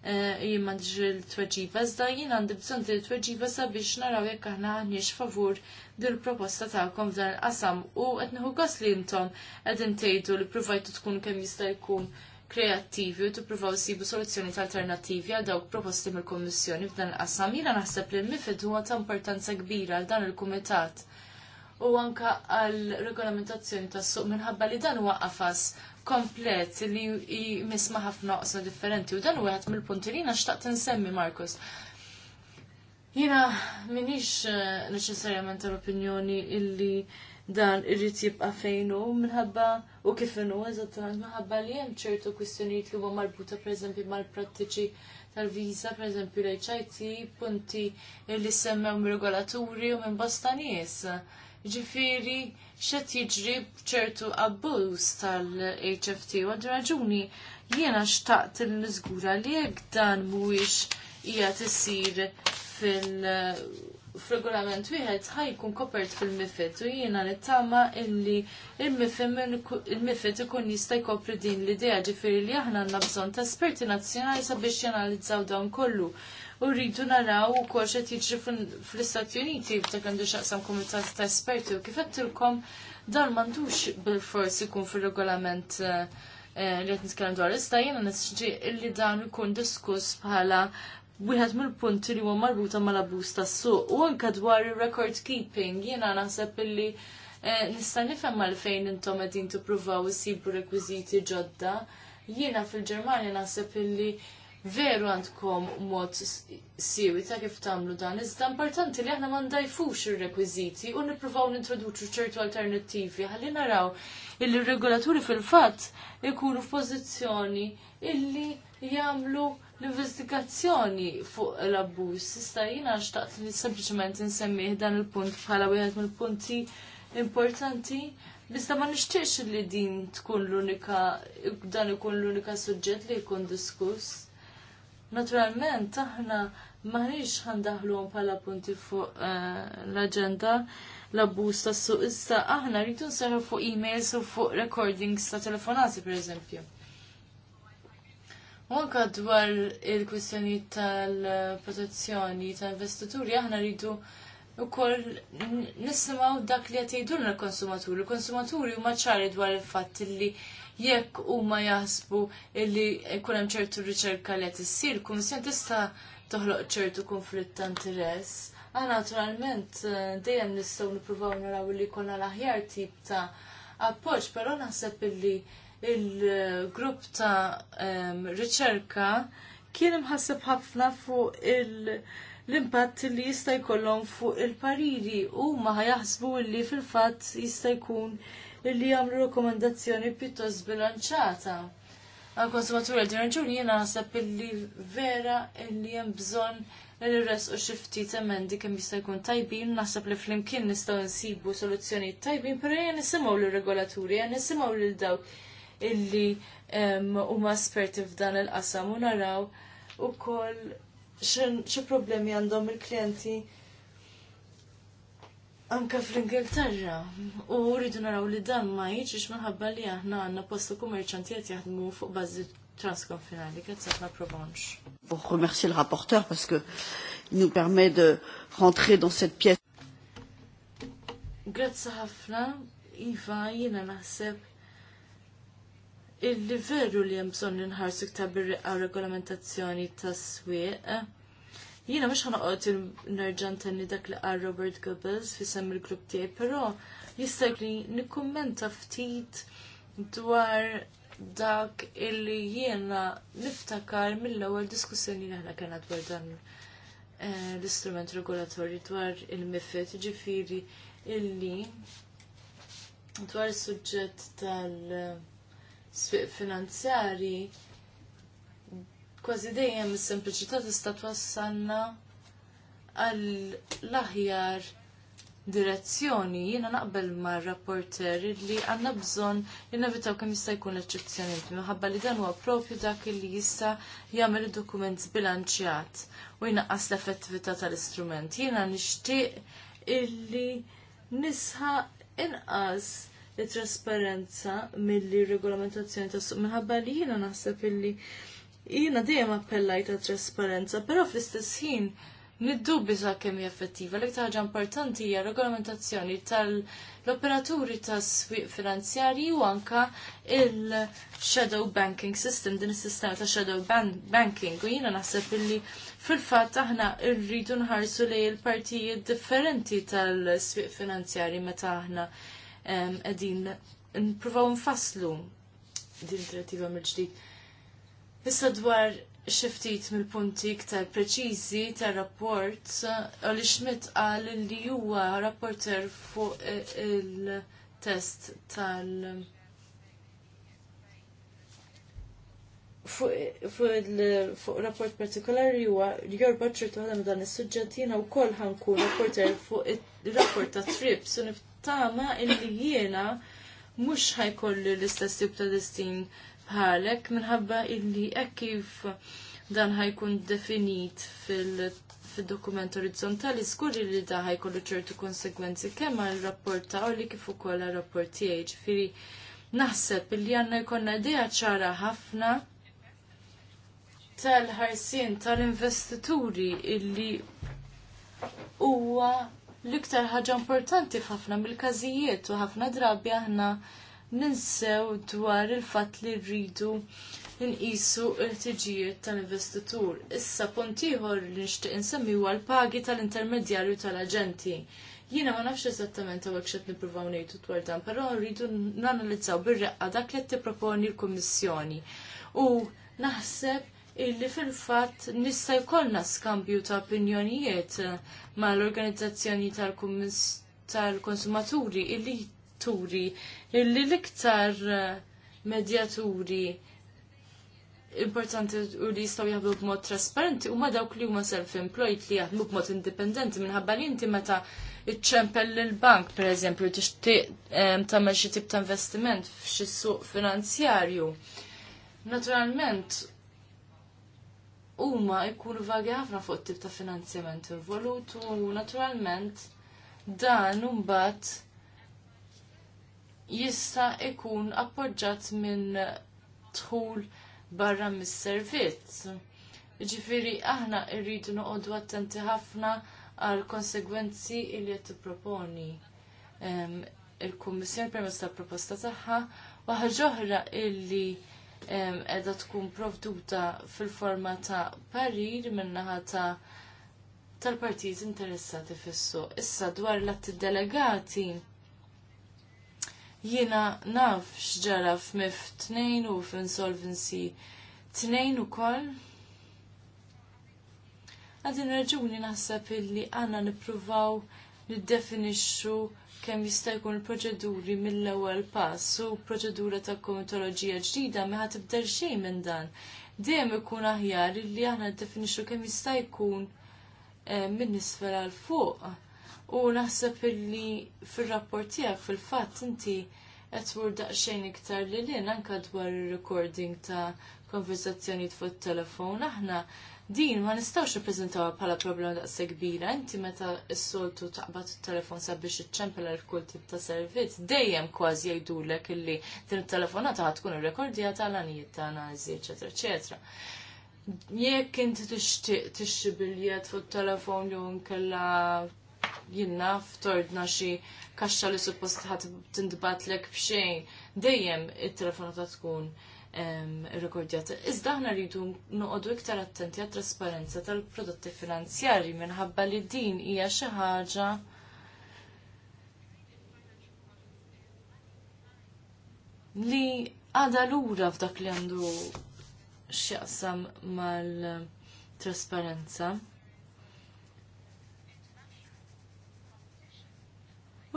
Eh, jien dġil il-tweġiba iżda jina għandi bżonn dġil it-tweġiba sabiex naraw jekk aħna għandniex favur dil proposta tagħkom f'dan il-qasam u qed għas li intom qegħdin tgħidu li provajtu tkun kemm jista' jkun kreattivi u tippruvaw sibu soluzzjoni alternattivi għal dawk proposti mill-Kummissjoni f'dan il-qasam, jiena naħseb li l-MIFID huwa ta' importanza kbira għal dan il-Kumitat u anka għal regolamentazzjoni tas suq minħabba li dan huwa qafas komplet li jmisma ħafna oqsma differenti u dan u għed mill-punti li t nsemmi Markus. Jina minix eh, neċessarjament tal-opinjoni illi dan irrit jibqa' fejnu minħabba u kif inhu eżattament minħabba li hemm ċertu kwistjonijiet li huma marbuta pereżempju mal-prattiċi tal per pereżempju l-HIT, punti li semmew regolaturi u minn bosta nies ġifiri xet jiġri bċertu abbuż tal-HFT u għad raġuni jiena xtaqt il-nizgura li jek dan mhuwiex hija tisir fil- regolament wieħed ħajkun kopert fil mifet u jiena nittama illi il mifet ikun jista' jkopri din l-idea ġifieri li aħna għandna bżonn ta' esperti nazzjonali sabiex janalizzaw dawn kollu u rridu naraw ukoll xe jiġri fl-Istati Uniti ta' kandu xaqsam kumitat ta' esperti u kif qedtilkom dan m'għandux bil-fors ikun fir-regolament eh, eh, li qed nitkellem dwar ista jiena nisġi illi dan ikun diskuss bħala wieħed mill-punti li huwa marbuta mal-abbuż tas-suq u anke dwar ir-record keeping jiena naħseb illi eh, nista' nifhem għalfejn intom qegħdin tippruvaw isibu rekwiżiti ġodda. Jiena fil-Ġermanja naħseb illi veru għandkom mod siwi ta' kif tagħmlu dan, iżda importanti li aħna ma ndajfux ir-rekwiżiti u nippruvaw nintroduċu ċertu alternattivi ħalli naraw illi r-regolaturi fil-fatt ikunu f'pożizzjoni illi jagħmlu l-investigazzjoni fuq l-abbuż. Sista jiena xtaqt li sempliċement nsemmih dan il-punt bħala wieħed mill-punti importanti. Bista ma nixtiex li din tkun l-unika, dan ikun l-unika suġġett li jkun diskuss. Naturalment, aħna maħniex għom bħala punti fuq eh, l-aġenda l-abbuż tas-suq issa aħna rridu nsarru fuq e-mails u fuq recordings ta' telefonati pereżempju. eżempju. anke dwar il-kwistjoni tal-protezzjoni tal investituri aħna rridu wkoll nisimgħu dak li qed jgħidulna l-konsumaturi. l konsumaturi huma ċari dwar il-fatt li jekk huma jaħsbu li jkun hemm ċertu riċerka li qed issir, se tista' toħloq ċertu konflitt ta' interess. ah naturalment eh, dejjem nistgħu nippruvaw naraw li jkollna l-aħjar tip ta' appoġġ, però naħseb illi il-grupp ta' ehm, riċerka kien imħasseb ħafna fuq il- l-impatt li jista' jkollhom fuq il-pariri huma ħajaħsbu li fil-fatt jista' jkun li jagħmlu rekomendazzjoni pjuttost bilanċata. Għal konsumatura din raġuni jiena naħseb illi vera illi hemm bżonn li res u xifti temendi kem jista' jkun tajbin, naħseb li flimkien nistgħu nsibu soluzzjoni tajbin, però jgħan nisimgħu lil regolaturi, jgħan nisimgħu lil dawk illi huma esperti f'dan il-qasam u naraw ukoll xi problemi għandhom il-klijenti anka fl-Ingilterra. U rridu naraw li dan ma jiġix minħabba li aħna għandna postu kummerċanti qed jaħdmu fuq bażi transkonfinali, kif saħna proponx. Pour remercier le rapporteur parce que il nous permet de rentrer dans cette pièce. Grazzi ħafna, Iva, jiena naħseb il veru li hemm bżonn inħarsu ktar bir-regolamentazzjoni tas-swieq Jiena mhux ħanoqgħod nerġa' ntenni dak li qal Robert Goebbels fi sem il-grupp tiegħi, però jista' nikkummenta ftit dwar dak illi jiena niftakar mill-ewwel diskussjoni li aħna kellna dwar dan eh, l-istrument regolatorju dwar il-mifet, ġifiri illi dwar is-suġġett tal-sfiq eh, finanzjari kważi dejjem is-sempliċità tista' twassalna għall-aħjar direzzjoni jiena naqbel mar rapporter li għandna bżonn li nevitaw kemm jista' jkun l-eċċezzjonijiet minħabba li dan huwa proprju dak li jista' jagħmel id-dokument bilanċjat u jnaqqas l-effettività tal-istrument. Jiena nixtieq illi nisħa inqas it-trasparenza mill-regolamentazzjoni tas-suq minħabba li jiena naħseb illi Jiena dejjem appellajt għat trasparenza, però fl-istess ħin niddubi sa' kemm hija effettiva. L-iktar ħaġa importanti hija regolamentazzjoni tal-operaturi tas-swieq finanzjarji u anka il-shadow banking system, din is-sistema ta' shadow ban banking. U jiena naħseb illi fil-fatt aħna rridu nħarsu lej il partijiet differenti tal swieq finanzjari meta aħna qegħdin nippruvaw nfasslu din direttiva mill-ġdid. Issa dwar xiftit mill-punti iktar preċiżi tar-rapport, Oli Schmidt qal li huwa rapporter fuq il-test tal- fuq rapport partikolari huwa li jorba ċertu għadam dan is-suġġett jiena wkoll ħankun rapporter fuq ir-rapport ta' trips u niftama illi jiena mhux ħajkolli l-istess tip ta' destin bħalek minħabba illi hekk kif dan ħajkun definit fil-dokument orizzontali skurri li da ħajkollu ċertu konsekwenzi kemm għal rapport ta' li kif ukoll għal rapport tiegħi. Ġifieri naħseb illi għandna jkollna idea ċara ħafna tal-ħarsien tal-investituri illi huwa l-iktar ħaġa importanti f'ħafna mill-każijiet u ħafna drabi aħna ninsew dwar il-fatt li rridu nqisu l-ħtiġijiet tal-investitur. Issa punt ieħor li nixtieq insemmiw huwa l-pagi tal-intermedjarju tal-aġenti. Jiena ma nafx eżattament hawnhekk x'qed nippruvaw ngħidu dwar dan, però rridu nanalizzaw bir-reqqa dak li qed tipproponi l-Kummissjoni. U naħseb illi fil-fatt nista' jkollna skambju ta' opinjonijiet mal-organizzazzjoni tal-konsumaturi illi medjaturi illi l-iktar eh, medjaturi importanti u li jistaw jaħdmu b'mod trasparenti huma dawk li huma self-employed li jaħdmu b'mod indipendenti minħabba li inti meta iċċempel l-bank pereżempju tixtieq ehm, tagħmel xi tip ta' investiment f'xi suq finanzjarju. Naturalment huma jkunu vagi ħafna fuq tip ta' finanzjament involutu u naturalment dan mbagħad jista' ikun appoġġjat minn tħul barra mis-servizz. Ġifiri, aħna rridu noqogħdu attenti ħafna għal konsegwenzi li qed tipproponi il-Kummissjoni permezz tal-proposta tagħha u ħaġa illi qiegħda tkun provduta fil-forma ta' parir minnaħa ta' tal-partijiet interessati fis-suq. Issa dwar l-atti delegati, Jiena naf x'ġara f'MIF nejn u f t-nejn u ukoll. Għadin raġuni naħseb illi għanna nippruvaw niddefinixxu kemm jista' jkun il-proċeduri mill-ewwel pass u proċedura ta' komitoloġija ġdida meħa tibdel xejn minn dan. Dejjem ikun aħjar li aħna niddefinixxu kemm jista' jkun eh, minn nisfel għal fuq u naħseb illi fil-rapport tiegħek fil-fatt inti qed daqxajn iktar li li anke dwar ir-recording ta' konverzazzjonijiet fuq it-telefon aħna din ma nistawx nippreżentawha bħala problema da' kbira, inti meta s-soltu taqbad it-telefon sabiex iċċempel għal kull tip ta' servizz, dejjem kważi jgħidulek illi din it-telefonata tkun ir-rekordija tal anijiet ta' nazi, eċetera, eccetera. jekk inti tixtieq tixxi biljett fuq telefon jew nkella jinnna ftordna xi kaxxa li suppost ħadd lek b'xejn. Dejjem it-telefonata tkun rekordjata. Iżda aħna rridu noqogħdu iktar attenti għat trasparenza tal-prodotti finanzjarji minħabba li din hija xi ħaġa li għada lura f'dak li għandu x'jaqsam mal-trasparenza.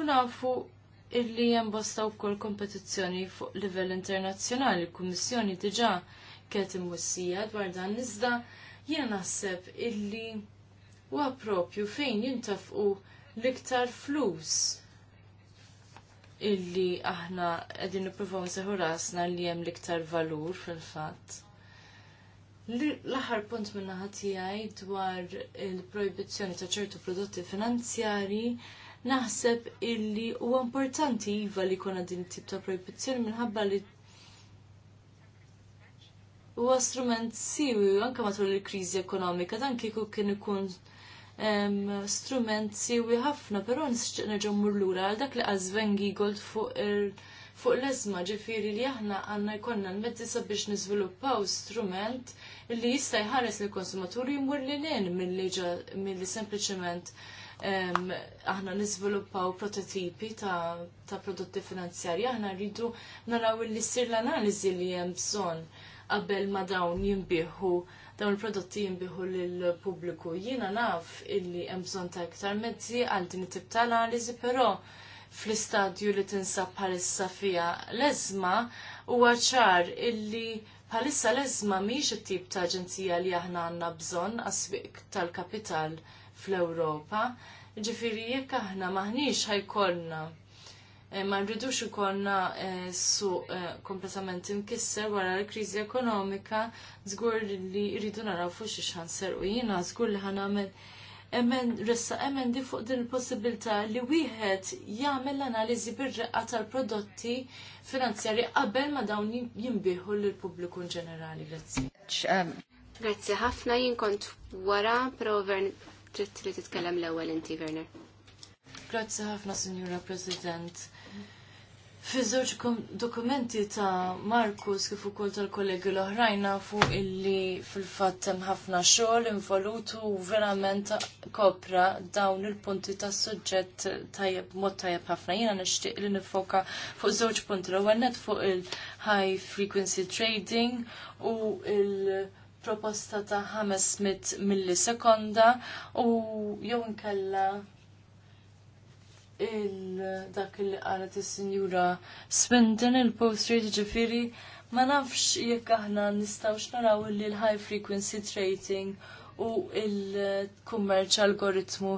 u nafu illi jembosta wkoll kompetizzjoni fuq livell internazzjonali. Kummissjoni diġa' kienet imwissija dwar dan iżda jiena naħseb illi huwa propju fejn jintafqu l-iktar flus illi aħna qegħdin n nseħu rasna li hemm l-iktar valur fil-fatt. L-aħħar punt minn naħa tiegħi dwar il proibizzjoni ta' ċertu prodotti finanzjari naħseb illi huwa importanti iva li kona din tip ta' proibizzjoni minħabba li huwa strument siwi anke matul il-kriżi ekonomika dan kieku kien ikun strument siwi ħafna, però nisċeq nerġgħu murlura lura għal dak li għazvengi Gold fuq il- fuq l-ezma ġifiri li aħna għanna jkonna l-mezzi sabiex nizviluppaw strument li jista jħares li konsumaturi jmur li l-in mill-li sempliciment aħna niżviluppaw prototipi ta', ta prodotti finanzjarji, aħna rridu naraw li ssir l-analiżi li hemm bżonn qabel ma dawn jinbieħu dawn il-prodotti jinbiħu lill-pubbliku. Jiena naf illi hemm bżonn ta' iktar mezzi għal din it-tip ta' analiżi, però fl-istadju li tinsab bħalissa fiha l-eżma huwa ċar illi bħalissa l-eżma mhix it-tip ta' aġenzija li aħna għandna bżonn għas tal-kapital fl-Ewropa. Ġifiri jekk aħna maħniex ħajkollna eh, ma nridux ikollna eh, su eh, kompletament imkisser wara l-kriżi ekonomika żgur li rridu naraw fuq xi ser u jiena żgur li għamil emen ressa emen di fuq din il-possibilità li wieħed jagħmel l-analiżi bir-reqqa tal-prodotti finanzjari qabel ma dawn jinbieħu lill pubbliku in ġenerali. Grazzi. Grazzi ħafna jinkont wara Prover Trid trid titkellem l-ewwel inti, Werner. Grazzi ħafna, Sinjura President. Fi żewġ dokumenti ta' Markus kif ukoll tal-kollegi l-oħrajn nafu illi fil-fatt hemm ħafna xogħol involut u verament kopra dawn il-punti ta' suġġett tajjeb mod tajjeb ħafna. Jiena nixtieq li nifoka fuq żewġ punti l-ewwel fuq il-high frequency trading u il- proposta ta' 500 millisekonda u jew inkella il-dak il qalet il sinjura Swinton il-post rate ġifiri ma nafx jekk aħna nistgħux naraw li l-high frequency trading u il commerce algoritmu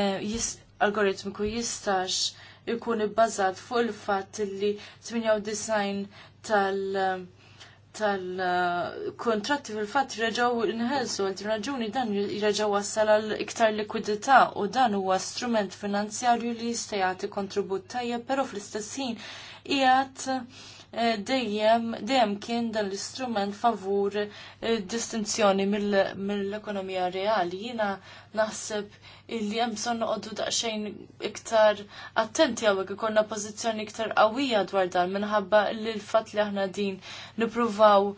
eh, algoritmiku jistax ikun ibbażat fuq il-fatt li 98 tal- tal-kontratti fil-fat reġaw inħelsu għal raġuni dan reġaw wassal għal iktar likwidità u dan huwa strument finanzjarju li jista' jagħti kontribut tajjeb, però fl-istess ħin qiegħed eh, dejjem dejjem kien dan l-istrument favur eh, distinzjoni mill-ekonomija reali. Jiena naħseb illi hemm bżonn noqogħdu daqsxejn iktar attenti hawnhekk ikollna pożizzjoni iktar qawwija dwar dan minħabba li l-fatt li aħna din nippruvaw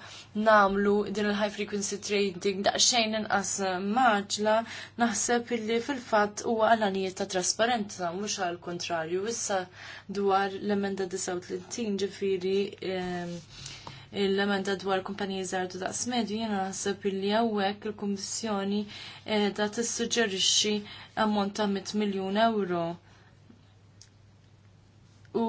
nagħmlu din il-high frequency trading daqsxejn inqas maġla naħseb illi fil-fatt huwa għalanijiet ta' trasparenza mhux għal kontrarju issa dwar l-emenda 39 ġifieri l-emenda dwar kumpaniji zardu daqs medju, jiena naħseb li hawnhekk il-Kummissjoni da tissuġġerixxi ammont ta' 100 miljun euro. U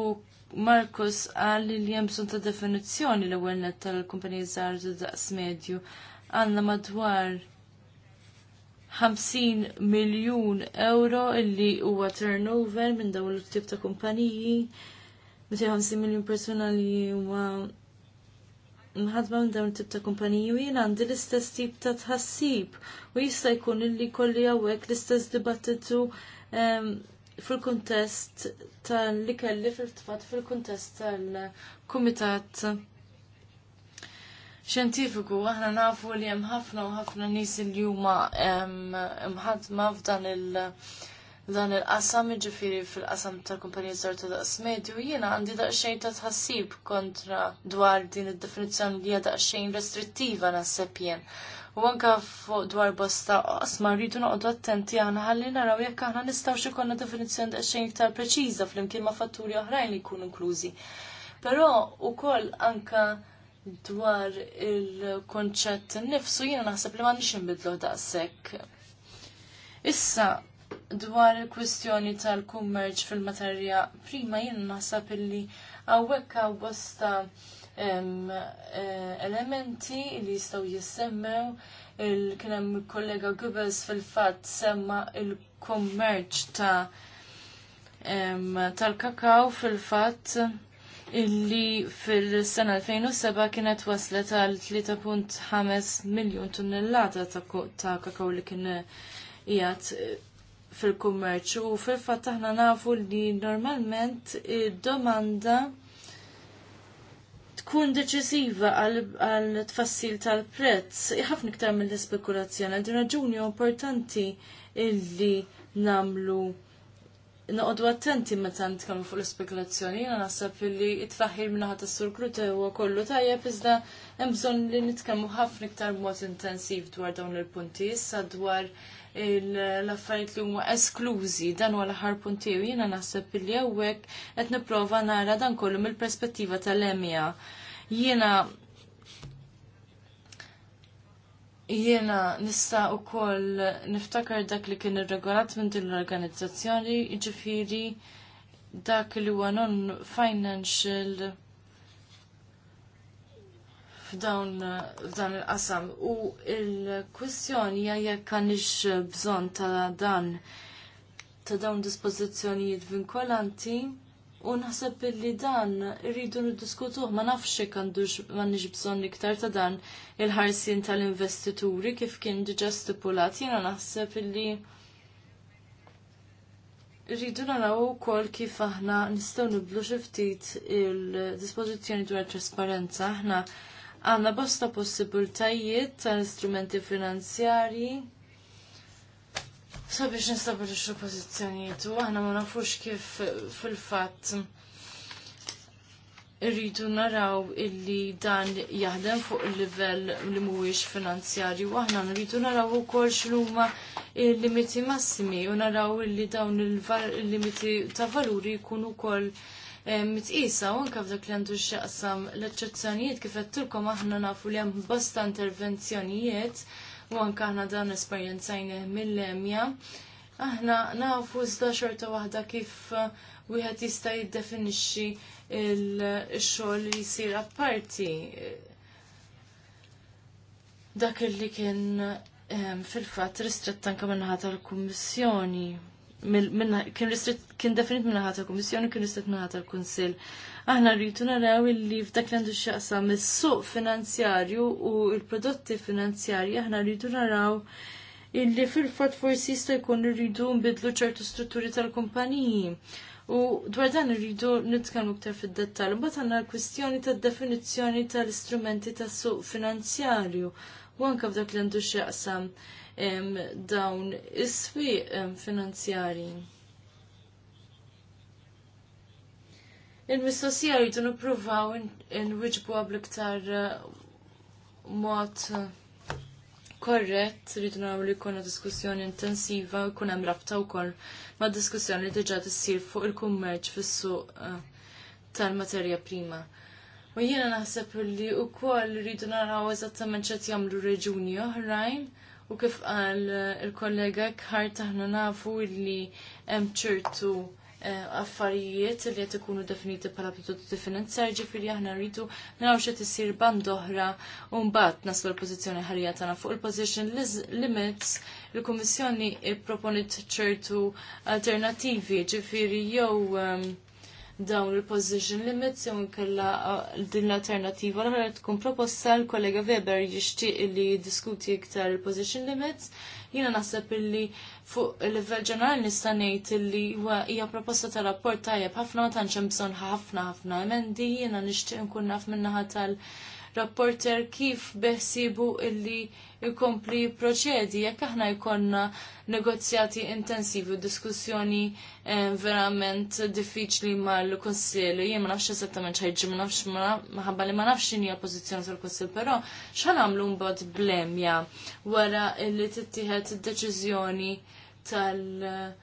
Markus qal li hemm ta' definizzjoni l-ewwel tal-kumpaniji zardu daqs medju għanna madwar 50 miljun euro illi huwa turnover minn dawn il-tip ta' kumpaniji, 250 miljun persuna li huma mħadba minn dawn tip ta' kumpaniji u jien għandi l-istess tip ta' tħassib u jista' jkun illi kolli għawek l-istess dibattitu ehm, fil-kuntest tal-li kelli fil-tfat fil-kuntest tal-kumitat Xentifiku. aħna nafu li hemm ħafna u ħafna nies li huma ehm, mħadma f'dan il- dan il-qasam ġifiri fil-qasam tal-kumpanija żgħar ta' daqs medju jiena għandi daqsxejn ta' tħassib kontra dwar din id-definizzjoni li hija daqsxejn restrittiva naħseb jien. U anka fuq dwar bosta qasma rridu noqgħodu attenti aħna ħalli naraw jekk aħna nistgħux ikollna definizzjoni daqsxejn iktar preċiża flimkien ma' fatturi oħrajn li jkunu inklużi. Però ukoll anka dwar il-konċett nifsu jiena naħseb li m'għandniex nbidlu daqshekk. Issa dwar il-kwistjoni tal-kummerċ fil-materja prima jien naħseb illi hawnhekk għaw bosta eh, elementi li jistgħu jissemmew il-kien hemm kollega Goebbels fil-fatt semma il-kummerċ ta' tal-kakaw fil-fatt illi fil-sena 2007 kienet waslet għal 3.5 miljon tonnellata ta' kakaw li kien jgħat fil-kummerċ u fil-fatt aħna nafu li normalment id-domanda tkun deċisiva għal tfassil tal-prezz, ħafna iktar mill spekulazzjoni għal raġuni importanti illi namlu Noqodu attenti meta nitkellmu fuq l spekulazzjoni jiena naħseb illi it-tfaħħir minn ħadd is-sur huwa kollu tajjeb iżda hemm bżonn li nitkellmu ħafna iktar mod intensiv dwar dawn il-punti issa dwar l-affarijiet li huma esklużi dan huwa l-aħħar punt tiegħu jiena naħseb li hawnhekk qed nipprova nara dan kollu mill-perspettiva tal-emja. Jiena jiena nista' ukoll niftakar dak li kien irregolat minn din l-organizzazzjoni, jiġifieri dak li huwa non-financial f'dawn il-qasam u il-kwistjoni hija jekk għandix bżonn ta' dan ta' dawn dispożizzjonijiet vinkolanti u naħseb li dan irridu niddiskutuh ma nafx xi għandux m'għandix bżonn iktar ta' dan il-ħarsien tal-investituri kif kien diġà stipulat jiena naħseb illi Rridu naraw ukoll kif aħna nistgħu niblu xi ftit il-dispożizzjoni dwar trasparenza aħna għanna bosta possibiltajiet ta' instrumenti finanzjarji sabiex xo pozizjoniet u aħna ma nafux kif fil-fatt irridu naraw illi dan jaħdem fuq il-livell li mhuwiex finanzjarju u aħna nridu naraw ukoll x'huma il-limiti massimi u naraw illi dawn il-limiti ta' valuri jkunu ukoll mitqisa u anke f'dak li għandu x'jaqsam l-eċċezzjonijiet kif għetturkom aħna nafu li hemm bosta intervenzjonijiet u anke aħna dan esperienzajni mill-lemja. Aħna nafu iżda xorta waħda kif uh, wieħed jista' jiddefinixxi l xogħol li jsir apparti eh, dak li kien eh, fil-fatt ristretta anke minnaħa tal-Kummissjoni kien definit minna ħata l-Komissjoni, kien ristret minna ħata l-Konsil. Aħna rritu naraw li f'dak li għandu xaqsa mis-suq finanzjarju u il-prodotti finanzjarji, aħna rritu naraw li fil-fat forsi jista' jkun rridu nbidlu ċertu strutturi tal-kumpaniji. U dwar dan rridu nitkellmu ktar fid-dettall. Mbagħad għandna l-kwistjoni tad-definizzjoni tal-istrumenti tas-suq finanzjarju u anke f'dak li għandu x'jaqsam dawn is-swieq finanzjari. Il-mistoqsija jridu nippruvaw in bl uh, eh, mod eh, korrett, rridu naraw li jkollna diskussjoni intensiva, u jkun hemm rabta wkoll ma' diskussjoni li diġà tissir fuq il-kummerċ fis-suq eh, tal-materja prima. U jiena naħseb li wkoll rridu naraw eżattament x'qed jagħmlu reġuni oħrajn u kif qal eh, il-kollega kħar aħna nafu li hemm ċertu eh, affarijiet li qed ikunu definiti bħala prodotti finanzjar ġifieri aħna rridu naraw xi tisir band oħra u mbagħad naslu l-pożizzjoni ħarija tagħna fuq il-position limits il-Kummissjoni pproponiet ċertu alternattivi ġifieri jew ehm, dawn il-position limits jew nkella uh, din l-alternativa l-oħra tkun proposta l-kollega Weber jixtieq li jiddiskuti iktar il-position limits. Jiena naħseb illi fuq il-livell ġenerali nista' ngħid illi hija proposta ta' rapport tajjeb ħafna ma tantx hemm bżonn ħafna ħafna emendi jiena nixtieq nkun naf min-naħa tal- rapporter kif beħsibu illi jkompli proċedi jekk aħna jkollna negozjati intensivi u diskussjoni eh, verament diffiċli mal-Konsil. Jien ma nafx esattament ħajġi ma nafx maħabba li ma nafx x'inhi l-pożizzjoni tal-Konsil, però x'għan nagħmlu mbagħad blemja wara li tittieħed id-deċiżjoni tal-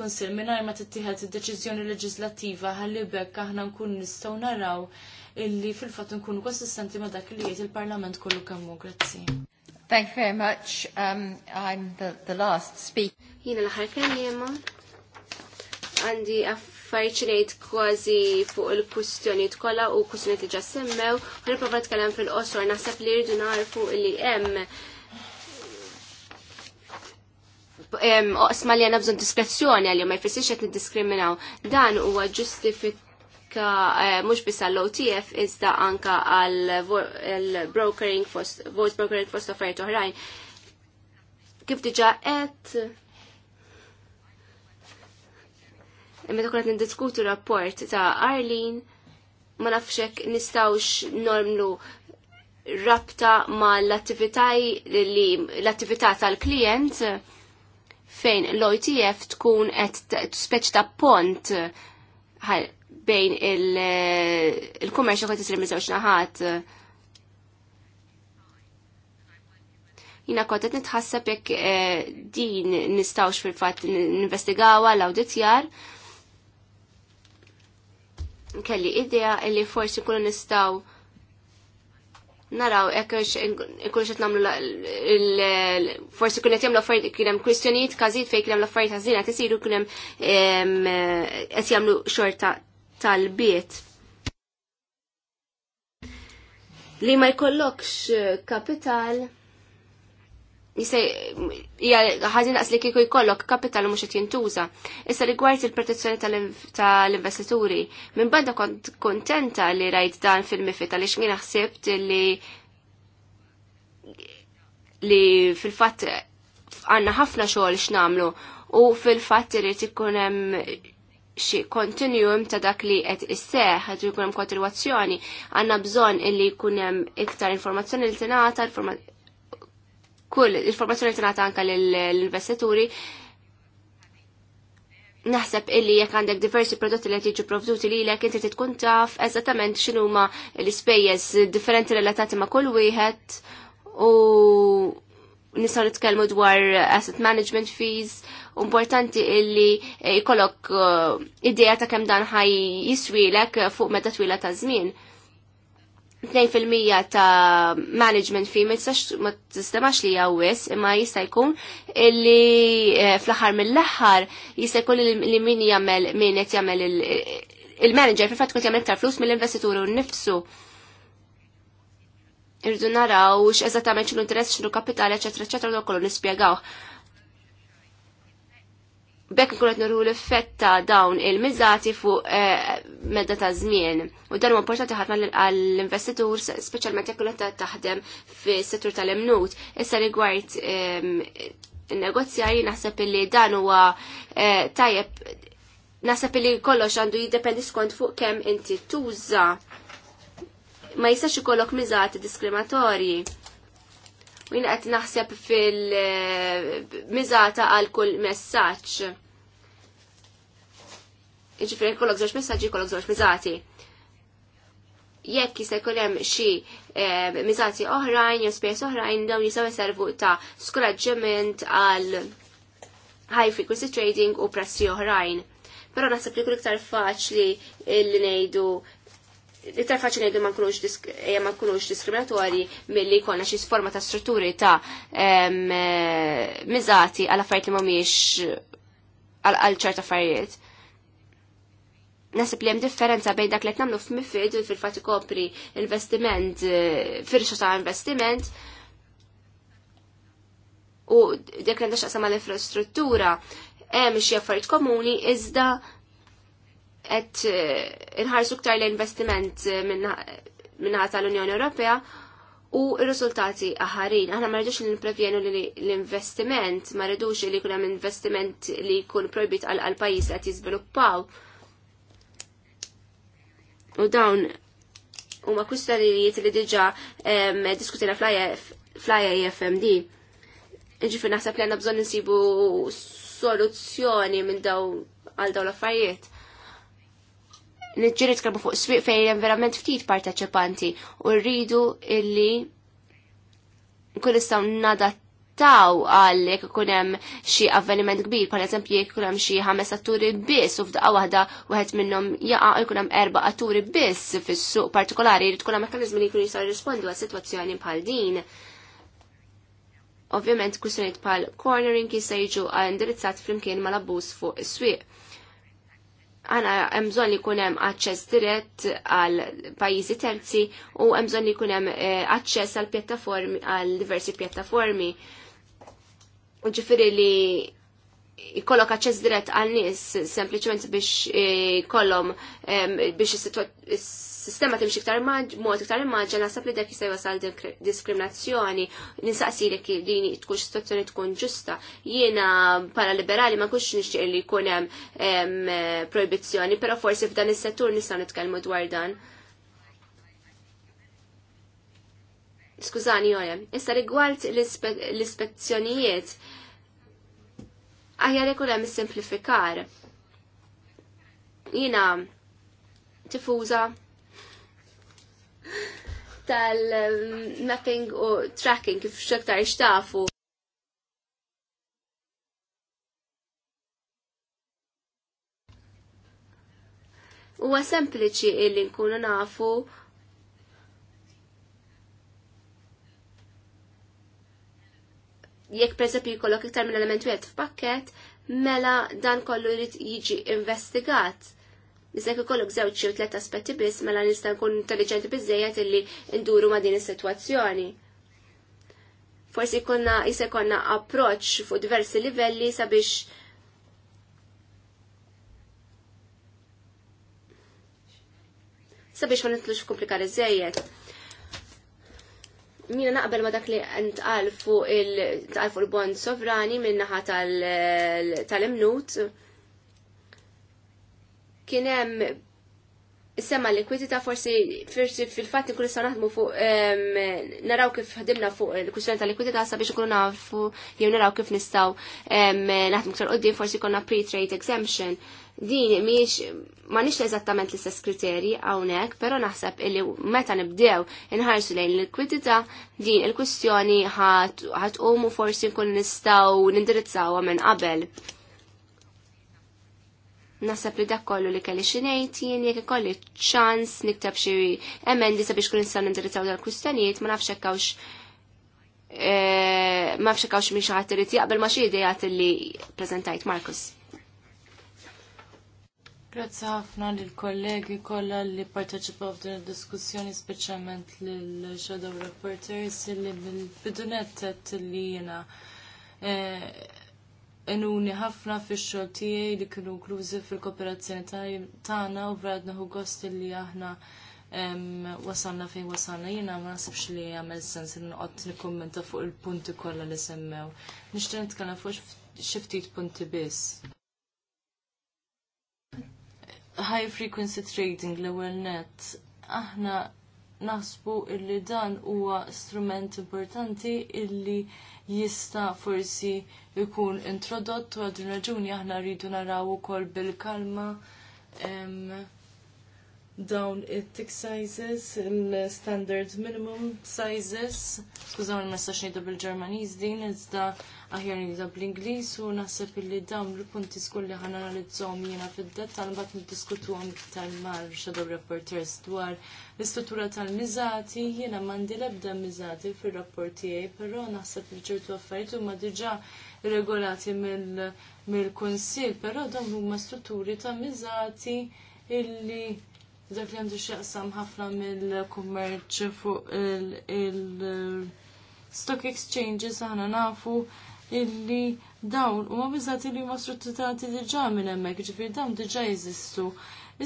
konsil minnaj ma tittieħed id-deċiżjoni leġislattiva ħalli bekk aħna nkun nistgħu naraw illi fil-fatt nkunu konsistenti ma' dak li jgħid il-Parlament kollu kemmu. Grazzi. Thank you very much. Um, I'm the, the last speaker. Jina l-ħar kellima għandi affarijiet ngħid kważi fuq il-kwistjonijiet kollha u kwistjonijiet li ġa semmew, u nipprova nitkellem fil-qosor naħseb li rridu narfu li hemm oqsma li għanna bżon diskrezzjoni għalli ma jfessiex qed diskriminaw Dan huwa ġustifik tapplika eh, mhux biss għall-OTF iżda anka għall brokering for voice brokering fost affarijiet oħrajn. Kif diġà qed meta kunet nindiskutu rapport ta' Arlene ma nafxek nistawx normlu rabta ma l-attività tal-klient fejn l-OTF tkun qed speċ ta' pont bejn il-kummerċ il eh, li tisir minn naħat. Jina kont nitħassab nitħasseb jekk eh, din nistgħux fil n-investigawa l-awditjar. Kelli idea li forsi nkunu nistgħu naraw ekkux ikkux qed nagħmlu forsi kien qed jagħmlu affarijiet kien hemm kwistjonijiet każijiet fejn kien hemm l-affarijiet ħażina tisiru kien hemm eh, qed jagħmlu xorta tal-biet. Li ma jkollokx eh, kapital jisej, għazin għas li kiku jkollok kapital mux qed jintuża. Issa rigward il-protezzjoni tal-investituri, minn bada kont kontenta li rajt dan fil mifita li xmina xsebt li li fil-fatt għanna ħafna xogħol x'namlu u fil-fatt irid ikun hemm xi kontinjum ta' dak li qed isseħ qed jkun hemm kontinwazzjoni, għandna bżonn illi jkun hemm iktar informazzjoni li tingħata, kull informazzjoni li tingħata anke lill-investituri. Naħseb illi jekk għandek diversi prodotti li qed jiġu provduti lilek inti trid tkun taf eżattament x'inhuma l-ispejjeż differenti relatati ma' kull wieħed u nisaw nitkellmu dwar asset management fees, importanti illi jkollok eh, idea ta' kemm dan ħaj jiswilek fuq meta twila ta' żmien. 2% ta' management fee ma ma tistemax li jawis imma jista' jkun illi eh, fl-aħħar mill-aħħar jista' jkun li min jagħmel min qed jagħmel il-manager fil-fatt kont jagħmel iktar flus mill-investitur nifsu irridu naraw x'eżattament x'inhu interess xinu kapitali, eċetera, eċetera, dak kollu nispjegaw. Bekk nkun qed nuru l-effett ta' dawn il-miżati fuq eh, medda ta' żmien. U dan huwa importanti ħafna għall-investitur, speċjalment jekk qed taħdem fis-settur tal-imnut. Issa rigward ehm, il-negozjari naħseb li dan huwa eh, tajjeb naħseb li kollox għandu jiddependi skont fuq kemm inti tuża ma jistax ikollok miżati diskriminatorji. U jina qed naħseb fil-miżata eh, għal kull messaġġ. Ġifri kollok żewġ messaġġi, kollok żewġ miżati. Jekk jista' jkun hemm xi eh, miżati oħrajn jew spejs oħrajn dawn jistgħu jservu ta' skoraġġiment għal high frequency trading u prezzi oħrajn. Però naħseb li kull iktar faċli li ngħidu iktar faċli ngħidu eh, ma nkunux diskriminatorji milli jkollna xi forma ta' strutturi ta' eh, miżati għal affarijiet li mhumiex għal ċert affarijiet. Nasib li hemm differenza bejn dak li qed nagħmlu f'mifid fil-fatt ikopri investiment, eh, firxa ta' investiment, u dik li għandha xaqsam l-infrastruttura hemm xi affarijiet komuni iżda et eh, inħarsu ktar l-investiment eh, minnaħa tal-Unjoni Ewropea u r-riżultati aħarin. Aħna ma rridux li nipprevjenu l-investiment, ma rridux li jkun hemm investiment li jkun projbit għal pajjiż qed jiżviluppaw. U dawn huma kusta li jiet li diġà diskutina fl-ajja IFMD. Ġifi naħseb li għandna bżonn insibu soluzzjoni minn daw għal daw l-affarijiet nġiri tkarbu fuq sbiq fejn verament ftit parteċipanti u rridu illi nkun nistgħu nadattaw għal jekk ikun hemm xi avveniment kbir, per eżempju jek kunem hemm xi ħames atturi biss u f'daqqa waħda wieħed minnhom jaqa' jkun hemm erba' atturi biss fis-suq partikolari jrid tkun mekanizmi li jkunu jistgħu jirrispondu għal sitwazzjoni bħal din. Ovvjament kwistjonijiet bħal cornering jista' jiġu indirizzat flimkien mal-abbuż fuq is-swieq għana emżon li kunem access dirett għal pajizi terzi u emżon li kunem eh, access għal għal diversi pjattaformi. Ġifiri li jkollok aċċess dirett għal nies sempliċement biex eh, kollhom biex is-sistema timxi iktar mod iktar immaġġa naħseb li dak jista' wasal diskriminazzjoni ninsaqsilek din tkun situazzjoni tkun ġusta. Jiena bħala liberali ma kux nixtieq li jkun hemm proibizzjoni, però forsi f'dan is-settur nistgħu nitkellmu dwar dan. Skużani, Jorem, issa rigward l-ispezzjonijiet, aħjar ikun hemm is-simplifikar. Jiena tifuża tal-mapping u tracking kif xektar ixtafu. Huwa sempliċi illi nkunu nafu jekk preżempju jkollok iktar minn element wieħed f'pakket, mela dan kollu jrid jiġi investigat. iżda ikollok żewġ jew tliet aspetti biss mela nista' nkun intelligenti biżejjed illi nduru ma' din is-sitwazzjoni. Forsi konna jse konna approċ fuq diversi livelli sabiex sabiex ma nitlux f'komplikare żejjed. Mina naqbel ma dak li ntqal fuq il-tqal fuq il-bond sovrani minnaħa tal-imnut. Kien hemm Semma l-likwidità forsi forsi fil-fatt ikun nistgħu naħdmu fuq naraw kif ħdimna fuq il-kwistjoni tal-likwidità sabiex ikunu nafu jew naraw kif nistgħu naħdmu ktar qudiem forsi konna pre-trade exemption din miex ma nix eżattament l-istess kriterji hawnhekk, però naħseb illi meta nibdew inħarsu lejn l-likwidità din il-kwistjoni umu forsi nkun nistgħu nindirizzawha minn qabel. Naħseb li dak kollu li kelli xinejtin, jien jekk ikolli ċans niktab xi emendi sabiex kun nistaw nindirizzaw dal-kwistjonijiet ma nafxek eh, ma fxekawx miex hawnx irid jaqbel ma xi idejat li prezentajt Markus. Grazzi ħafna lill kollegi kollha li parteċipaw f'din id-diskussjoni speċjalment lil Shadow Reporters li mill-bidunet qed li jiena eh, enuni ħafna fix-xogħol tiegħi li kienu inklużi fil-kooperazzjoni tagħna u vrad naħu gost li aħna wasalna fejn wasalna jiena ma nasibx li jagħmel sens li noqgħod nikkummenta fuq il-punti kollha li semmew. Nixtieq nitkellem fuq xi ftit punti biss high frequency trading l-ewwel net aħna naħsbu illi dan huwa strument importanti illi jista' forsi jkun introdott u għadin raġuni aħna rridu naraw ukoll bil-kalma dawn it-tick sizes, il-standard minimum sizes, skużaw il messa xnejda bil-Ġermaniż din, iżda aħjar nidu bl-Ingliż u naħseb li dawn il-punti skulli ħan analizzom jiena fid-dettal mbagħad niddiskutu għom tal mar shadow reporters dwar l-istruttura tal-miżati, jiena mandi l-ebda fil fir-rapport tiegħi, però naħseb li ċertu affarijiet huma diġà regolati mill-Kunsill, però dawn huma strutturi ta' miżati illi dak li għandu xieqsam ħafna mill-kummerċ fuq il-stock exchanges aħna nafu illi dawn u ma bizzat li ma struttutati diġa minn emmek, ġifir dawn diġa jizistu.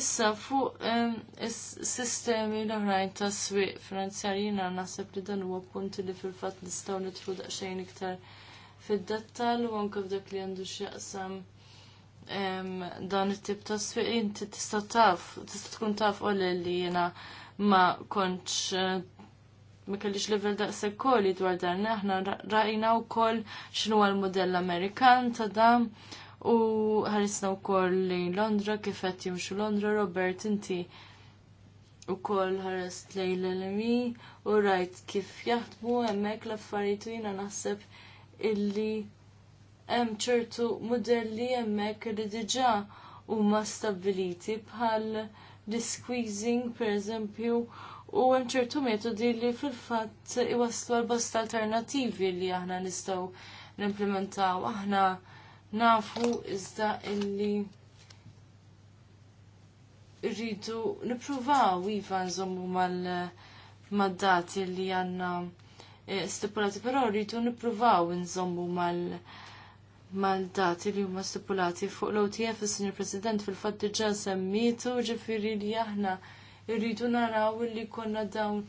Issa fuq sistemi l-oħrajn ta' swiq finanzjarjina naħseb li dan huwa punti li fil-fatt nistgħu nidħlu daqsxejn iktar fid-dettal u anke f'dak li għandu x'jaqsam dan it-tip ta' sfiq inti tista' taf, tista' tkun taf olli li jena ma konċ eh, ma kellix level daqseg koli dwar dan aħna rajna wkoll xinu l-modell Amerikan ta' dam u ħarisna wkoll lejn Londra kif qed jimxu Londra Robert inti koll ħarest lejn l-LMI u rajt kif jaħdmu hemmhekk l-affarijiet jina naħseb illi hemm ċertu modelli hemmhekk li diġà huma stabbiliti bħal l-squeezing pereżempju u hemm ċertu metodi li fil-fatt iwasslu għal bosta alternattivi li aħna nistgħu nimplementaw. Aħna nafu iżda illi rridu nippruvaw iva nżommu mal-dati li għandna eh, stipulati, però rridu nippruvaw nżommu mal-, mal mal-dati li huma stipulati fuq l-OTF, il President, fil-fat diġa semmitu, ġifiri li aħna irridu naraw li konna dawn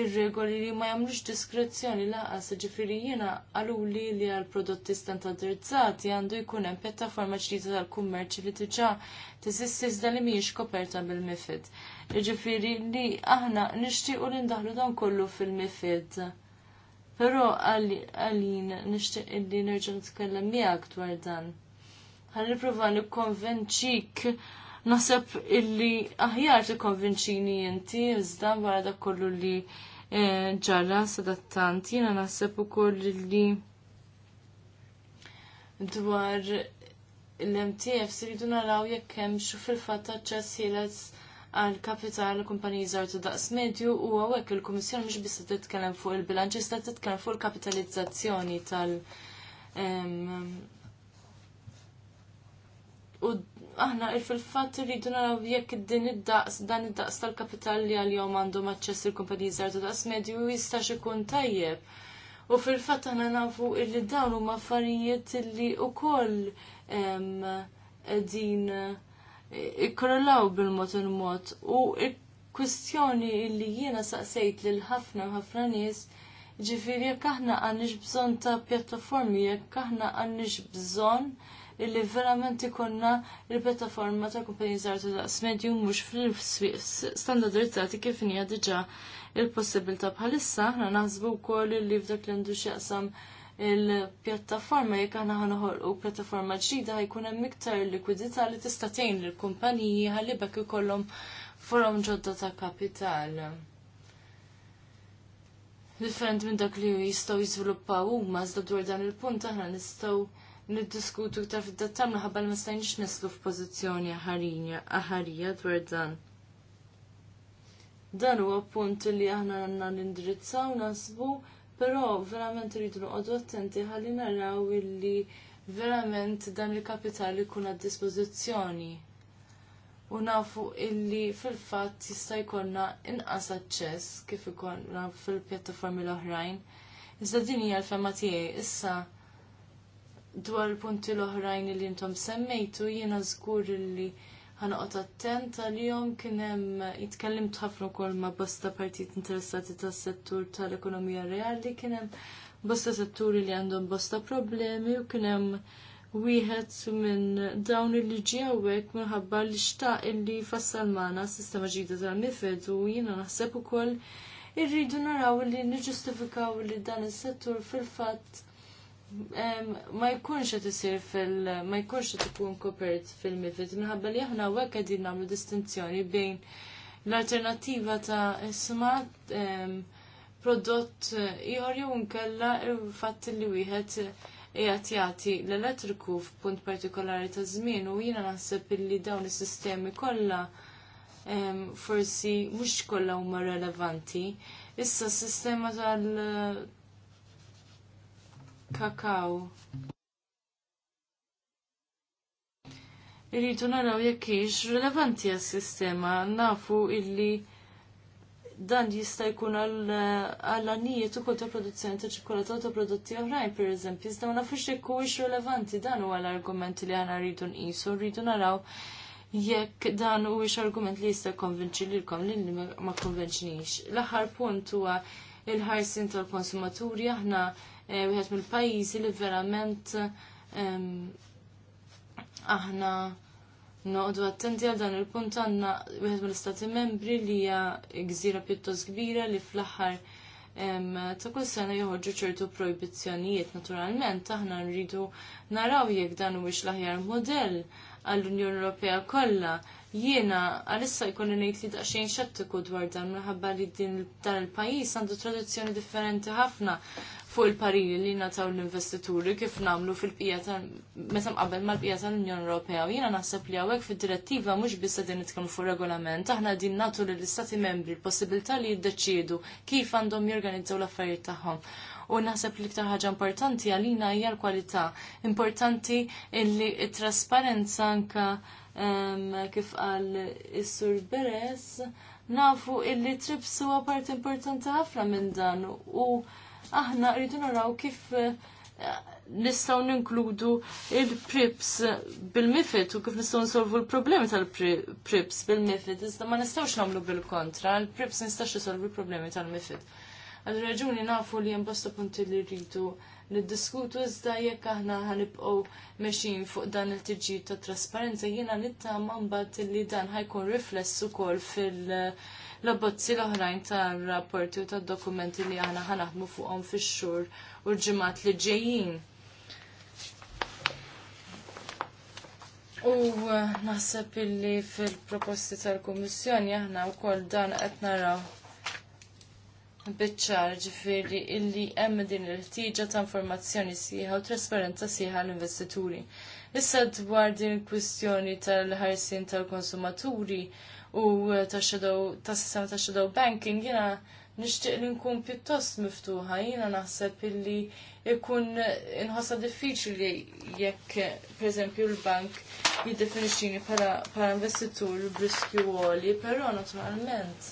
ir-regoli li ma jamlux diskrezzjoni laqas, ġifiri jena għalu li li għal-prodotti standardizzati għandu jkun hemm pjattaforma ġdida tal-kummerċ li diġa tiżisti iżda li mhijiex koperta bil-mifid. Ġifiri li aħna nixtiequ li ndaħlu dan kollu fil-mifid Però għalin nixtieq illi nerġa' nitkellem miegħek dwar dan. Ħalli nipprova nikkonvinċik, naħseb illi aħjar tikkonvinċini inti iżda wara dak kollu li e, ġara sadattant jiena naħseb ukoll illi dwar l-MTF siridu naraw jekk hemm xu fil-fatt aċċess ħieles għal kapital kumpaniji żgħar ta' daqs medju u hawnhekk il-Kummissjoni mhux biss titkellem fuq il-bilanċ issa titkellem fuq il-kapitalizzazzjoni tal- U aħna fil-fatt irridu naraw jekk din id-daqs dan id-daqs tal-kapital li għal-jom għandhom aċċess il-kumpaniji żgħar ta' daqs medju jistax ikun tajjeb. U fil-fatt aħna nafu illi dawn huma affarijiet li wkoll din ikkorrelaw bil-mod il-mod u kwistjoni li jiena saqsejt lil ħafna ħafna nies ġifiri jekk aħna għandix bżonn ta' pjattaformi, jekk aħna għandix bżonn li verament ikonna il-pjattaforma ta' kumpanji żgħar ta' daqs medju mhux fil-swieq standardizzati kif nija diġà il-possibilità bħalissa aħna naħsbu wkoll li f'dak li għandu x'jaqsam il-pjattaforma jekk aħna ħanoħolqu pjattaforma ġdida jkun hemm iktar likwidità li tista' tgħin lill-kumpaniji ħalli bekk ikollhom forom ġodda ta' kapital. Different minn dak li jistgħu jiżviluppaw huma iżda dwar dan il-punt aħna nistgħu niddiskutu iktar fid-dettal minħabba li ma stajniex neslu f'pożizzjoni aħarija dwar dan. Dan huwa punt li aħna għandna nindirizzaw nasbu Però verament rridu noqogħdu attenti ħalli naraw illi verament dan il kapitali jkun għad dispożizzjoni. U nafu illi fil-fatt jista' jkollna inqas aċċess kif ikollna fil-pjattaformi l-oħrajn. Iżda din hija l-fema tiegħi issa dwar il-punti l-oħrajn li intom semmejtu jiena żgur illi ħanoqgħod attent għalihom kien hemm jitkellimt ħafna wkoll ma' bosta partit interessati tas-settur tal-ekonomija reali kien hemm bosta setturi li għandhom bosta problemi u kien hemm wieħed minn dawn li ġie hawnhekk minħabba li xtaq illi fassal magħna sistema ġdida tal-mifed u jiena naħseb ukoll irridu naraw li niġġustifikaw li dan is-settur fil-fatt ma jkunx qed isir fil ma jkunx qed ikun kopert fil-mifid minħabba li aħna hawnhekk qegħdin nagħmlu distinzjoni bejn l-alternattiva ta' isma prodott ieħor jew inkella fatt li wieħed qiegħed jagħti l-elettriku f'punt partikolari ta' żmien u jiena naħseb illi dawn is-sistemi kollha forsi mhux kollha huma relevanti. Issa s-sistema tal kakaw. Irridu naraw jekk hix rilevanti għas-sistema, nafu illi dan jista' jkun għall-għanijiet ukoll ta' produzzjoni ta' ċokolata ta' prodotti oħrajn pereżempju, iżda ma nafux jekk huwiex relevanti dan huwa l-argument li aħna rridu nqisu, rridu naraw jekk dan huwiex argument li jista' konvinċi lilkom li ma konvinċinix. L-aħħar punt huwa il-ħarsin tal-konsumaturi aħna Eh, wieħed mill-pajjiżi li verament ehm, aħna noqdu attenti għal dan il-punt għandna wieħed mill-istati membri li hija gżira pjuttost kbira li fl-aħħar ehm, ta' kull sena joħorġu ċertu projbizzjonijiet naturalment aħna nridu naraw jekk dan huwiex l-aħjar modell għall-Unjoni Ewropea kollha jiena għalissa jkolli ngħid li daqsxejn xettiku dwar dan minħabba li din dan il-pajjiż għandu tradizzjoni differenti ħafna fuq il-parili li nataw l-investituri kif namlu fil-bqija tal ma l mal-bqija tal-Unjoni Ewropea. Jiena naħseb li hawnhekk fid-direttiva mhux biss qegħdin nitkellmu fuq regolament, aħna din nagħtu lill-istati membri l-possibilità li jiddeċiedu kif għandhom jorganizzaw l-affarijiet tagħhom. U naħseb li ktar ħaġa importanti għalina hija l-kwalità. Importanti illi t-trasparenza anka kif qal is-Sur Beres nafu illi trips huwa parti importanti ħafna minn dan u aħna rridu naraw kif eh, nistaw ninkludu il-prips bil-mifid u kif nistaw nsolvu l-problemi tal-prips bil-mifid. Iżda ma nistawx namlu bil-kontra, l-prips nistax jisolvu l-problemi tal-mifid. Għal raġuni nafu li jimbostu punti li rridu niddiskutu iżda jekk aħna ħanibqgħu mexin fuq dan il-tiġi ta' trasparenza jiena nittama mbagħad li dan ħajkun rifless ukoll fil- uh, l-abbozzi l-oħrajn tar rapporti u tad-dokumenti li aħna ħanaħdmu fuqhom fix-xhur u l-ġimgħat li ġejjin. U eh, naħseb illi fil-proposti tal-Kummissjoni aħna wkoll dan qed naraw biċċar ġifiri illi hemm din il-ħtieġa ta' informazzjoni sieħa u trasparenza sieħa l-investituri. Issa dwar din il-kwistjoni tal-ħarsin tal-konsumaturi, u eh, ta' sistema ta' shadow banking jina nishtiq li nkun pjuttost miftuħa, jina naħseb illi ikun inħossa diffiċli jekk, per eżempju, l-bank jiddefinixini bħala investitur briskju għoli, però naturalment.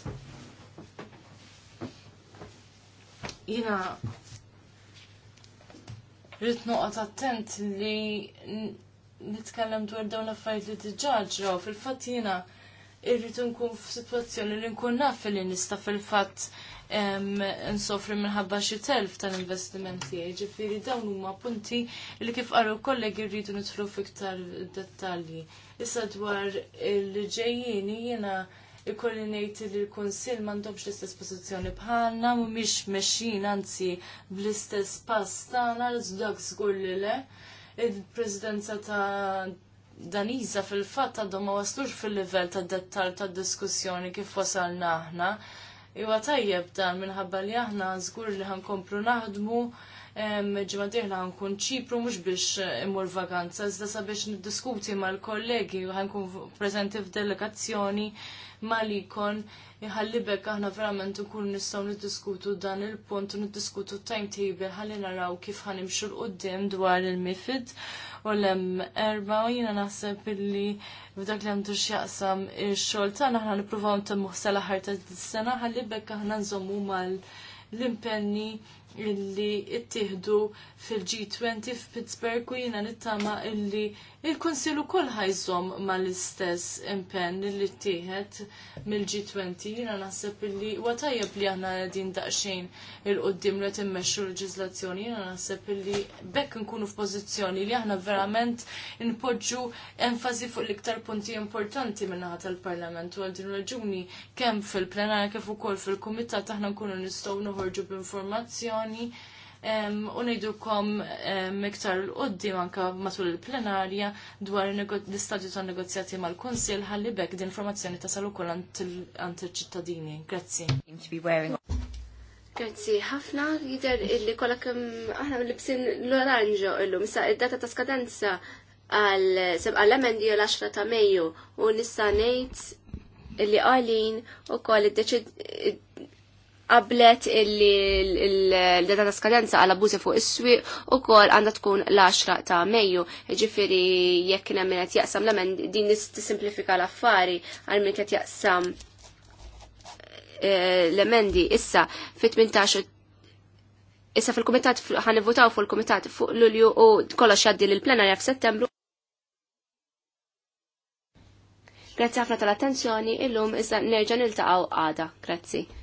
Jina rrit noqgħod attent li nitkellem dwar dawn l-affarijiet li diġà ġew fil-fatt jiena irrid nkun f'sitwazzjoni li nkun naf li nista' fil-fatt nsofri minħabba xi telf tal-investiment tiegħi. Ġifieri dawn huma punti li kif qaru kollegi rridu nidħlu fiktar dettalji. Issa dwar il-ġejjieni jiena ikolli ngħid li l-Kunsill m'għandhomx l-istess pożizzjoni bħalna mhumiex mexxin anzi bl-istess pass tagħna l żgur li le. Il-Presidenza ta' daniza fil-fatt għadhom ma waslux fil-livell ta' dettal ta' diskussjoni kif wasalna aħna. Iwa tajjeb dan minħabba li aħna żgur li ħankomplu naħdmu ġimma ħan kun ċipru mux biex imur vakanza, iżda sabiex niddiskuti mal kollegi ħan kun prezenti f'delegazzjoni malikon bekk aħna verament ukoll nistgħu niddiskutu dan il-punt u niddiskutu timetable ħalli naraw kif ħanimxu l-qudiem dwar il-mifid u l-hemm erba' u jiena naħseb illi f'dak li għandu x'jaqsam ix-xogħol tagħna aħna nippruvaw ntemmu ħsa l-aħħar ta' sena ħallibek aħna nżommu mal impenni illi ittieħdu fil-G20 f'Pittsburgh u jiena nittama illi il kol ħajżom ma mal-istess impenn illi ttieħed mill-G20 jiena naħseb illi huwa tajjeb li aħna qegħdin daqsxejn il qudiem li timmexxu l-leġiżlazzjoni jiena naħseb illi bekk nkunu f'pożizzjoni li aħna verament npoġġu enfasi fuq l-iktar punti importanti minnaħa tal-Parlament u għal din raġuni kemm fil-plenarja kif ukoll fil-kumitat aħna nkunu nistgħu noħorġu b'informazzjoni opinjoni u ngħidulkom iktar l-qoddim anke matul il-plenarja dwar l-istadju ta' negozjati mal-Kunsil ħalli bekk din informazzjoni tasal ukoll għant il-ċittadini. Grazzi. Grazzi, ħafna jider illi kollak aħna libsin l-oranġo illu, misa id-data ta' skadenza għal-emendi l-10 ta' Mejju u nista' ngħid illi għalin u koll id qablet il-data ta' skadenza għal abużi fuq is-swieq ukoll għandha tkun l-10 ta' Mejju. Ġifieri jekk kien hemm qed jaqsam l-emen din tissimplifika l-affari għal min qed jaqsam eh, l-emendi issa fit-18 Issa fil kumitat ħan votaw fuq il kumitat fuq Lulju u kollox jgħaddi l-plenarja f'Settembru. Grazzi ħafna tal-attenzjoni, illum issa nerġa' niltaqgħu għada. Grazzi.